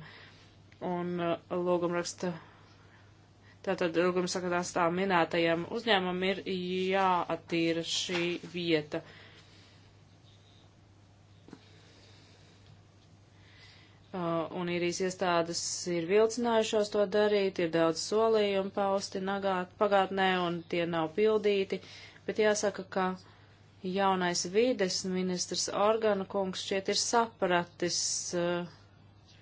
Un uh, lūgumraksta, tātad lūgumraksta tā minētajam uzņēmumam ir jāattīra šī vieta. Uh, Uh, un īrijas iestādes ir vilcinājušos to darīt, ir daudz solījumu pausti nagāt, pagātnē, un tie nav pildīti, bet jāsaka, ka jaunais vīdes ministrs Organa kungs šķiet ir sapratis, uh,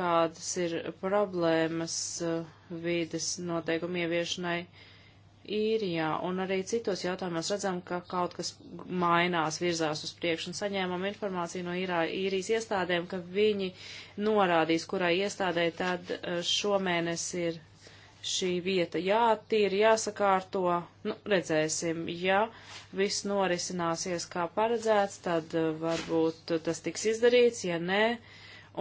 kādas ir problēmas uh, vīdes noteikumu ieviešanai īrijā, un arī citos jautājumos redzam, ka kaut kas mainās, virzās uz priekšu, un saņēmam informāciju no īrā, īrijas iestādēm, ka viņi norādīs, kurai iestādē tad e, šomēnes ir šī vieta jātīra, jāsakārto, nu, redzēsim, ja viss norisināsies kā paredzēts, tad e, varbūt tas tiks izdarīts, ja nē,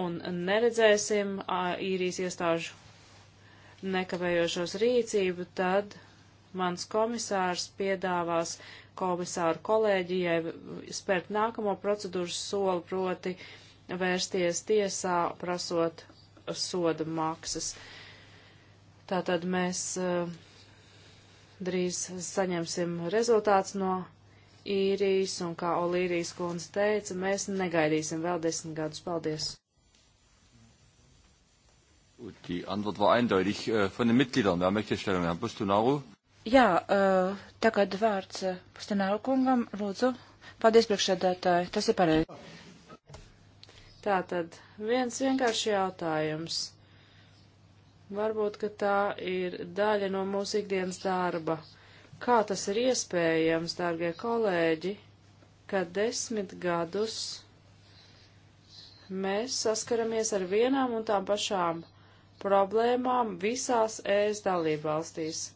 un neredzēsim īrijas iestāžu nekavējošos rīcību, tad mans komisārs piedāvās komisāru kolēģijai spērt nākamo procedūras soli, proti vērsties tiesā, prasot soda maksas. Tātad mēs uh, drīz saņemsim rezultāts no īrijas, un kā Olīrijas kundze teica, mēs negaidīsim vēl desmit gadus. Paldies! Die Antwort war eindeutig äh, von den Mitgliedern. Wer möchte Stellung nehmen? Bustunaro? Jā, uh, tagad vārds uh, eh, Pustenāru kungam, lūdzu. Paldies, priekšsēdētāji, tas ir pareizi. Tātad, viens vienkārši jautājums. Varbūt, ka tā ir daļa no mūsu ikdienas darba. Kā tas ir iespējams, dārgie kolēģi, ka desmit gadus mēs saskaramies ar vienām un tām pašām problēmām visās ēst dalībvalstīs?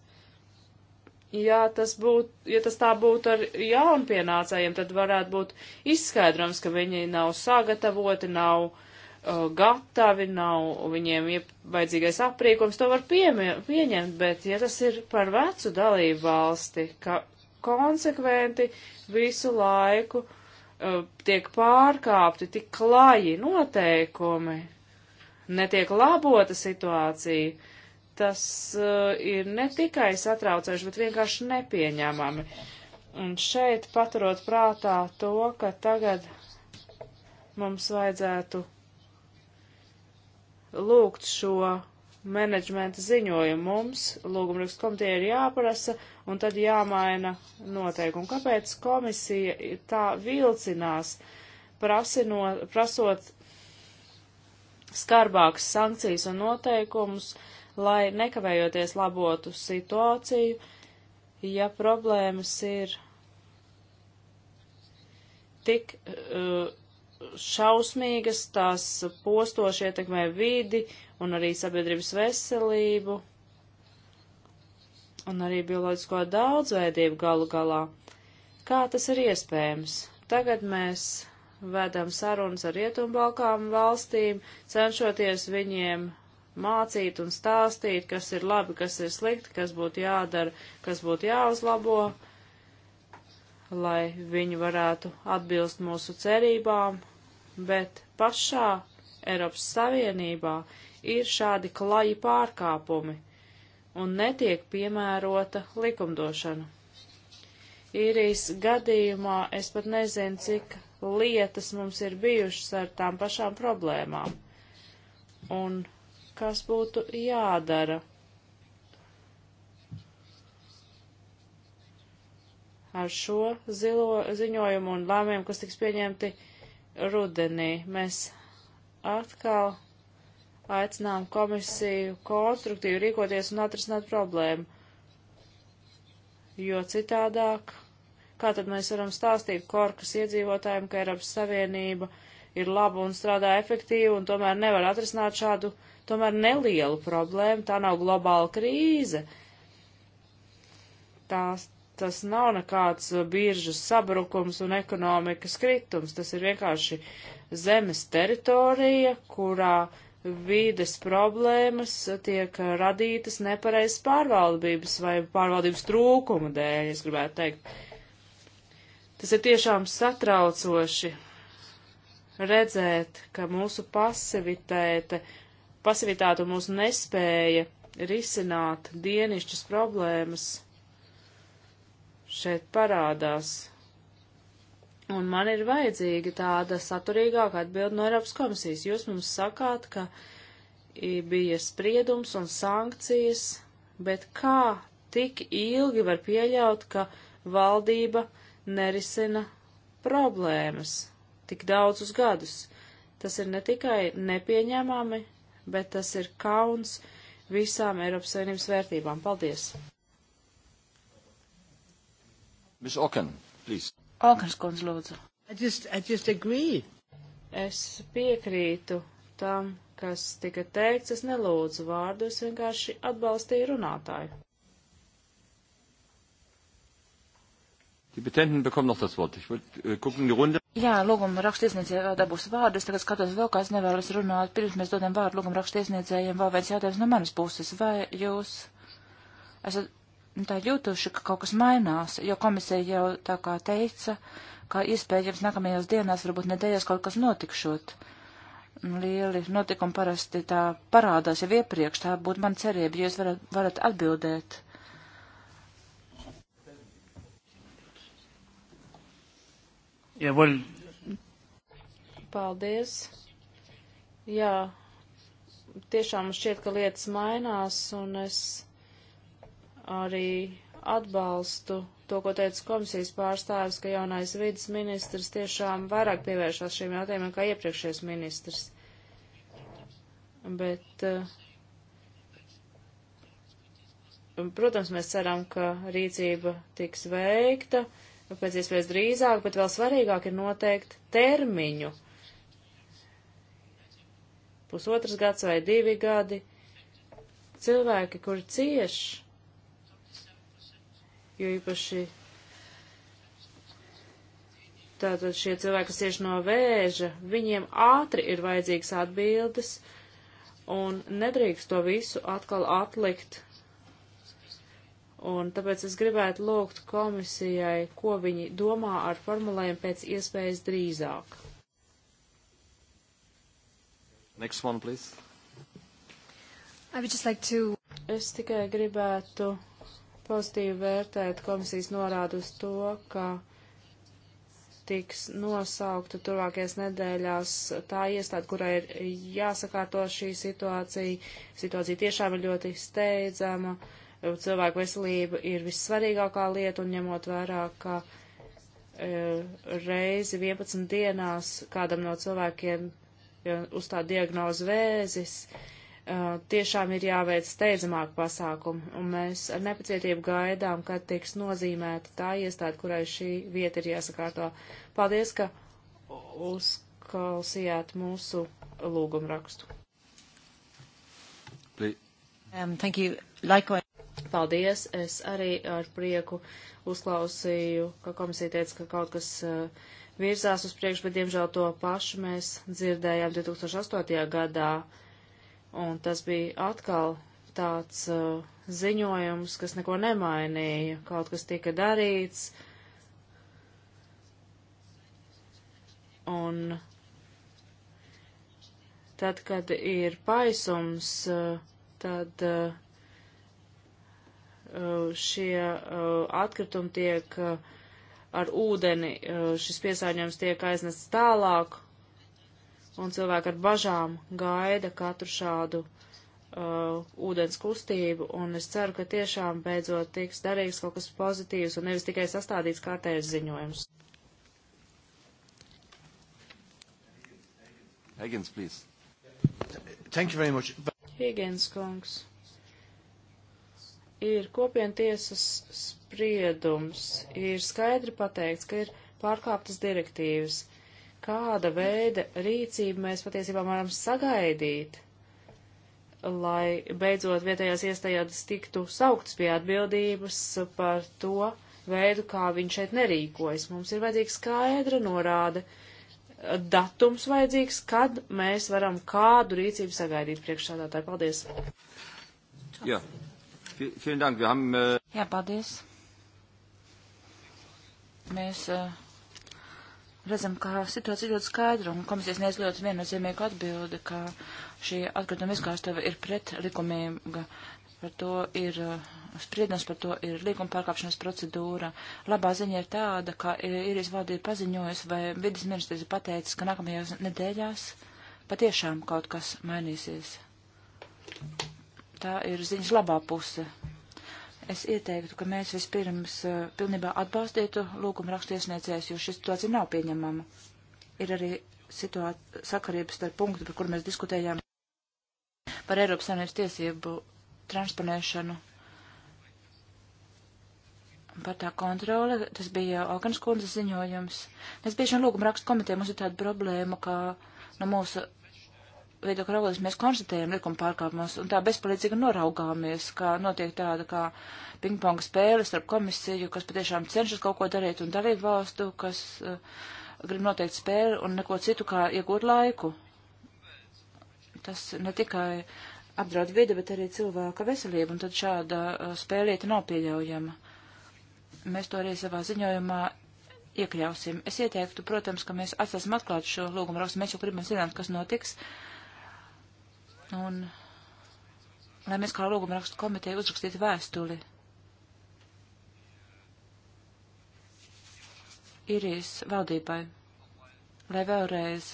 Ja tas, būt, ja tas tā būtu ar jaunpienācējiem, tad varētu būt izskaidrojums, ka viņi nav sagatavoti, nav uh, gatavi, nav viņiem vajadzīgais aprīkums, to var piemie, pieņemt, bet ja tas ir par vecu dalību valsti, ka konsekventi visu laiku uh, tiek pārkāpti tik klaji noteikumi, netiek labota situācija, tas uh, ir ne tikai satraucoši, bet vienkārši nepieņēmami. Un šeit paturot prātā to, ka tagad mums vajadzētu lūgt šo menedžmenta ziņojumu mums, lūgumrakstu komitē ir jāprasa un tad jāmaina noteikumi. Kāpēc komisija tā vilcinās, prasinot, prasot skarbākas sankcijas un noteikumus, uh, lai nekavējoties labotu situāciju, ja problēmas ir tik uh, šausmīgas, tās postoši ietekmē vidi un arī sabiedrības veselību un arī bioloģisko daudzveidību galu galā. Kā tas ir iespējams? Tagad mēs vedam sarunas ar Rietumbalkām valstīm, cenšoties viņiem mācīt un stāstīt, kas ir labi, kas ir slikti, kas būtu jādara, kas būtu jāuzlabo, lai viņi varētu atbilst mūsu cerībām, bet pašā Eiropas Savienībā ir šādi klaji pārkāpumi un netiek piemērota likumdošana. Īrijas gadījumā es pat nezinu, cik lietas mums ir bijušas ar tām pašām problēmām. Un kas būtu jādara. Ar šo zilo ziņojumu un lēmiem, kas tiks pieņemti rudenī, mēs atkal aicinām komisiju konstruktīvi rīkoties un atrisināt problēmu. Jo citādāk, kā tad mēs varam stāstīt korkas iedzīvotājiem, ka Eiropas Savienība ir laba un strādā efektīvi un tomēr nevar atrisināt šādu tomēr nelielu problēmu, tā nav globāla krīze. Tās, tas nav nekāds biržas sabrukums un ekonomikas kritums, tas ir vienkārši zemes teritorija, kurā vīdes problēmas tiek radītas nepareizas pārvaldības vai pārvaldības trūkuma dēļ, es gribētu teikt. Tas ir tiešām satraucoši redzēt, ka mūsu pasivitāte pasivitāte un mūsu nespēja risināt dienišķas problēmas šeit parādās. Un man ir vajadzīga tāda saturīgāka atbilda no Eiropas komisijas. Jūs mums sakāt, ka bija spriedums un sankcijas, bet kā tik ilgi var pieļaut, ka valdība nerisina problēmas tik daudzus gadus? Tas ir ne tikai nepieņemami, bet tas ir kauns visām Eiropas Savienības vērtībām. Paldies! Miss Oken, please. Okens kundze, lūdzu. I just, I just agree. Es piekrītu tam, kas tika teikts, es nelūdzu vārdu, es vienkārši atbalstīju runātāju. Die Petenten bekommen noch das Wort. Ich würde äh, gucken die Runde. Jā, lūguma rakstiesniedzēja dabūs vārdu. Es tagad skatos vēl, kāds nevēlas runāt. Pirms mēs dodam vārdu lūguma rakstiesniedzējiem, vēl viens jautājums no manas puses. Vai jūs esat nu, tā jūtuši, ka kaut kas mainās, jo komisija jau tā kā teica, ka iespējams nākamajās dienās, varbūt nedēļās kaut kas notikšot. Nu, lieli notikumi parasti tā parādās jau iepriekš, tā būtu man cerība, jo jūs varat, varat atbildēt Jawohl. Paldies. Jā, tiešām šķiet, ka lietas mainās, un es arī atbalstu to, ko teica komisijas pārstāvis, ka jaunais vidas ministrs tiešām vairāk pievēršās šiem jautājumiem kā iepriekšējais ministrs. Bet, eh, protams, mēs ceram, ka rīcība tiks veikta. Uh, Nu, pēc iespējas drīzāk, bet vēl svarīgāk ir noteikt termiņu. Pusotras gads vai divi gadi. Cilvēki, kuri cieš, jo īpaši tātad šie cilvēki, kas cieš no vēža, viņiem ātri ir vajadzīgas atbildes un nedrīkst to visu atkal atlikt Un tāpēc es gribētu lūgt komisijai, ko viņi domā ar formulējumu pēc iespējas drīzāk. Next one, please. I would just like to... Es tikai gribētu pozitīvi vērtēt komisijas norādu uz to, ka tiks nosaukta turvākajās nedēļās tā iestāde, kurai ir jāsakārto šī situācija. Situācija tiešām ir ļoti steidzama. Uh, cilvēku veselība ir vissvarīgākā lieta un ņemot vērā, ka e, reizi 11 dienās kādam no cilvēkiem uzstāda diagnozu vēzis, e, tiešām ir jāveic steidzamāk pasākumu, un mēs ar nepacietību gaidām, kad tiks nozīmēta tā iestāde, kurai šī vieta ir jāsakārto. Paldies, ka uzklausījāt mūsu lūgumu rakstu. Um, thank you. Likewise. Paldies! Es arī ar prieku uzklausīju, ka komisija teica, ka kaut kas eh, virzās uz priekšu, bet diemžēl to pašu mēs dzirdējām 2008. gadā. Un tas bija atkal tāds uh, ziņojums, kas neko nemainīja, kaut kas tika darīts. Un tad, kad ir paisums, uh, tad uh, šie uh, atkritumi tiek uh, ar ūdeni, uh, šis piesārņojums tiek aiznests tālāk, un cilvēki ar bažām gaida katru šādu uh, ūdens kustību, un es ceru, ka tiešām beidzot tiks darīts kaut kas pozitīvs un nevis tikai sastādīts kārtējs ziņojums. Higgins, please. Thank you very much. Higgins, kungs ir kopientiesas spriedums, ir skaidri pateikts, ka ir pārkāptas direktīvas. Kāda veida rīcību mēs patiesībā varam sagaidīt, lai beidzot vietējās iestādes tiktu sauktas pie atbildības par to veidu, kā viņš šeit nerīkojas. Mums ir vajadzīga skaidra norāde, datums vajadzīgs, kad mēs varam kādu rīcību sagaidīt priekšsādātāju. Paldies! Jā. Ja. Vielen Dank. Wir haben. Äh, Jā, paldies. Mēs uh, redzam, ka situācija ļoti skaidra un komisijas sniedz ļoti viennozīmīgu atbildi, ka šī atkrituma izkārstava ir pretlikumīga. Par to ir äh, spriedums, par to ir līguma pārkāpšanas procedūra. Labā ziņa ir tāda, ka īrijas valdība paziņojusi vai vidas ministrs ir pateicis, ka nākamajās nedēļās patiešām kaut kas mainīsies. Thank you. Tā ir ziņas labā puse. Es ieteiktu, ka mēs vispirms uh, pilnībā atbalstītu lūgumu rakstiesniecējus, jo šī situācija nav pieņemama. Ir arī situācija sakarības starp punktu, par kur mēs diskutējām par Eiropas Savienības tiesību transponēšanu par tā kontroli, tas bija Alkanas kundzes ziņojums. Mēs bieži vien lūgam rakstu komitē, mums ir tāda problēma, ka no mūsu viedokļa raugoties, mēs konstatējam likuma pārkāpumus un tā bezpalīdzīgi noraugāmies, kā notiek tāda kā pingponga spēle starp komisiju, kas patiešām cenšas kaut ko darīt un dalību valstu, kas uh, grib noteikt spēli un neko citu kā iegūt laiku. Tas ne tikai apdraud vidi, bet arī cilvēka veselību, un tad šāda uh, eh, spēlīta nav pieļaujama. Mēs to arī savā ziņojumā iekļausim. Es ieteiktu, protams, ka mēs atstāsim atklāt šo lūgumu rakstu. Mēs jau gribam zināt, kas notiks. Uh, Un lai mēs kā lūgumrakstu komiteja uzrakstītu vēstuli īrijas valdībai, lai vēlreiz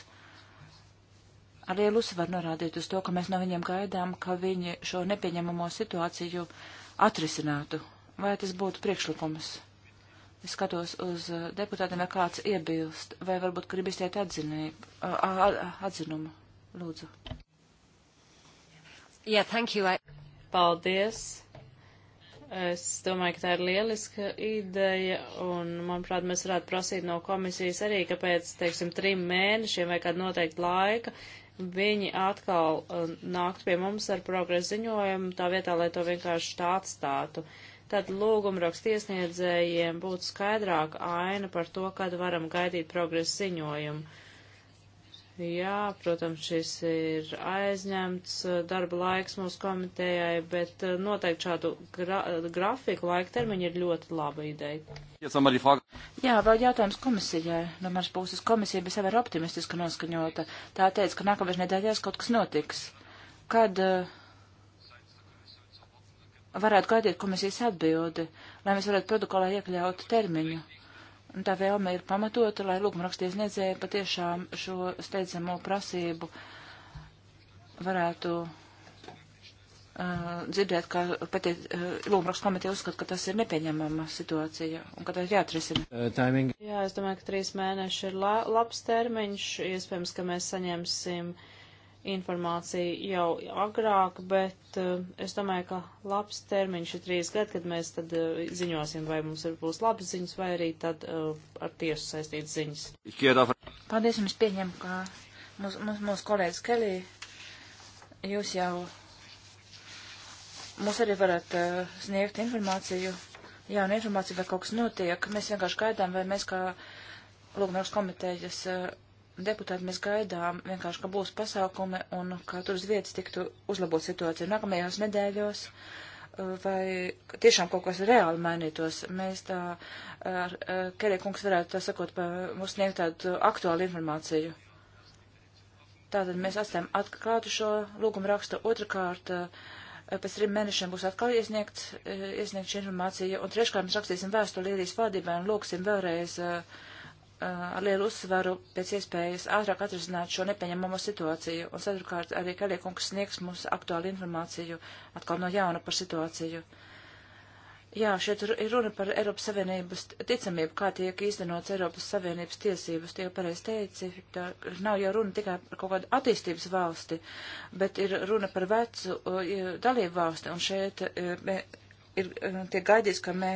ar lielu uzsvaru norādītu uz to, ka mēs no viņiem gaidām, ka viņi šo nepieņemamo situāciju atrisinātu. Vai tas būtu priekšlikums? Es skatos uz uh, deputātiem, vai kāds iebilst, vai varbūt grib izteikt atzinumu. Lūdzu. Yeah, thank you. I... Paldies. Es domāju, ka tā ir lieliska ideja, un, manuprāt, mēs varētu prasīt no komisijas arī, ka pēc, teiksim, trim mēnešiem vai kādu noteiktu laika viņi atkal uh, nākt pie mums ar progresu ziņojumu, tā vietā, lai to vienkārši tā atstātu. Tad lūgumrakst iesniedzējiem būtu skaidrāka aina par to, kad varam gaidīt progresu ziņojumu. Jā, protams, šis ir aizņemts eh, darba laiks mūsu komitejai, bet eh, noteikti šādu gra grafiku laika termiņu ir ļoti laba ideja. Jā, vēl jautājums komisijai. No manas puses komisija bija sevi optimistiski noskaņota. Tā teica, ka nākamajās nedēļās kaut kas notiks. Kad uh, varētu gaidīt komisijas atbildi, lai mēs varētu protokolā iekļaut termiņu? Un tā vēlme ir pamatota, lai lūgumrakstiesniedzēji patiešām šo steidzamo prasību varētu uh, dzirdēt, ka patiet uh, lūgumrakstu komiteja uzskata, ka tas ir nepieņemama situācija un ka tā ir jāatrisina. Uh, timing. Jā, es domāju, ka trīs mēneši ir la labs termiņš. Iespējams, ka mēs saņemsim uh, informāciju jau agrāk, bet eh, es domāju, ka labs termiņš ir trīs gadi, kad mēs tad eh, ziņosim, vai mums būs labas ziņas, vai arī tad eh, ar tiesu saistītas ziņas. Paldies, jums pieņem, ka mūsu mūs, mūs kolēģis Kelī, jūs jau mums arī varat uh, sniegt informāciju, jaunu informāciju, vai kaut kas notiek. Mēs vienkārši gaidām, vai mēs kā Lūgumērs komitejas uh, deputāti, mēs gaidām vienkārši, ka būs pasākumi un ka tur uz vietas tiktu uzlabot situāciju nākamajās nedēļos, uh, vai tiešām kaut kas reāli mainītos. Mēs tā, uh, uh, Kerija kungs varētu tā sakot, mums sniegt tādu aktuālu informāciju. Tātad mēs atstājam atklātu šo lūgumu rakstu. Otrakārt, pēc trim mēnešiem būs atkal iesniegts, iesniegts šī informācija, un treškārt mēs rakstīsim vēstuli Lielijas vādībai un lūksim vēlreiz uh, ar lielu uzsvaru pēc iespējas ātrāk atrisināt šo nepieņemamo situāciju, un ceturkārt arī Kaliekungs sniegs mums aktuālu informāciju atkal no jauna par situāciju. Jā, šeit ir runa par Eiropas Savienības ticamību, kā tiek īstenots Eiropas Savienības tiesības. Tie jau pareizi teici, tā nav jau runa tikai par kaut kādu attīstības valsti, bet ir runa par vecu uh, dalību valsti, un šeit. Uh, Mē, ir, nu, tiek gaidīts, ka mē,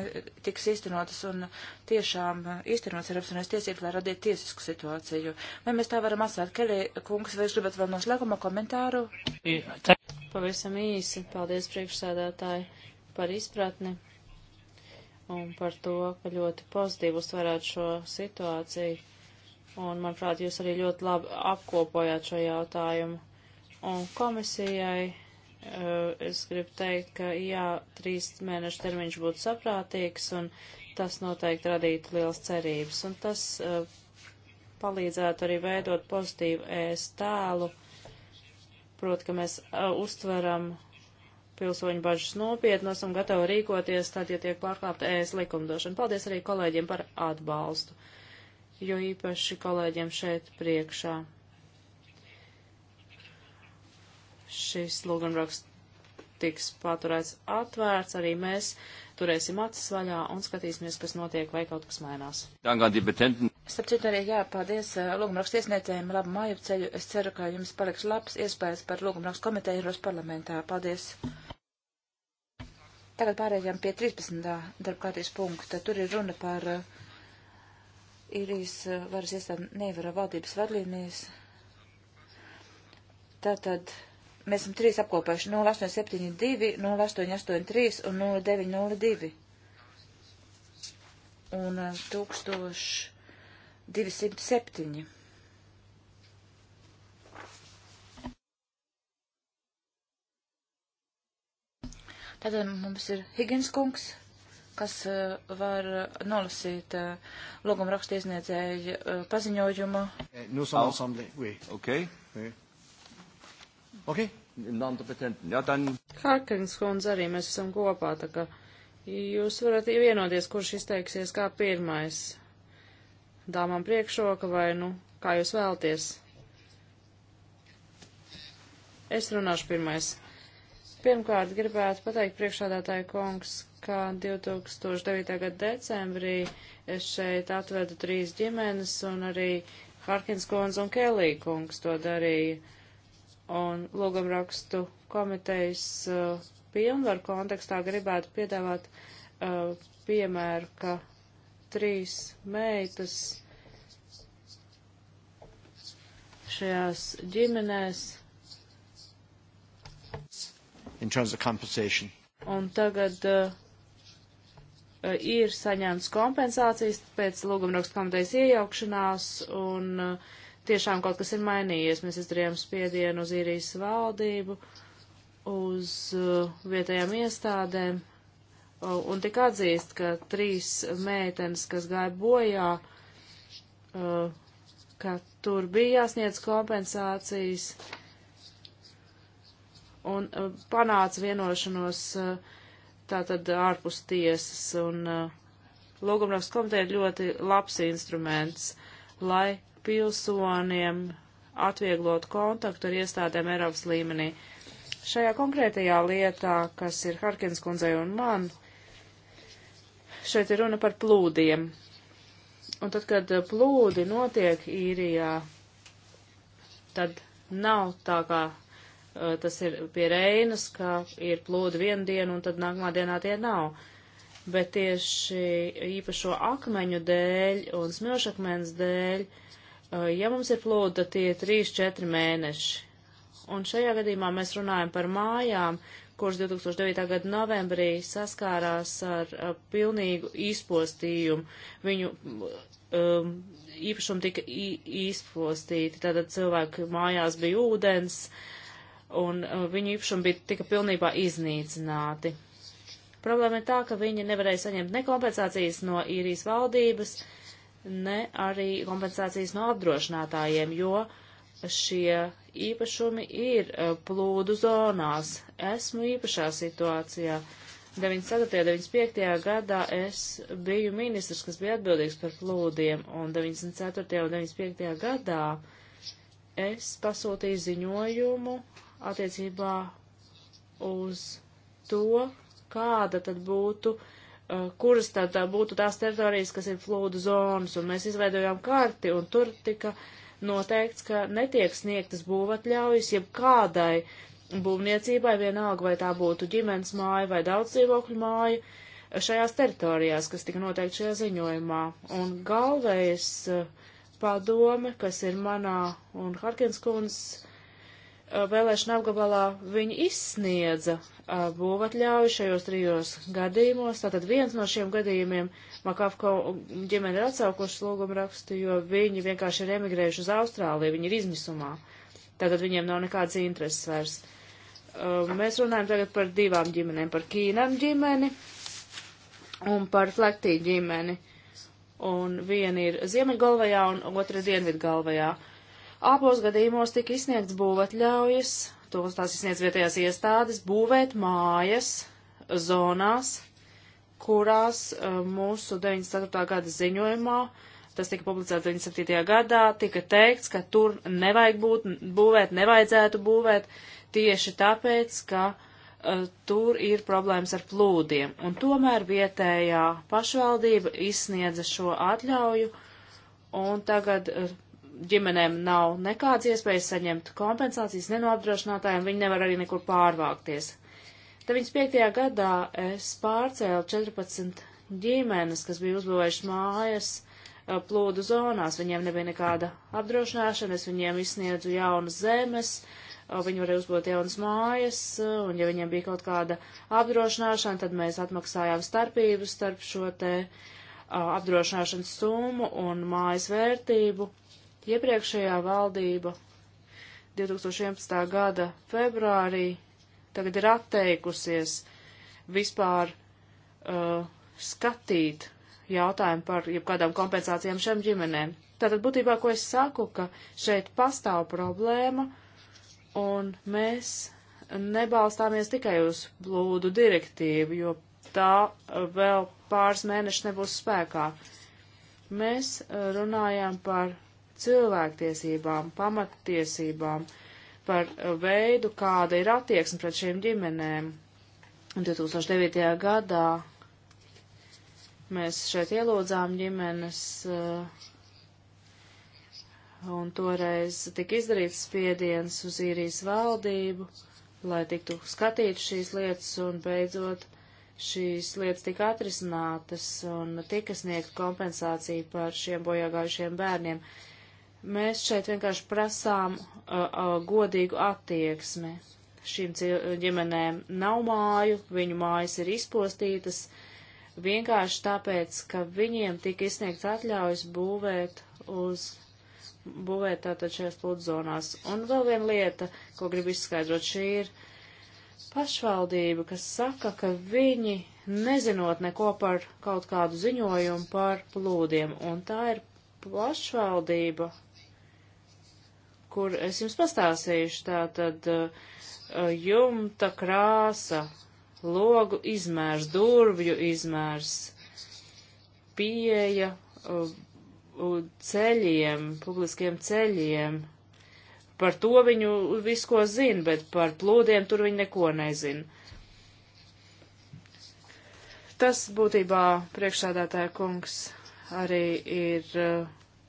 tiks īstenotas un tiešām īstenotas Eiropas Unības tiesības, lai radītu tiesisku situāciju. Vai mēs tā varam atstāt? Kelī, kungs, vai jūs gribat vēl noslēguma komentāru? Pavisam īsi. Paldies priekšsēdētāji par izpratni un par to, ka ļoti pozitīvi uztverētu šo situāciju. Un, manuprāt, jūs arī ļoti labi apkopojāt šo jautājumu. Un komisijai Eh, es gribu teikt, ka jā, trīs mēnešu termiņš būtu saprātīgs un tas noteikti radītu liels cerības. Un tas eh, palīdzētu arī veidot pozitīvu ēst tēlu, proti, ka mēs eh, uztveram pilsoņu bažas nopietni, esam gatavi rīkoties, tad, ja tiek pārkāpta ēst likumdošana. Paldies arī kolēģiem par atbalstu, jo īpaši kolēģiem šeit priekšā. šis lūgumraksts tiks paturēts atvērts, arī mēs turēsim acis vaļā un skatīsimies, kas notiek vai kaut kas mainās. Starp citu arī jāpaldies eh, lūgumrakstu iesniedzējiem labu māju ceļu. Es ceru, ka jums paliks labs iespējas par lūgumrakstu komiteju Eiros parlamentā. Paldies! Tagad pārējām pie 13. darbkārtības punkta. Tur ir runa par īrijas eh, eh, varas iestādu nevara valdības vadlīnijas. Tātad Mēs esam trīs apkopojuši 0872, 0883 un 0902. Un 1207. Eh, Tātad mums ir Higgins kungs, kas uh, var eh, nolasīt uh, logumrakstu iesniedzēju uh, paziņojumu. Nous sommes ensemble, oui. Okay. Oui. Okay. Ja, then... Harkins kundze arī mēs esam kopā, tā ka jūs varat vienoties, kurš izteiksies kā pirmais. Dāmām priekšroka vai, nu, kā jūs vēlties. Es runāšu pirmais. Pirmkārt, gribētu pateikt priekšādātāju kungs, ka 2009. gada decembrī es šeit atvedu trīs ģimenes un arī Harkins kungs un Kelī kungs to darīja un lūgumrakstu komitejas uh, pilnvaru kontekstā gribētu piedāvāt uh, piemēru, ka trīs meitas šajās ģimenēs. In terms of compensation. Un tagad uh, ir saņemts kompensācijas pēc lūgumrakstu komitejas iejaukšanās un uh, tiešām kaut kas ir mainījies. Mēs izdarījām spiedienu uz īrijas valdību, uz uh, vietējām iestādēm, uh, un tik atzīst, ka trīs meitenes, kas gāja bojā, uh, ka tur bija jāsniedz kompensācijas, un panāca vienošanos tātad ārpus tiesas, un lūgumrakstu komiteja ir ļoti labs instruments, lai pilsoniem atvieglot kontaktu ar iestādēm Eiropas līmenī. Šajā konkrētajā lietā, kas ir Harkins kundzei un man, šeit ir runa par plūdiem. Un tad, kad plūdi notiek īrijā, tad nav tā kā eh, tas ir pie Reinas, ka ir plūdi vienu dienu un tad nākamā dienā tie nav. Bet tieši īpašo akmeņu dēļ un smilšakmens dēļ uh, Ja mums ir flūda, tie ir 3-4 mēneši. Un šajā gadījumā mēs runājam par mājām, kurš 2009. gada novembrī saskārās ar, ar pilnīgu izpostījumu. Viņu um, īpašumi tika izpostīti, tātad cilvēki mājās bija ūdens, un uh, viņu īpašumi bija, tika pilnībā iznīcināti. Problēma ir tā, ka viņi nevarēja saņemt ne kompensācijas no īrijas valdības, uh, ne arī kompensācijas no apdrošinātājiem, jo šie īpašumi ir e, plūdu zonās. Esmu īpašā situācijā. 94. un 95. gadā es biju ministrs, kas bija atbildīgs par plūdiem, un 94. un 95. gadā es pasūtīju ziņojumu attiecībā uz to, kāda tad būtu uh, Uh, kuras tad būtu tās teritorijas, kas ir flūdu zonas, un mēs izveidojām karti, un tur tika noteikts, ka netiek sniegtas būvatļaujas jebkādai būvniecībai, vienalga vai tā būtu ģimenes māja vai daudz dzīvokļu māja, uh, šajās teritorijās, kas tika noteikti šajā ziņojumā. Un galvējs uh, padome, kas ir manā un Harkins kundzes Uh, vēlēšana apgabalā viņi izsniedza uh, būvatļauju šajos trijos gadījumos. Tātad viens no šiem gadījumiem Makafko ģimene ir atsaukušas lūgumu rakstu, jo viņi vienkārši ir emigrējuši uz Austrāliju, viņi ir izmisumā. Tātad viņiem nav nekādas intereses vairs. Uh, mēs runājam tagad par divām ģimenēm, par Kīnam ģimeni un par Flektī ģimeni. Un viena ir Ziemeļgalvajā un otra Dienvidgalvajā. galvajā Abos gadījumos tika izsniegts būvatļaujas, tos tās izsniedz vietējās iestādes, būvēt mājas zonās, kurās eh, mūsu 94. gada ziņojumā, tas tika publicēts 97. gadā, tika teikts, ka tur nevajag būt, būvēt, nevajadzētu būvēt tieši tāpēc, ka uh, tur ir problēmas ar plūdiem. Un tomēr vietējā pašvaldība izsniedza šo atļauju, un tagad uh, ģimenēm nav nekādas iespējas saņemt kompensācijas ne no apdrošinātājiem, viņi nevar arī nekur pārvākties. 95. gadā es pārcēlu 14 ģimenes, kas bija uzbūvējušas mājas eh, plūdu zonās, viņiem nebija nekāda apdrošināšana, es viņiem izsniedzu jaunas zemes, eh, viņi varēja uzbūvēt jaunas mājas, eh, un ja viņiem bija kaut kāda apdrošināšana, tad mēs atmaksājām starpības starp šo te apdrošināšanas summu un mājas vērtību, Iepriekšējā valdība 2011. gada februārī tagad ir atteikusies vispār uh, skatīt jautājumu par jebkādām kompensācijām šiem ģimenēm. Tātad būtībā, ko es saku, ka šeit pastāv problēma, un mēs nebalstāmies tikai uz blūdu direktīvu, jo tā uh, vēl pāris mēnešus nebūs spēkā. Mēs uh, runājām par cilvēktiesībām, pamattiesībām, par veidu, kāda ir attieksme pret šīm ģimenēm. 2009. gadā mēs šeit ielūdzām ģimenes, eh, un toreiz tika izdarīts spiediens uz īrijas valdību, lai tiktu skatīts šīs lietas, un beidzot šīs lietas tika atrisinātas, un tika sniegt kompensācija par šiem bojāgājušiem bērniem. Mēs šeit vienkārši prasām uh, uh, godīgu attieksmi. Šīm ģimenēm nav māju, viņu mājas ir izpostītas, vienkārši tāpēc, ka viņiem tika izsniegts atļaujas būvēt uz būvēt tātad šajās pludzonās. Un vēl viena lieta, ko gribu izskaidrot, šī ir pašvaldība, kas saka, ka viņi nezinot neko par kaut kādu ziņojumu par plūdiem, un tā ir pašvaldība, kur es jums pastāstīšu. Tātad eh, jumta krāsa, logu izmērs, durvju izmērs, pieeja eh, ceļiem, publiskiem ceļiem. Par to viņu visu ko zina, bet par plūdiem tur viņi neko nezina. Tas būtībā priekšsādātāja kungs arī ir eh,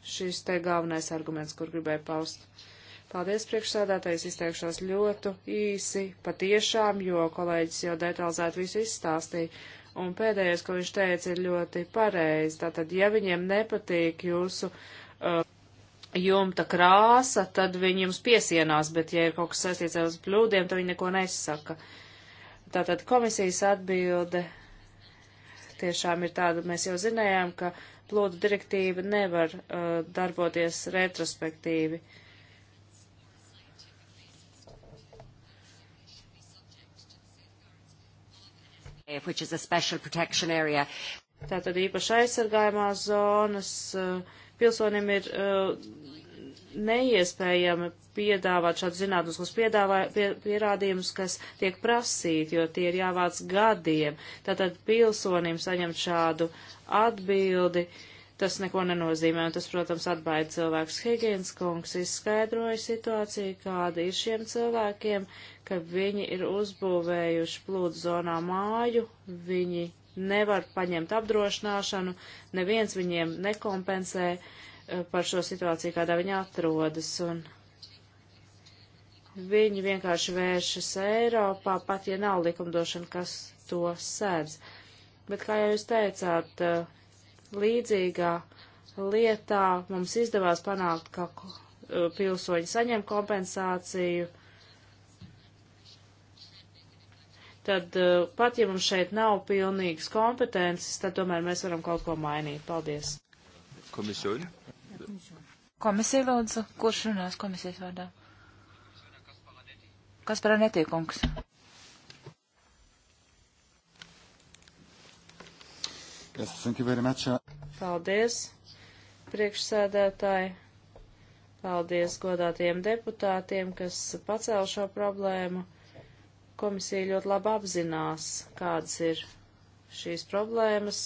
šis te galvenais arguments, kur gribēju paust. Paldies, priekšsēdētājs, izteikšos ļoti īsi, patiešām, jo kolēģis jau detalizēti visu izstāstīja. Un pēdējais, ko viņš teica, ir ļoti pareizi. Tātad, ja viņiem nepatīk jūsu uh, jumta krāsa, tad viņi jums piesienās, bet, ja ir kaut kas saistīts ar blūdiem, tad viņi neko nesaka. Tātad komisijas atbilde tiešām ir tāda, mēs jau zinājām, ka plūdu direktīva nevar uh, darboties retrospektīvi. Uh, which is a special protection area. Tātad īpaši aizsargājumās zonas eh, pilsonim ir eh, neiespējami piedāvāt šādus zinātniskus pie, pierādījumus, kas tiek prasīti, jo tie ir jāvāc gadiem. Tātad pilsonim saņemt šādu atbildi uh, Tas neko nenozīmē, un tas, protams, atbaida cilvēkus. Higienas kungs izskaidroja situāciju, kāda ir šiem cilvēkiem, ka viņi ir uzbūvējuši plūdu zonā māju, viņi nevar paņemt apdrošināšanu, neviens viņiem nekompensē eh, par šo situāciju, kādā viņi atrodas. Un viņi vienkārši vēršas Eiropā, pat ja nav likumdošana, kas to sēdz. Bet, kā jau jūs teicāt, uh, līdzīgā lietā mums izdevās panākt, ka eh, pilsoņi saņem kompensāciju. Tad eh, pat ja mums šeit nav pilnīgas kompetences, tad tomēr mēs varam kaut ko mainīt. Paldies. Komisija. Komisija lūdzu, kurš runās komisijas vārdā? Kas par netiekums? Yes, thank you very much. Paldies, priekšsēdētāji. Paldies godātiem deputātiem, kas pacēla šo problēmu. Komisija ļoti labi apzinās, kādas ir šīs problēmas.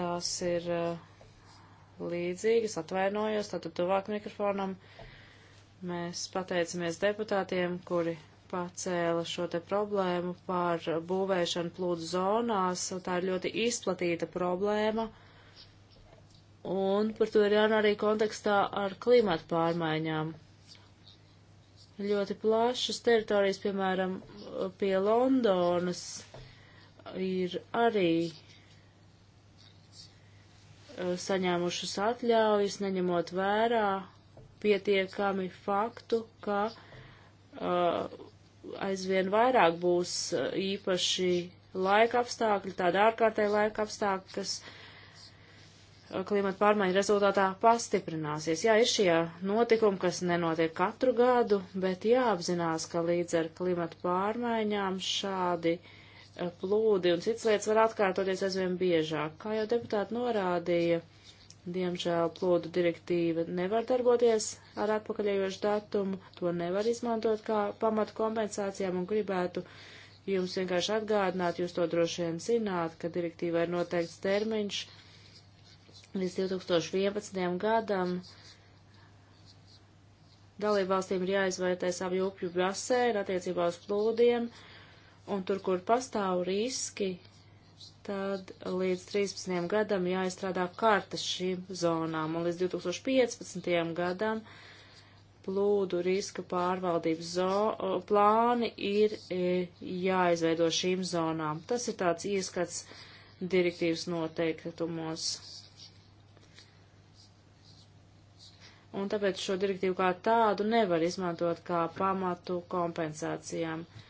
Tās ir uh, līdzīgas, atvainojos, tātad tuvāk mikrofonam. Mēs pateicamies deputātiem, kuri pacēla šo te problēmu par būvēšanu plūdu zonās. Tā ir ļoti izplatīta problēma. Un par to ir jārunā arī kontekstā ar klimatu pārmaiņām. Ļoti plašas teritorijas, piemēram, pie Londonas ir arī e, saņēmušas atļaujas, neņemot vērā pietiekami faktu, ka uh, aizvien vairāk būs eh, īpaši laika apstākļi, tāda ārkārtēja laika apstākļi, kas eh, klimata pārmaiņu rezultātā pastiprināsies. Jā, ir šie notikumi, kas nenotiek katru gadu, bet jāapzinās, ka līdz ar klimata pārmaiņām šādi eh, plūdi un citas lietas var atkārtoties aizvien biežāk. Kā jau deputāti norādīja, uh, Diemžēl plūdu direktīva nevar darboties ar atpakaļējošu datumu, to nevar izmantot kā pamatu kompensācijām un gribētu jums vienkārši atgādināt, jūs to droši vien zināt, ka direktīvā ir noteikts termiņš līdz 2011. gadam. Dalībvalstīm ir jāizvērtē savu upju basēnu attiecībā uz plūdiem, un tur, kur pastāv riski, tad līdz 13. gadam jāizstrādā kartas šīm zonām, un līdz 2015. gadam plūdu riska pārvaldības zo plāni ir e, jāizveido šīm zonām. Tas ir tāds ieskats direktīvas noteiktumos. Un tāpēc šo direktīvu kā tādu nevar izmantot kā pamatu kompensācijām. Uh,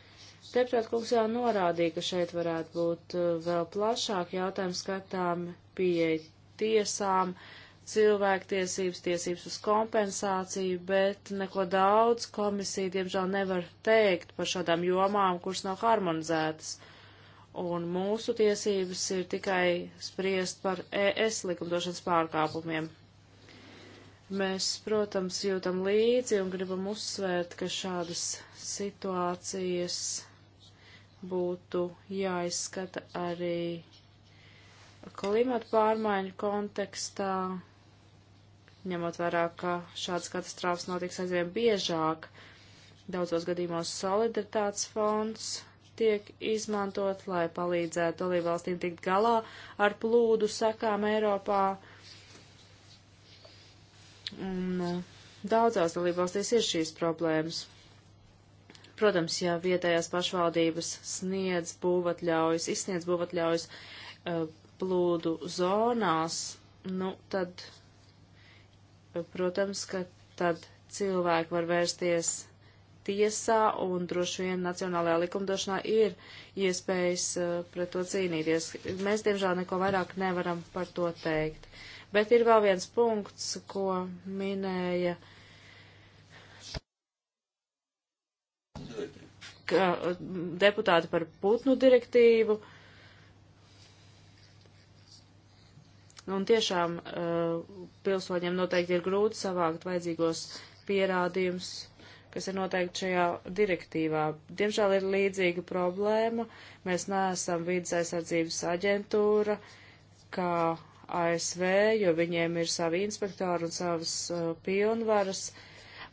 Deputāt kungs jau norādīja, ka šeit varētu būt uh, vēl plašāk jautājumu skatām pieeja tiesām, cilvēktiesības, tiesības uz kompensāciju, bet neko daudz komisija, diemžēl, nevar teikt par šādām jomām, kuras nav harmonizētas. Un mūsu tiesības ir tikai spriest par ES likumdošanas pārkāpumiem. Mēs, protams, jūtam līdzi un gribam uzsvērt, ka šādas situācijas būtu jāizskata arī klimata pārmaiņu kontekstā, ņemot vērā, ka šādas katastrofas notiks aizvien biežāk. Daudzos gadījumos solidaritātes fonds tiek izmantot, lai palīdzētu dalībvalstīm tikt galā ar plūdu sekām Eiropā. Un uh, daudzās dalībvalstīs ir šīs problēmas. Protams, ja vietējās pašvaldības sniedz būvatļaujas, izsniedz būvatļaujas eh, plūdu zonās, nu tad, eh, protams, ka tad cilvēki var vērsties tiesā un droši vien nacionālajā likumdošanā ir iespējas uh, pret to cīnīties. Mēs, diemžēl, neko vairāk nevaram par to teikt. Bet ir vēl viens punkts, ko minēja uh, tiek uh, mm, deputāti par putnu direktīvu. Un tiešām uh, pilsoņiem noteikti ir grūti savākt vajadzīgos pierādījumus, kas ir noteikti šajā direktīvā. Diemžēl ir līdzīga problēma. Mēs neesam vidas aizsardzības aģentūra, kā ASV, jo viņiem ir savi inspektori un savas uh, pilnvaras. Uh,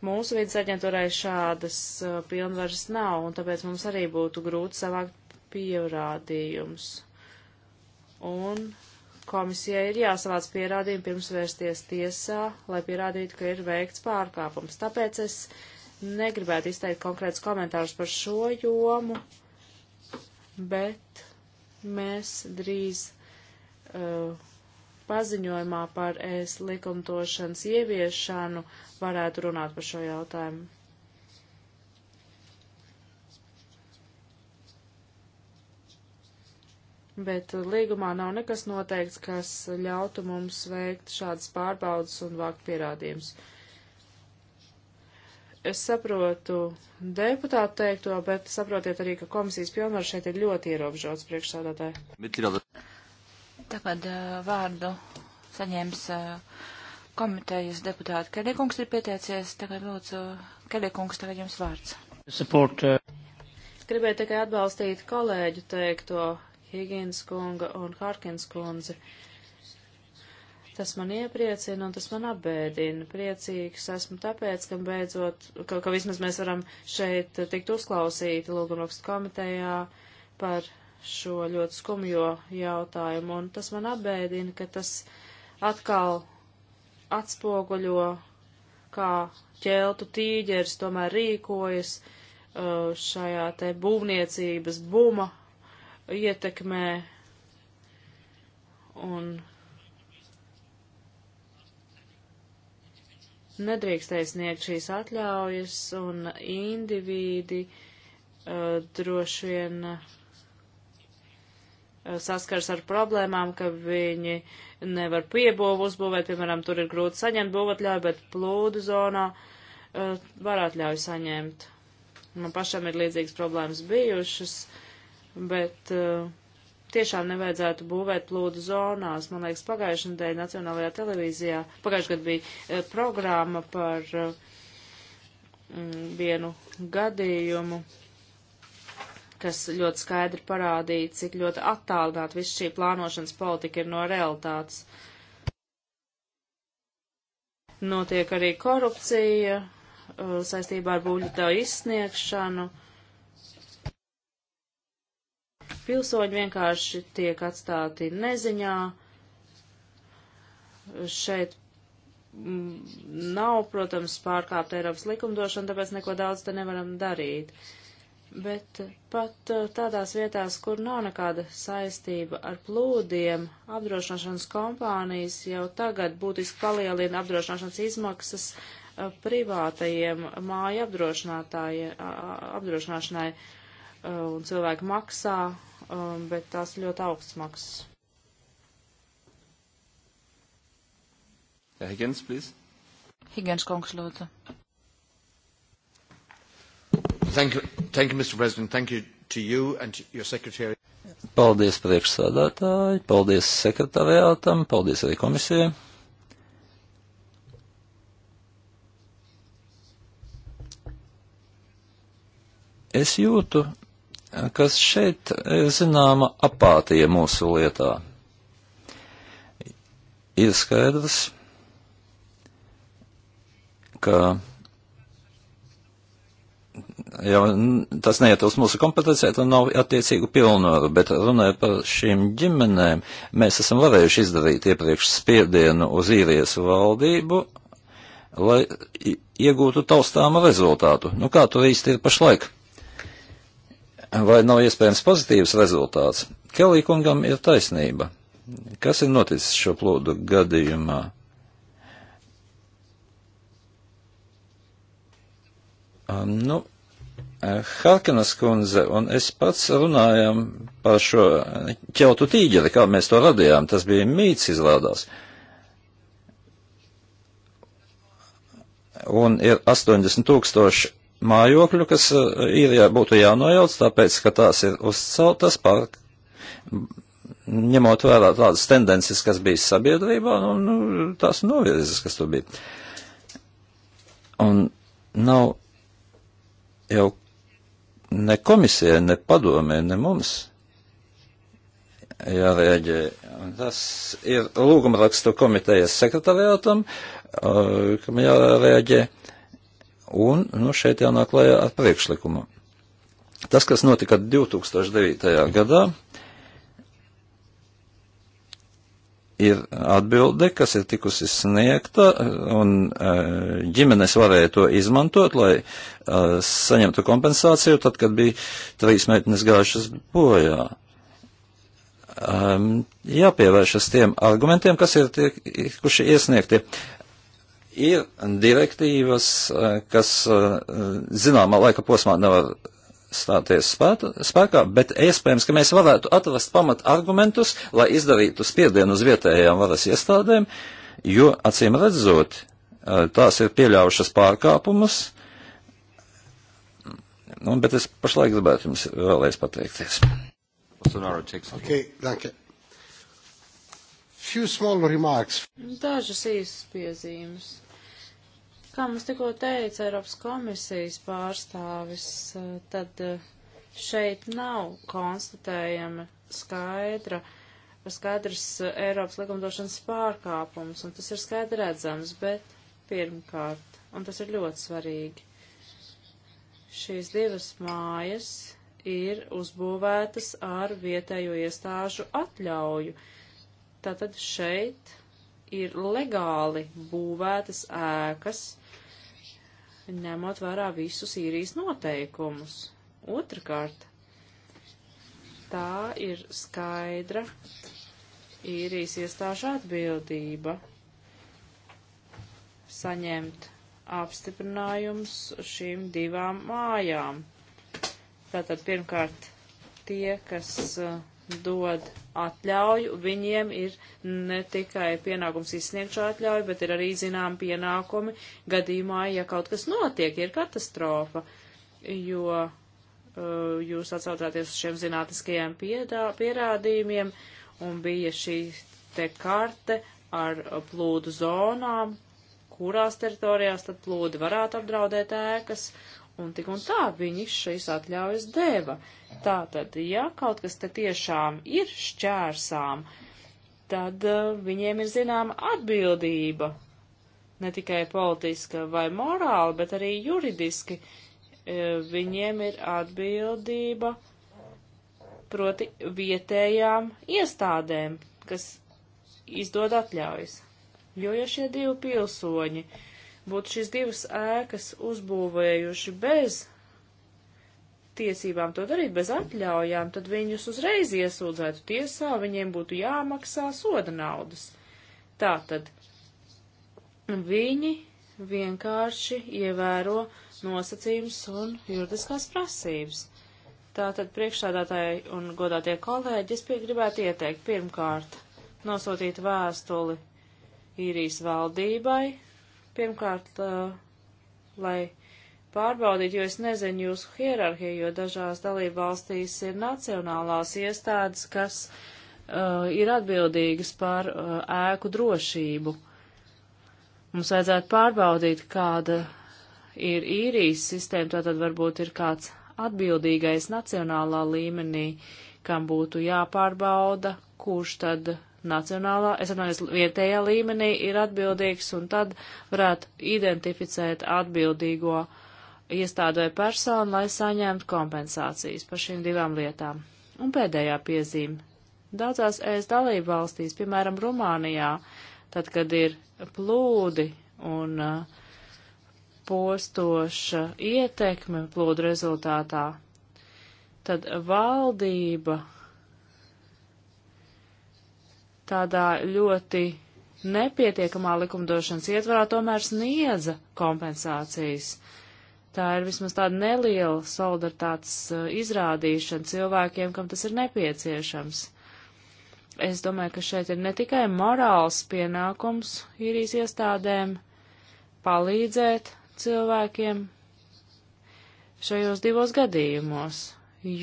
Mūsu vidas aģentūrai šādas uh, pilnvaras nav, un tāpēc mums arī būtu grūti savākt pierādījumus. Un komisijai ir jāsavāc pierādījumi pirms vērsties tiesā, lai pierādītu, ka ir veikts pārkāpums. Tāpēc es negribētu izteikt konkrētus komentārus par šo jomu, bet mēs drīz uh, paziņojumā par es likumdošanas ieviešanu varētu runāt par šo jautājumu. Bet līgumā nav nekas noteikts, kas ļautu mums veikt šādas pārbaudas un vākt pierādījumus. Es saprotu deputātu teikto, bet saprotiet arī, ka komisijas pilnvaru šeit ir ļoti ierobežots priekšsādātāji. Tagad vārdu saņēmis komitejas deputāti Kelikungs ir pieteicies. Tagad lūdzu, Kelikungs, tagad jums vārds. Support, uh... Gribēju tikai atbalstīt kolēģu teikto Higgins kunga un Harkins kundzi. Tas man iepriecina un tas man apbēdina. Priecīgs esmu tāpēc, ka beidzot, ka, ka vismaz mēs varam šeit tikt uzklausīti lūgumrakstu komitejā par šo ļoti skumjo jautājumu, un tas man apbēdina, ka tas atkal atspoguļo, kā ķeltu tīģeris tomēr rīkojas uh, šajā te būvniecības buma ietekmē, un nedrīkstēja sniegt šīs atļaujas, un indivīdi uh, droši vien saskars ar problēmām, ka viņi nevar piebūvu uzbūvēt, piemēram, tur ir grūti saņemt būvatļauju, bet plūdu zonā uh, e, var atļauju saņemt. Man pašam ir līdzīgas problēmas bijušas, bet uh, tiešām nevajadzētu būvēt plūdu zonās. Man liekas, pagājušajā nedēļā Nacionālajā televīzijā, pagājušajā gadā bija uh, programma par vienu gadījumu, kas ļoti skaidri parādīja, cik ļoti attālināt viss šī plānošanas politika ir no realitātes. Notiek arī korupcija uh, saistībā ar būļu izsniegšanu. Pilsoņi vienkārši tiek atstāti neziņā. Šeit mm, nav, protams, pārkāpta Eiropas likumdošana, tāpēc neko daudz te nevaram darīt. Uh, bet pat uh, tādās vietās, kur nav nekāda saistība ar plūdiem, apdrošināšanas kompānijas jau tagad būtiski palielina apdrošināšanas izmaksas uh, privātajiem māju apdrošināšanai, uh, un cilvēki maksā, um, bet tās ļoti augsts maksas. Higgins, please. Higgins kungs, lūdzu. Thank you, thank you, Mr. President. Thank you to you and to your secretary. Paldies priekšsādātāji, paldies sekretariātam, paldies arī komisijai. Es jūtu, ka šeit ir zināma apātija mūsu lietā. Ir skaidrs, ka jo tas neietilst mūsu kompetencijā, tad nav attiecīgu pilnvaru, bet runājot par šīm ģimenēm, mēs esam varējuši izdarīt iepriekš spiedienu uz īrijas valdību, lai iegūtu taustāmu rezultātu. Nu kā tur īsti ir pašlaik? Vai nav iespējams pozitīvs rezultāts? Kelī kungam ir taisnība. Kas ir noticis šo plūdu gadījumā? Um, nu, Halkinas eh, kundze un es pats runājām par šo ķeltu tīģeli, kā mēs to radījām. Tas bija mīts izrādās. Un ir 80 tūkstoši mājokļu, kas eh, ir, jā, būtu jānojauc, tāpēc, ka tās ir uzceltas par, ņemot vērā tādas tendences, kas bija sabiedrībā, un nu, nu, tās novirzes, kas tur bija. Un nav jau ne komisijai, ne padomē, ne mums jārēģē. Tas ir lūgumrakstu komitejas sekretariātam, eh, kam jārēģē. Un nu, šeit jānāk klajā ar priekšlikumu. Tas, kas notika 2009. gadā, ir atbilde, kas ir tikusi sniegta, un e, ģimenes varēja to izmantot, lai e, saņemtu kompensāciju, tad, kad bija trīs meitenes gājušas bojā. Jāpievēršas tiem argumentiem, kas ir tikuši iesniegti. Ir direktīvas, e, kas zināmā laika posmā nevar stāties spēkā, bet iespējams, ka mēs varētu atrast pamat argumentus, lai izdarītu spiedienu uz vietējām varas iestādēm, jo, acīm redzot, tās ir pieļaujušas pārkāpumus, nu, bet es pašlaik gribētu jums vēlreiz pateikties. Okay, danke. Few small remarks. Dažas īsas piezīmes. Kā mums tikko teica Eiropas komisijas pārstāvis, eh, tad eh, šeit nav konstatējama skaidra, skaidrs eh, Eiropas likumdošanas pārkāpums, un tas ir skaidri redzams, bet pirmkārt, un tas ir ļoti svarīgi, šīs divas mājas ir uzbūvētas ar vietējo iestāžu atļauju. Tātad šeit ir legāli būvētas ēkas, ņemot vērā visus īrijas noteikumus. Otrakārt, tā ir skaidra īrijas iestāžu atbildība saņemt apstiprinājums šīm divām mājām. Tātad pirmkārt tie, kas uh, dod atļauju, viņiem ir ne tikai pienākums izsniegt šo atļauju, bet ir arī zinām pienākumi gadījumā, ja kaut kas notiek, ir katastrofa, jo uh, jūs atsaucāties uz šiem zinātniskajiem pierādījumiem un bija šī te karte ar plūdu zonām, kurās teritorijās tad plūdi varētu apdraudēt ēkas un tik un tā viņi šīs atļaujas deva. Tātad, ja kaut kas te tiešām ir šķērsām, tad uh, viņiem ir zināma atbildība, ne tikai politiska vai morāla, bet arī juridiski. Uh, viņiem ir atbildība proti vietējām iestādēm, kas izdod atļaujas. Jo, ja šie divi pilsoņi uh, būtu šīs divas ēkas uzbūvējuši bez tiesībām to darīt, bez atļaujām, tad viņus uzreiz iesūdzētu tiesā, viņiem būtu jāmaksā soda naudas. Tātad viņi vienkārši ievēro nosacījums un juridiskās prasības. Tātad priekšsādātāji un godātie kolēģi, es gribētu ieteikt pirmkārt nosūtīt vēstuli īrijas valdībai, Pirmkārt, lai pārbaudīt, jo es nezinu jūsu hierarhiju, jo dažās dalībvalstīs ir nacionālās iestādes, kas uh, ir atbildīgas par uh, ēku drošību. Mums vajadzētu pārbaudīt, kāda ir īrijas sistēma, tātad varbūt ir kāds atbildīgais nacionālā līmenī, kam būtu jāpārbauda, kurš tad nacionālā, es atvainojos, vietējā līmenī ir atbildīgs, un tad varētu identificēt atbildīgo iestādu vai personu, lai saņemtu kompensācijas par šīm divām lietām. Un pēdējā piezīme. Daudzās ES dalību valstīs, piemēram, Rumānijā, tad, kad ir plūdi un uh, postoša ietekme plūdu rezultātā, tad valdība tādā ļoti nepietiekamā likumdošanas ietvarā tomēr sniedza kompensācijas. Tā ir vismaz tāda neliela solidaritātes uh, izrādīšana cilvēkiem, kam tas ir nepieciešams. Es domāju, ka šeit ir ne tikai morāls pienākums īrijas iestādēm palīdzēt cilvēkiem šajos divos gadījumos,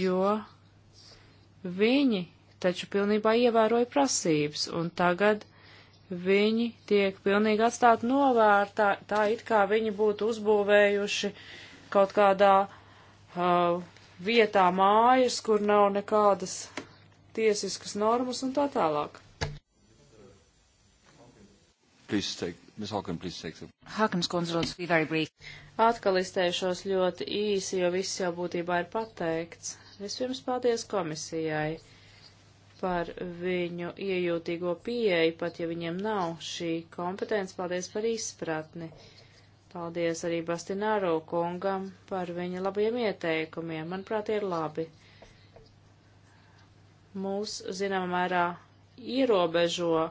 jo viņi taču pilnībā ievēroja prasības, un tagad viņi tiek pilnīgi atstāti novērtā, tā it kā viņi būtu uzbūvējuši kaut kādā uh, vietā mājas, kur nav nekādas tiesiskas normas un tā tālāk. Please take Ms. Hawkins, please take the... Hawkins, konsults, be very brief. Atkal izteikšos ļoti īsi, jo viss jau būtībā ir pateikts. Vispirms paldies komisijai par viņu iejūtīgo pieeju, pat ja viņiem nav šī kompetence. Paldies par izpratni. Paldies arī Bastināro kungam par viņa labiem ieteikumiem. Manuprāt, ir labi. Mūs, zinām, mērā ierobežo,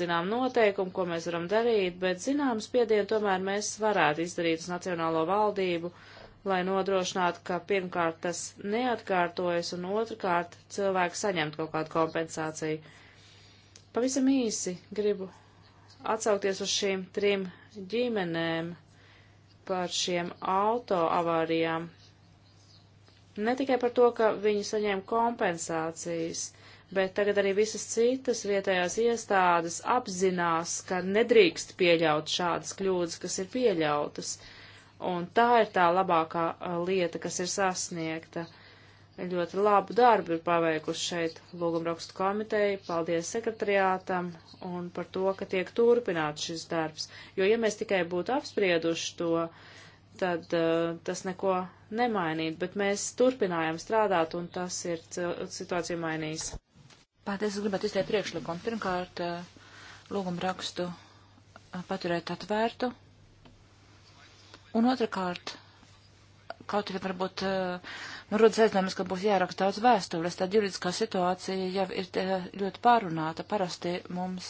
zinām, noteikumu, ko mēs varam darīt, bet, zinām, spiedienu tomēr mēs varētu izdarīt uz Nacionālo valdību. Uh, lai nodrošinātu, ka pirmkārt tas neatkārtojas un otrkārt cilvēki saņemtu kaut kādu kompensāciju. Pavisam īsi gribu atsaukties uz šīm trim ģimenēm par šiem auto avārijām. Ne tikai par to, ka viņi saņēma kompensācijas, bet tagad arī visas citas vietējās iestādes apzinās, ka nedrīkst pieļaut šādas kļūdas, kas ir pieļautas. Uh, Un tā ir tā labākā uh, lieta, kas ir sasniegta. Ļoti labu darbu ir paveikusi šeit lūgumrakstu komiteja, paldies sekretariātam un par to, ka tiek turpināts šis darbs. Jo, ja mēs tikai būtu apsprieduši to, tad uh, tas neko nemainītu, bet mēs turpinājām strādāt un tas ir situāciju mainījis. Paldies, es gribētu izteikt priekšlikumu. Pirmkārt, uh, lūgumrakstu uh, paturēt atvērtu Un otrkārt, kaut arī varbūt nu, rodas aizdomas, ka būs jāraksta daudz vēstules, tad juridiskā situācija jau ir eh, ļoti pārunāta. Parasti mums,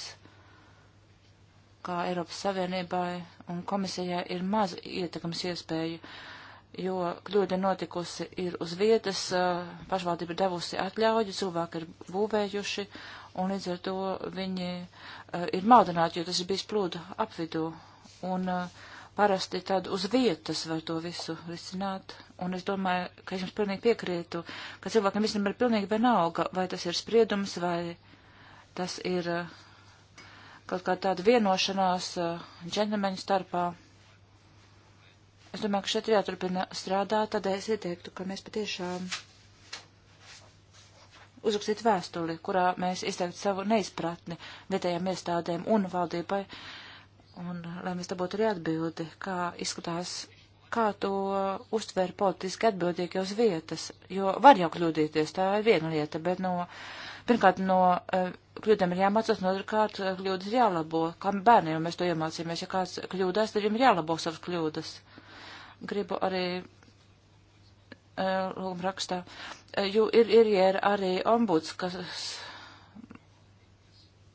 kā Eiropas Savienībai un komisijai, ir maz ietekmes iespēju, jo kļūda notikusi ir uz vietas, eh, pašvaldība ir devusi atļauju, cilvēki ir būvējuši, un līdz ar to viņi ir maldināti, jo tas ir bijis plūdu apvidū. Un, uh, parasti tad uz vietas var to visu risināt. Un es domāju, ka es jums pilnīgi piekrītu, ka cilvēkam visam ir pilnīgi vienalga, vai tas ir spriedums, vai tas ir eh, kaut kā tāda vienošanās eh, džentlmeņu starpā. Es domāju, ka šeit ir jāturpina strādāt, tad es ieteiktu, ka mēs patiešām uzrakstītu vēstuli, kurā mēs izteiktu savu neizpratni vietējām iestādēm un valdībai. Uh, un lai mēs dabūtu arī atbildi, kā izskatās, kā to uztver politiski atbildīgi uz vietas, jo var jau kļūdīties, tā ir viena lieta, bet no, pirmkārt, no eh, kļūdām ir jāmācās, no otrkārt, eh, kļūdas ir jālabo, kā bērniem mēs to iemācījāmies, ja kāds kļūdās, tad viņam ir jālabo savas kļūdas. Gribu arī eh, lūguma rakstā. Jo ir, ir, ir arī ombuds, kas,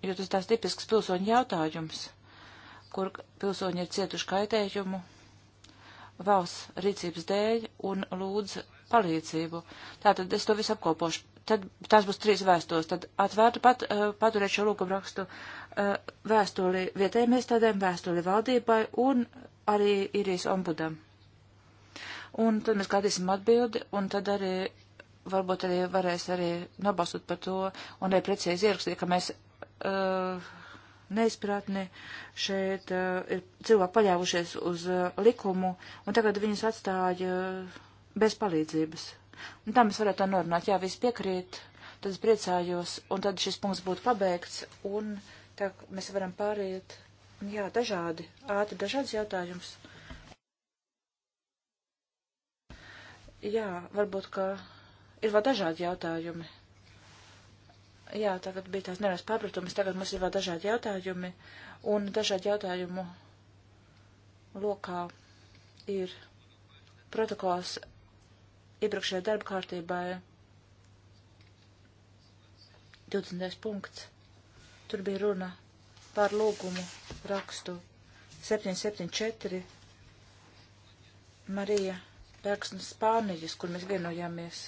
jo tas tās tipisks pilsoņu jautājums kur pilsoņi ir cietuši kaitējumu valsts rīcības dēļ un lūdz palīdzību. Tātad es to visu apkopošu. Tad tās būs trīs vēstules. Tad atvērtu pat, eh, paturēt šo lūgumu rakstu eh, vēstuli vietējiem iestādēm, vēstuli valdībai un arī Irijas ombudam. Un tad mēs gaidīsim atbildi, un tad arī varbūt arī varēs arī nobalsot par to, un arī precīzi ierakstīt, ka mēs uh, neizpratni. Šeit uh, ir cilvēki paļāvušies uz uh, likumu, un tagad viņus atstāja uh, bez palīdzības. Un tā mēs varētu tā norunāt, jā, viss piekrīt, tad es priecājos, un tad šis punkts būtu pabeigts, un tā mēs varam pāriet, jā, dažādi, ātri dažādas jautājumus. Jā, varbūt, ka ir vēl dažādi jautājumi. Jā, tagad bija tās nevis pārpratums, tagad mums ir vēl dažādi jautājumi, un dažādi jautājumu lokā ir protokols iepriekšējā darba kārtībā 20. punkts. Tur bija runa par lūgumu rakstu 774 Marija Pērksnes Spānijas, kur mēs vienojāmies.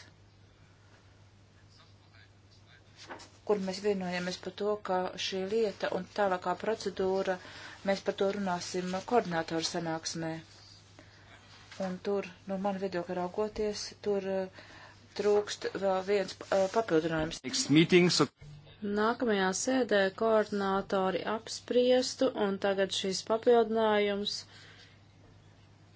Thank you kur mēs vienojamies par to, ka šī lieta un tālākā procedūra, mēs par to runāsim koordinātoru sanāksmē. Un tur, no nu, man viedokļa raugoties, tur uh, trūkst vēl viens uh, papildinājums. Nākamajā sēdē koordinātori apspriestu, un tagad šīs papildinājums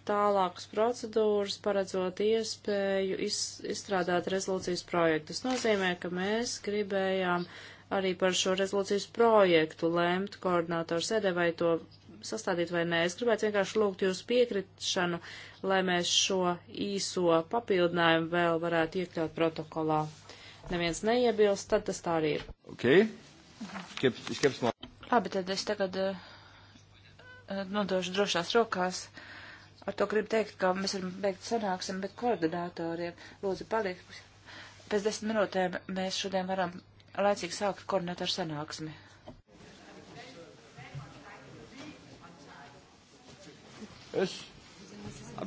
tālākas procedūras, paredzot iespēju iz, izstrādāt rezolūcijas projektu. Tas nozīmē, ka mēs gribējām arī par šo rezolūcijas projektu lemt koordinātoru sēdē, vai to sastādīt vai nē. Es gribētu vienkārši lūgt jūsu piekrišanu, lai mēs šo īso papildinājumu vēl varētu iekļaut protokolā. Neviens neiebilst, tad tas tā arī ir. Okay. Kept, kept Labi, tad es tagad uh, nodošu drošās rokās. Uh, Ar to gribu teikt, ka mēs varam beigt sanāksim, bet koordinātoriem lūdzu palikt. Pēc desmit minūtēm mēs šodien varam laicīgi sākt koordinātoru sanāksmi. Yes.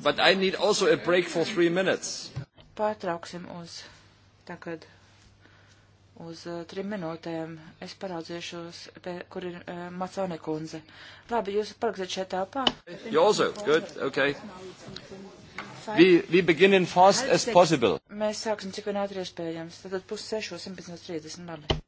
But I need also a break for three minutes. Pārtrauksim uz tagad uz uh, trim minūtēm. Es paraudzīšos, pie, kur ir uh, Macone kundze. Labi, jūs parakstāt šeit telpā. Jozo, good, ok. We, we begin in fast as possible. Mēs sāksim cik vien ātri iespējams. Tātad pus 6, 11.30. Labi.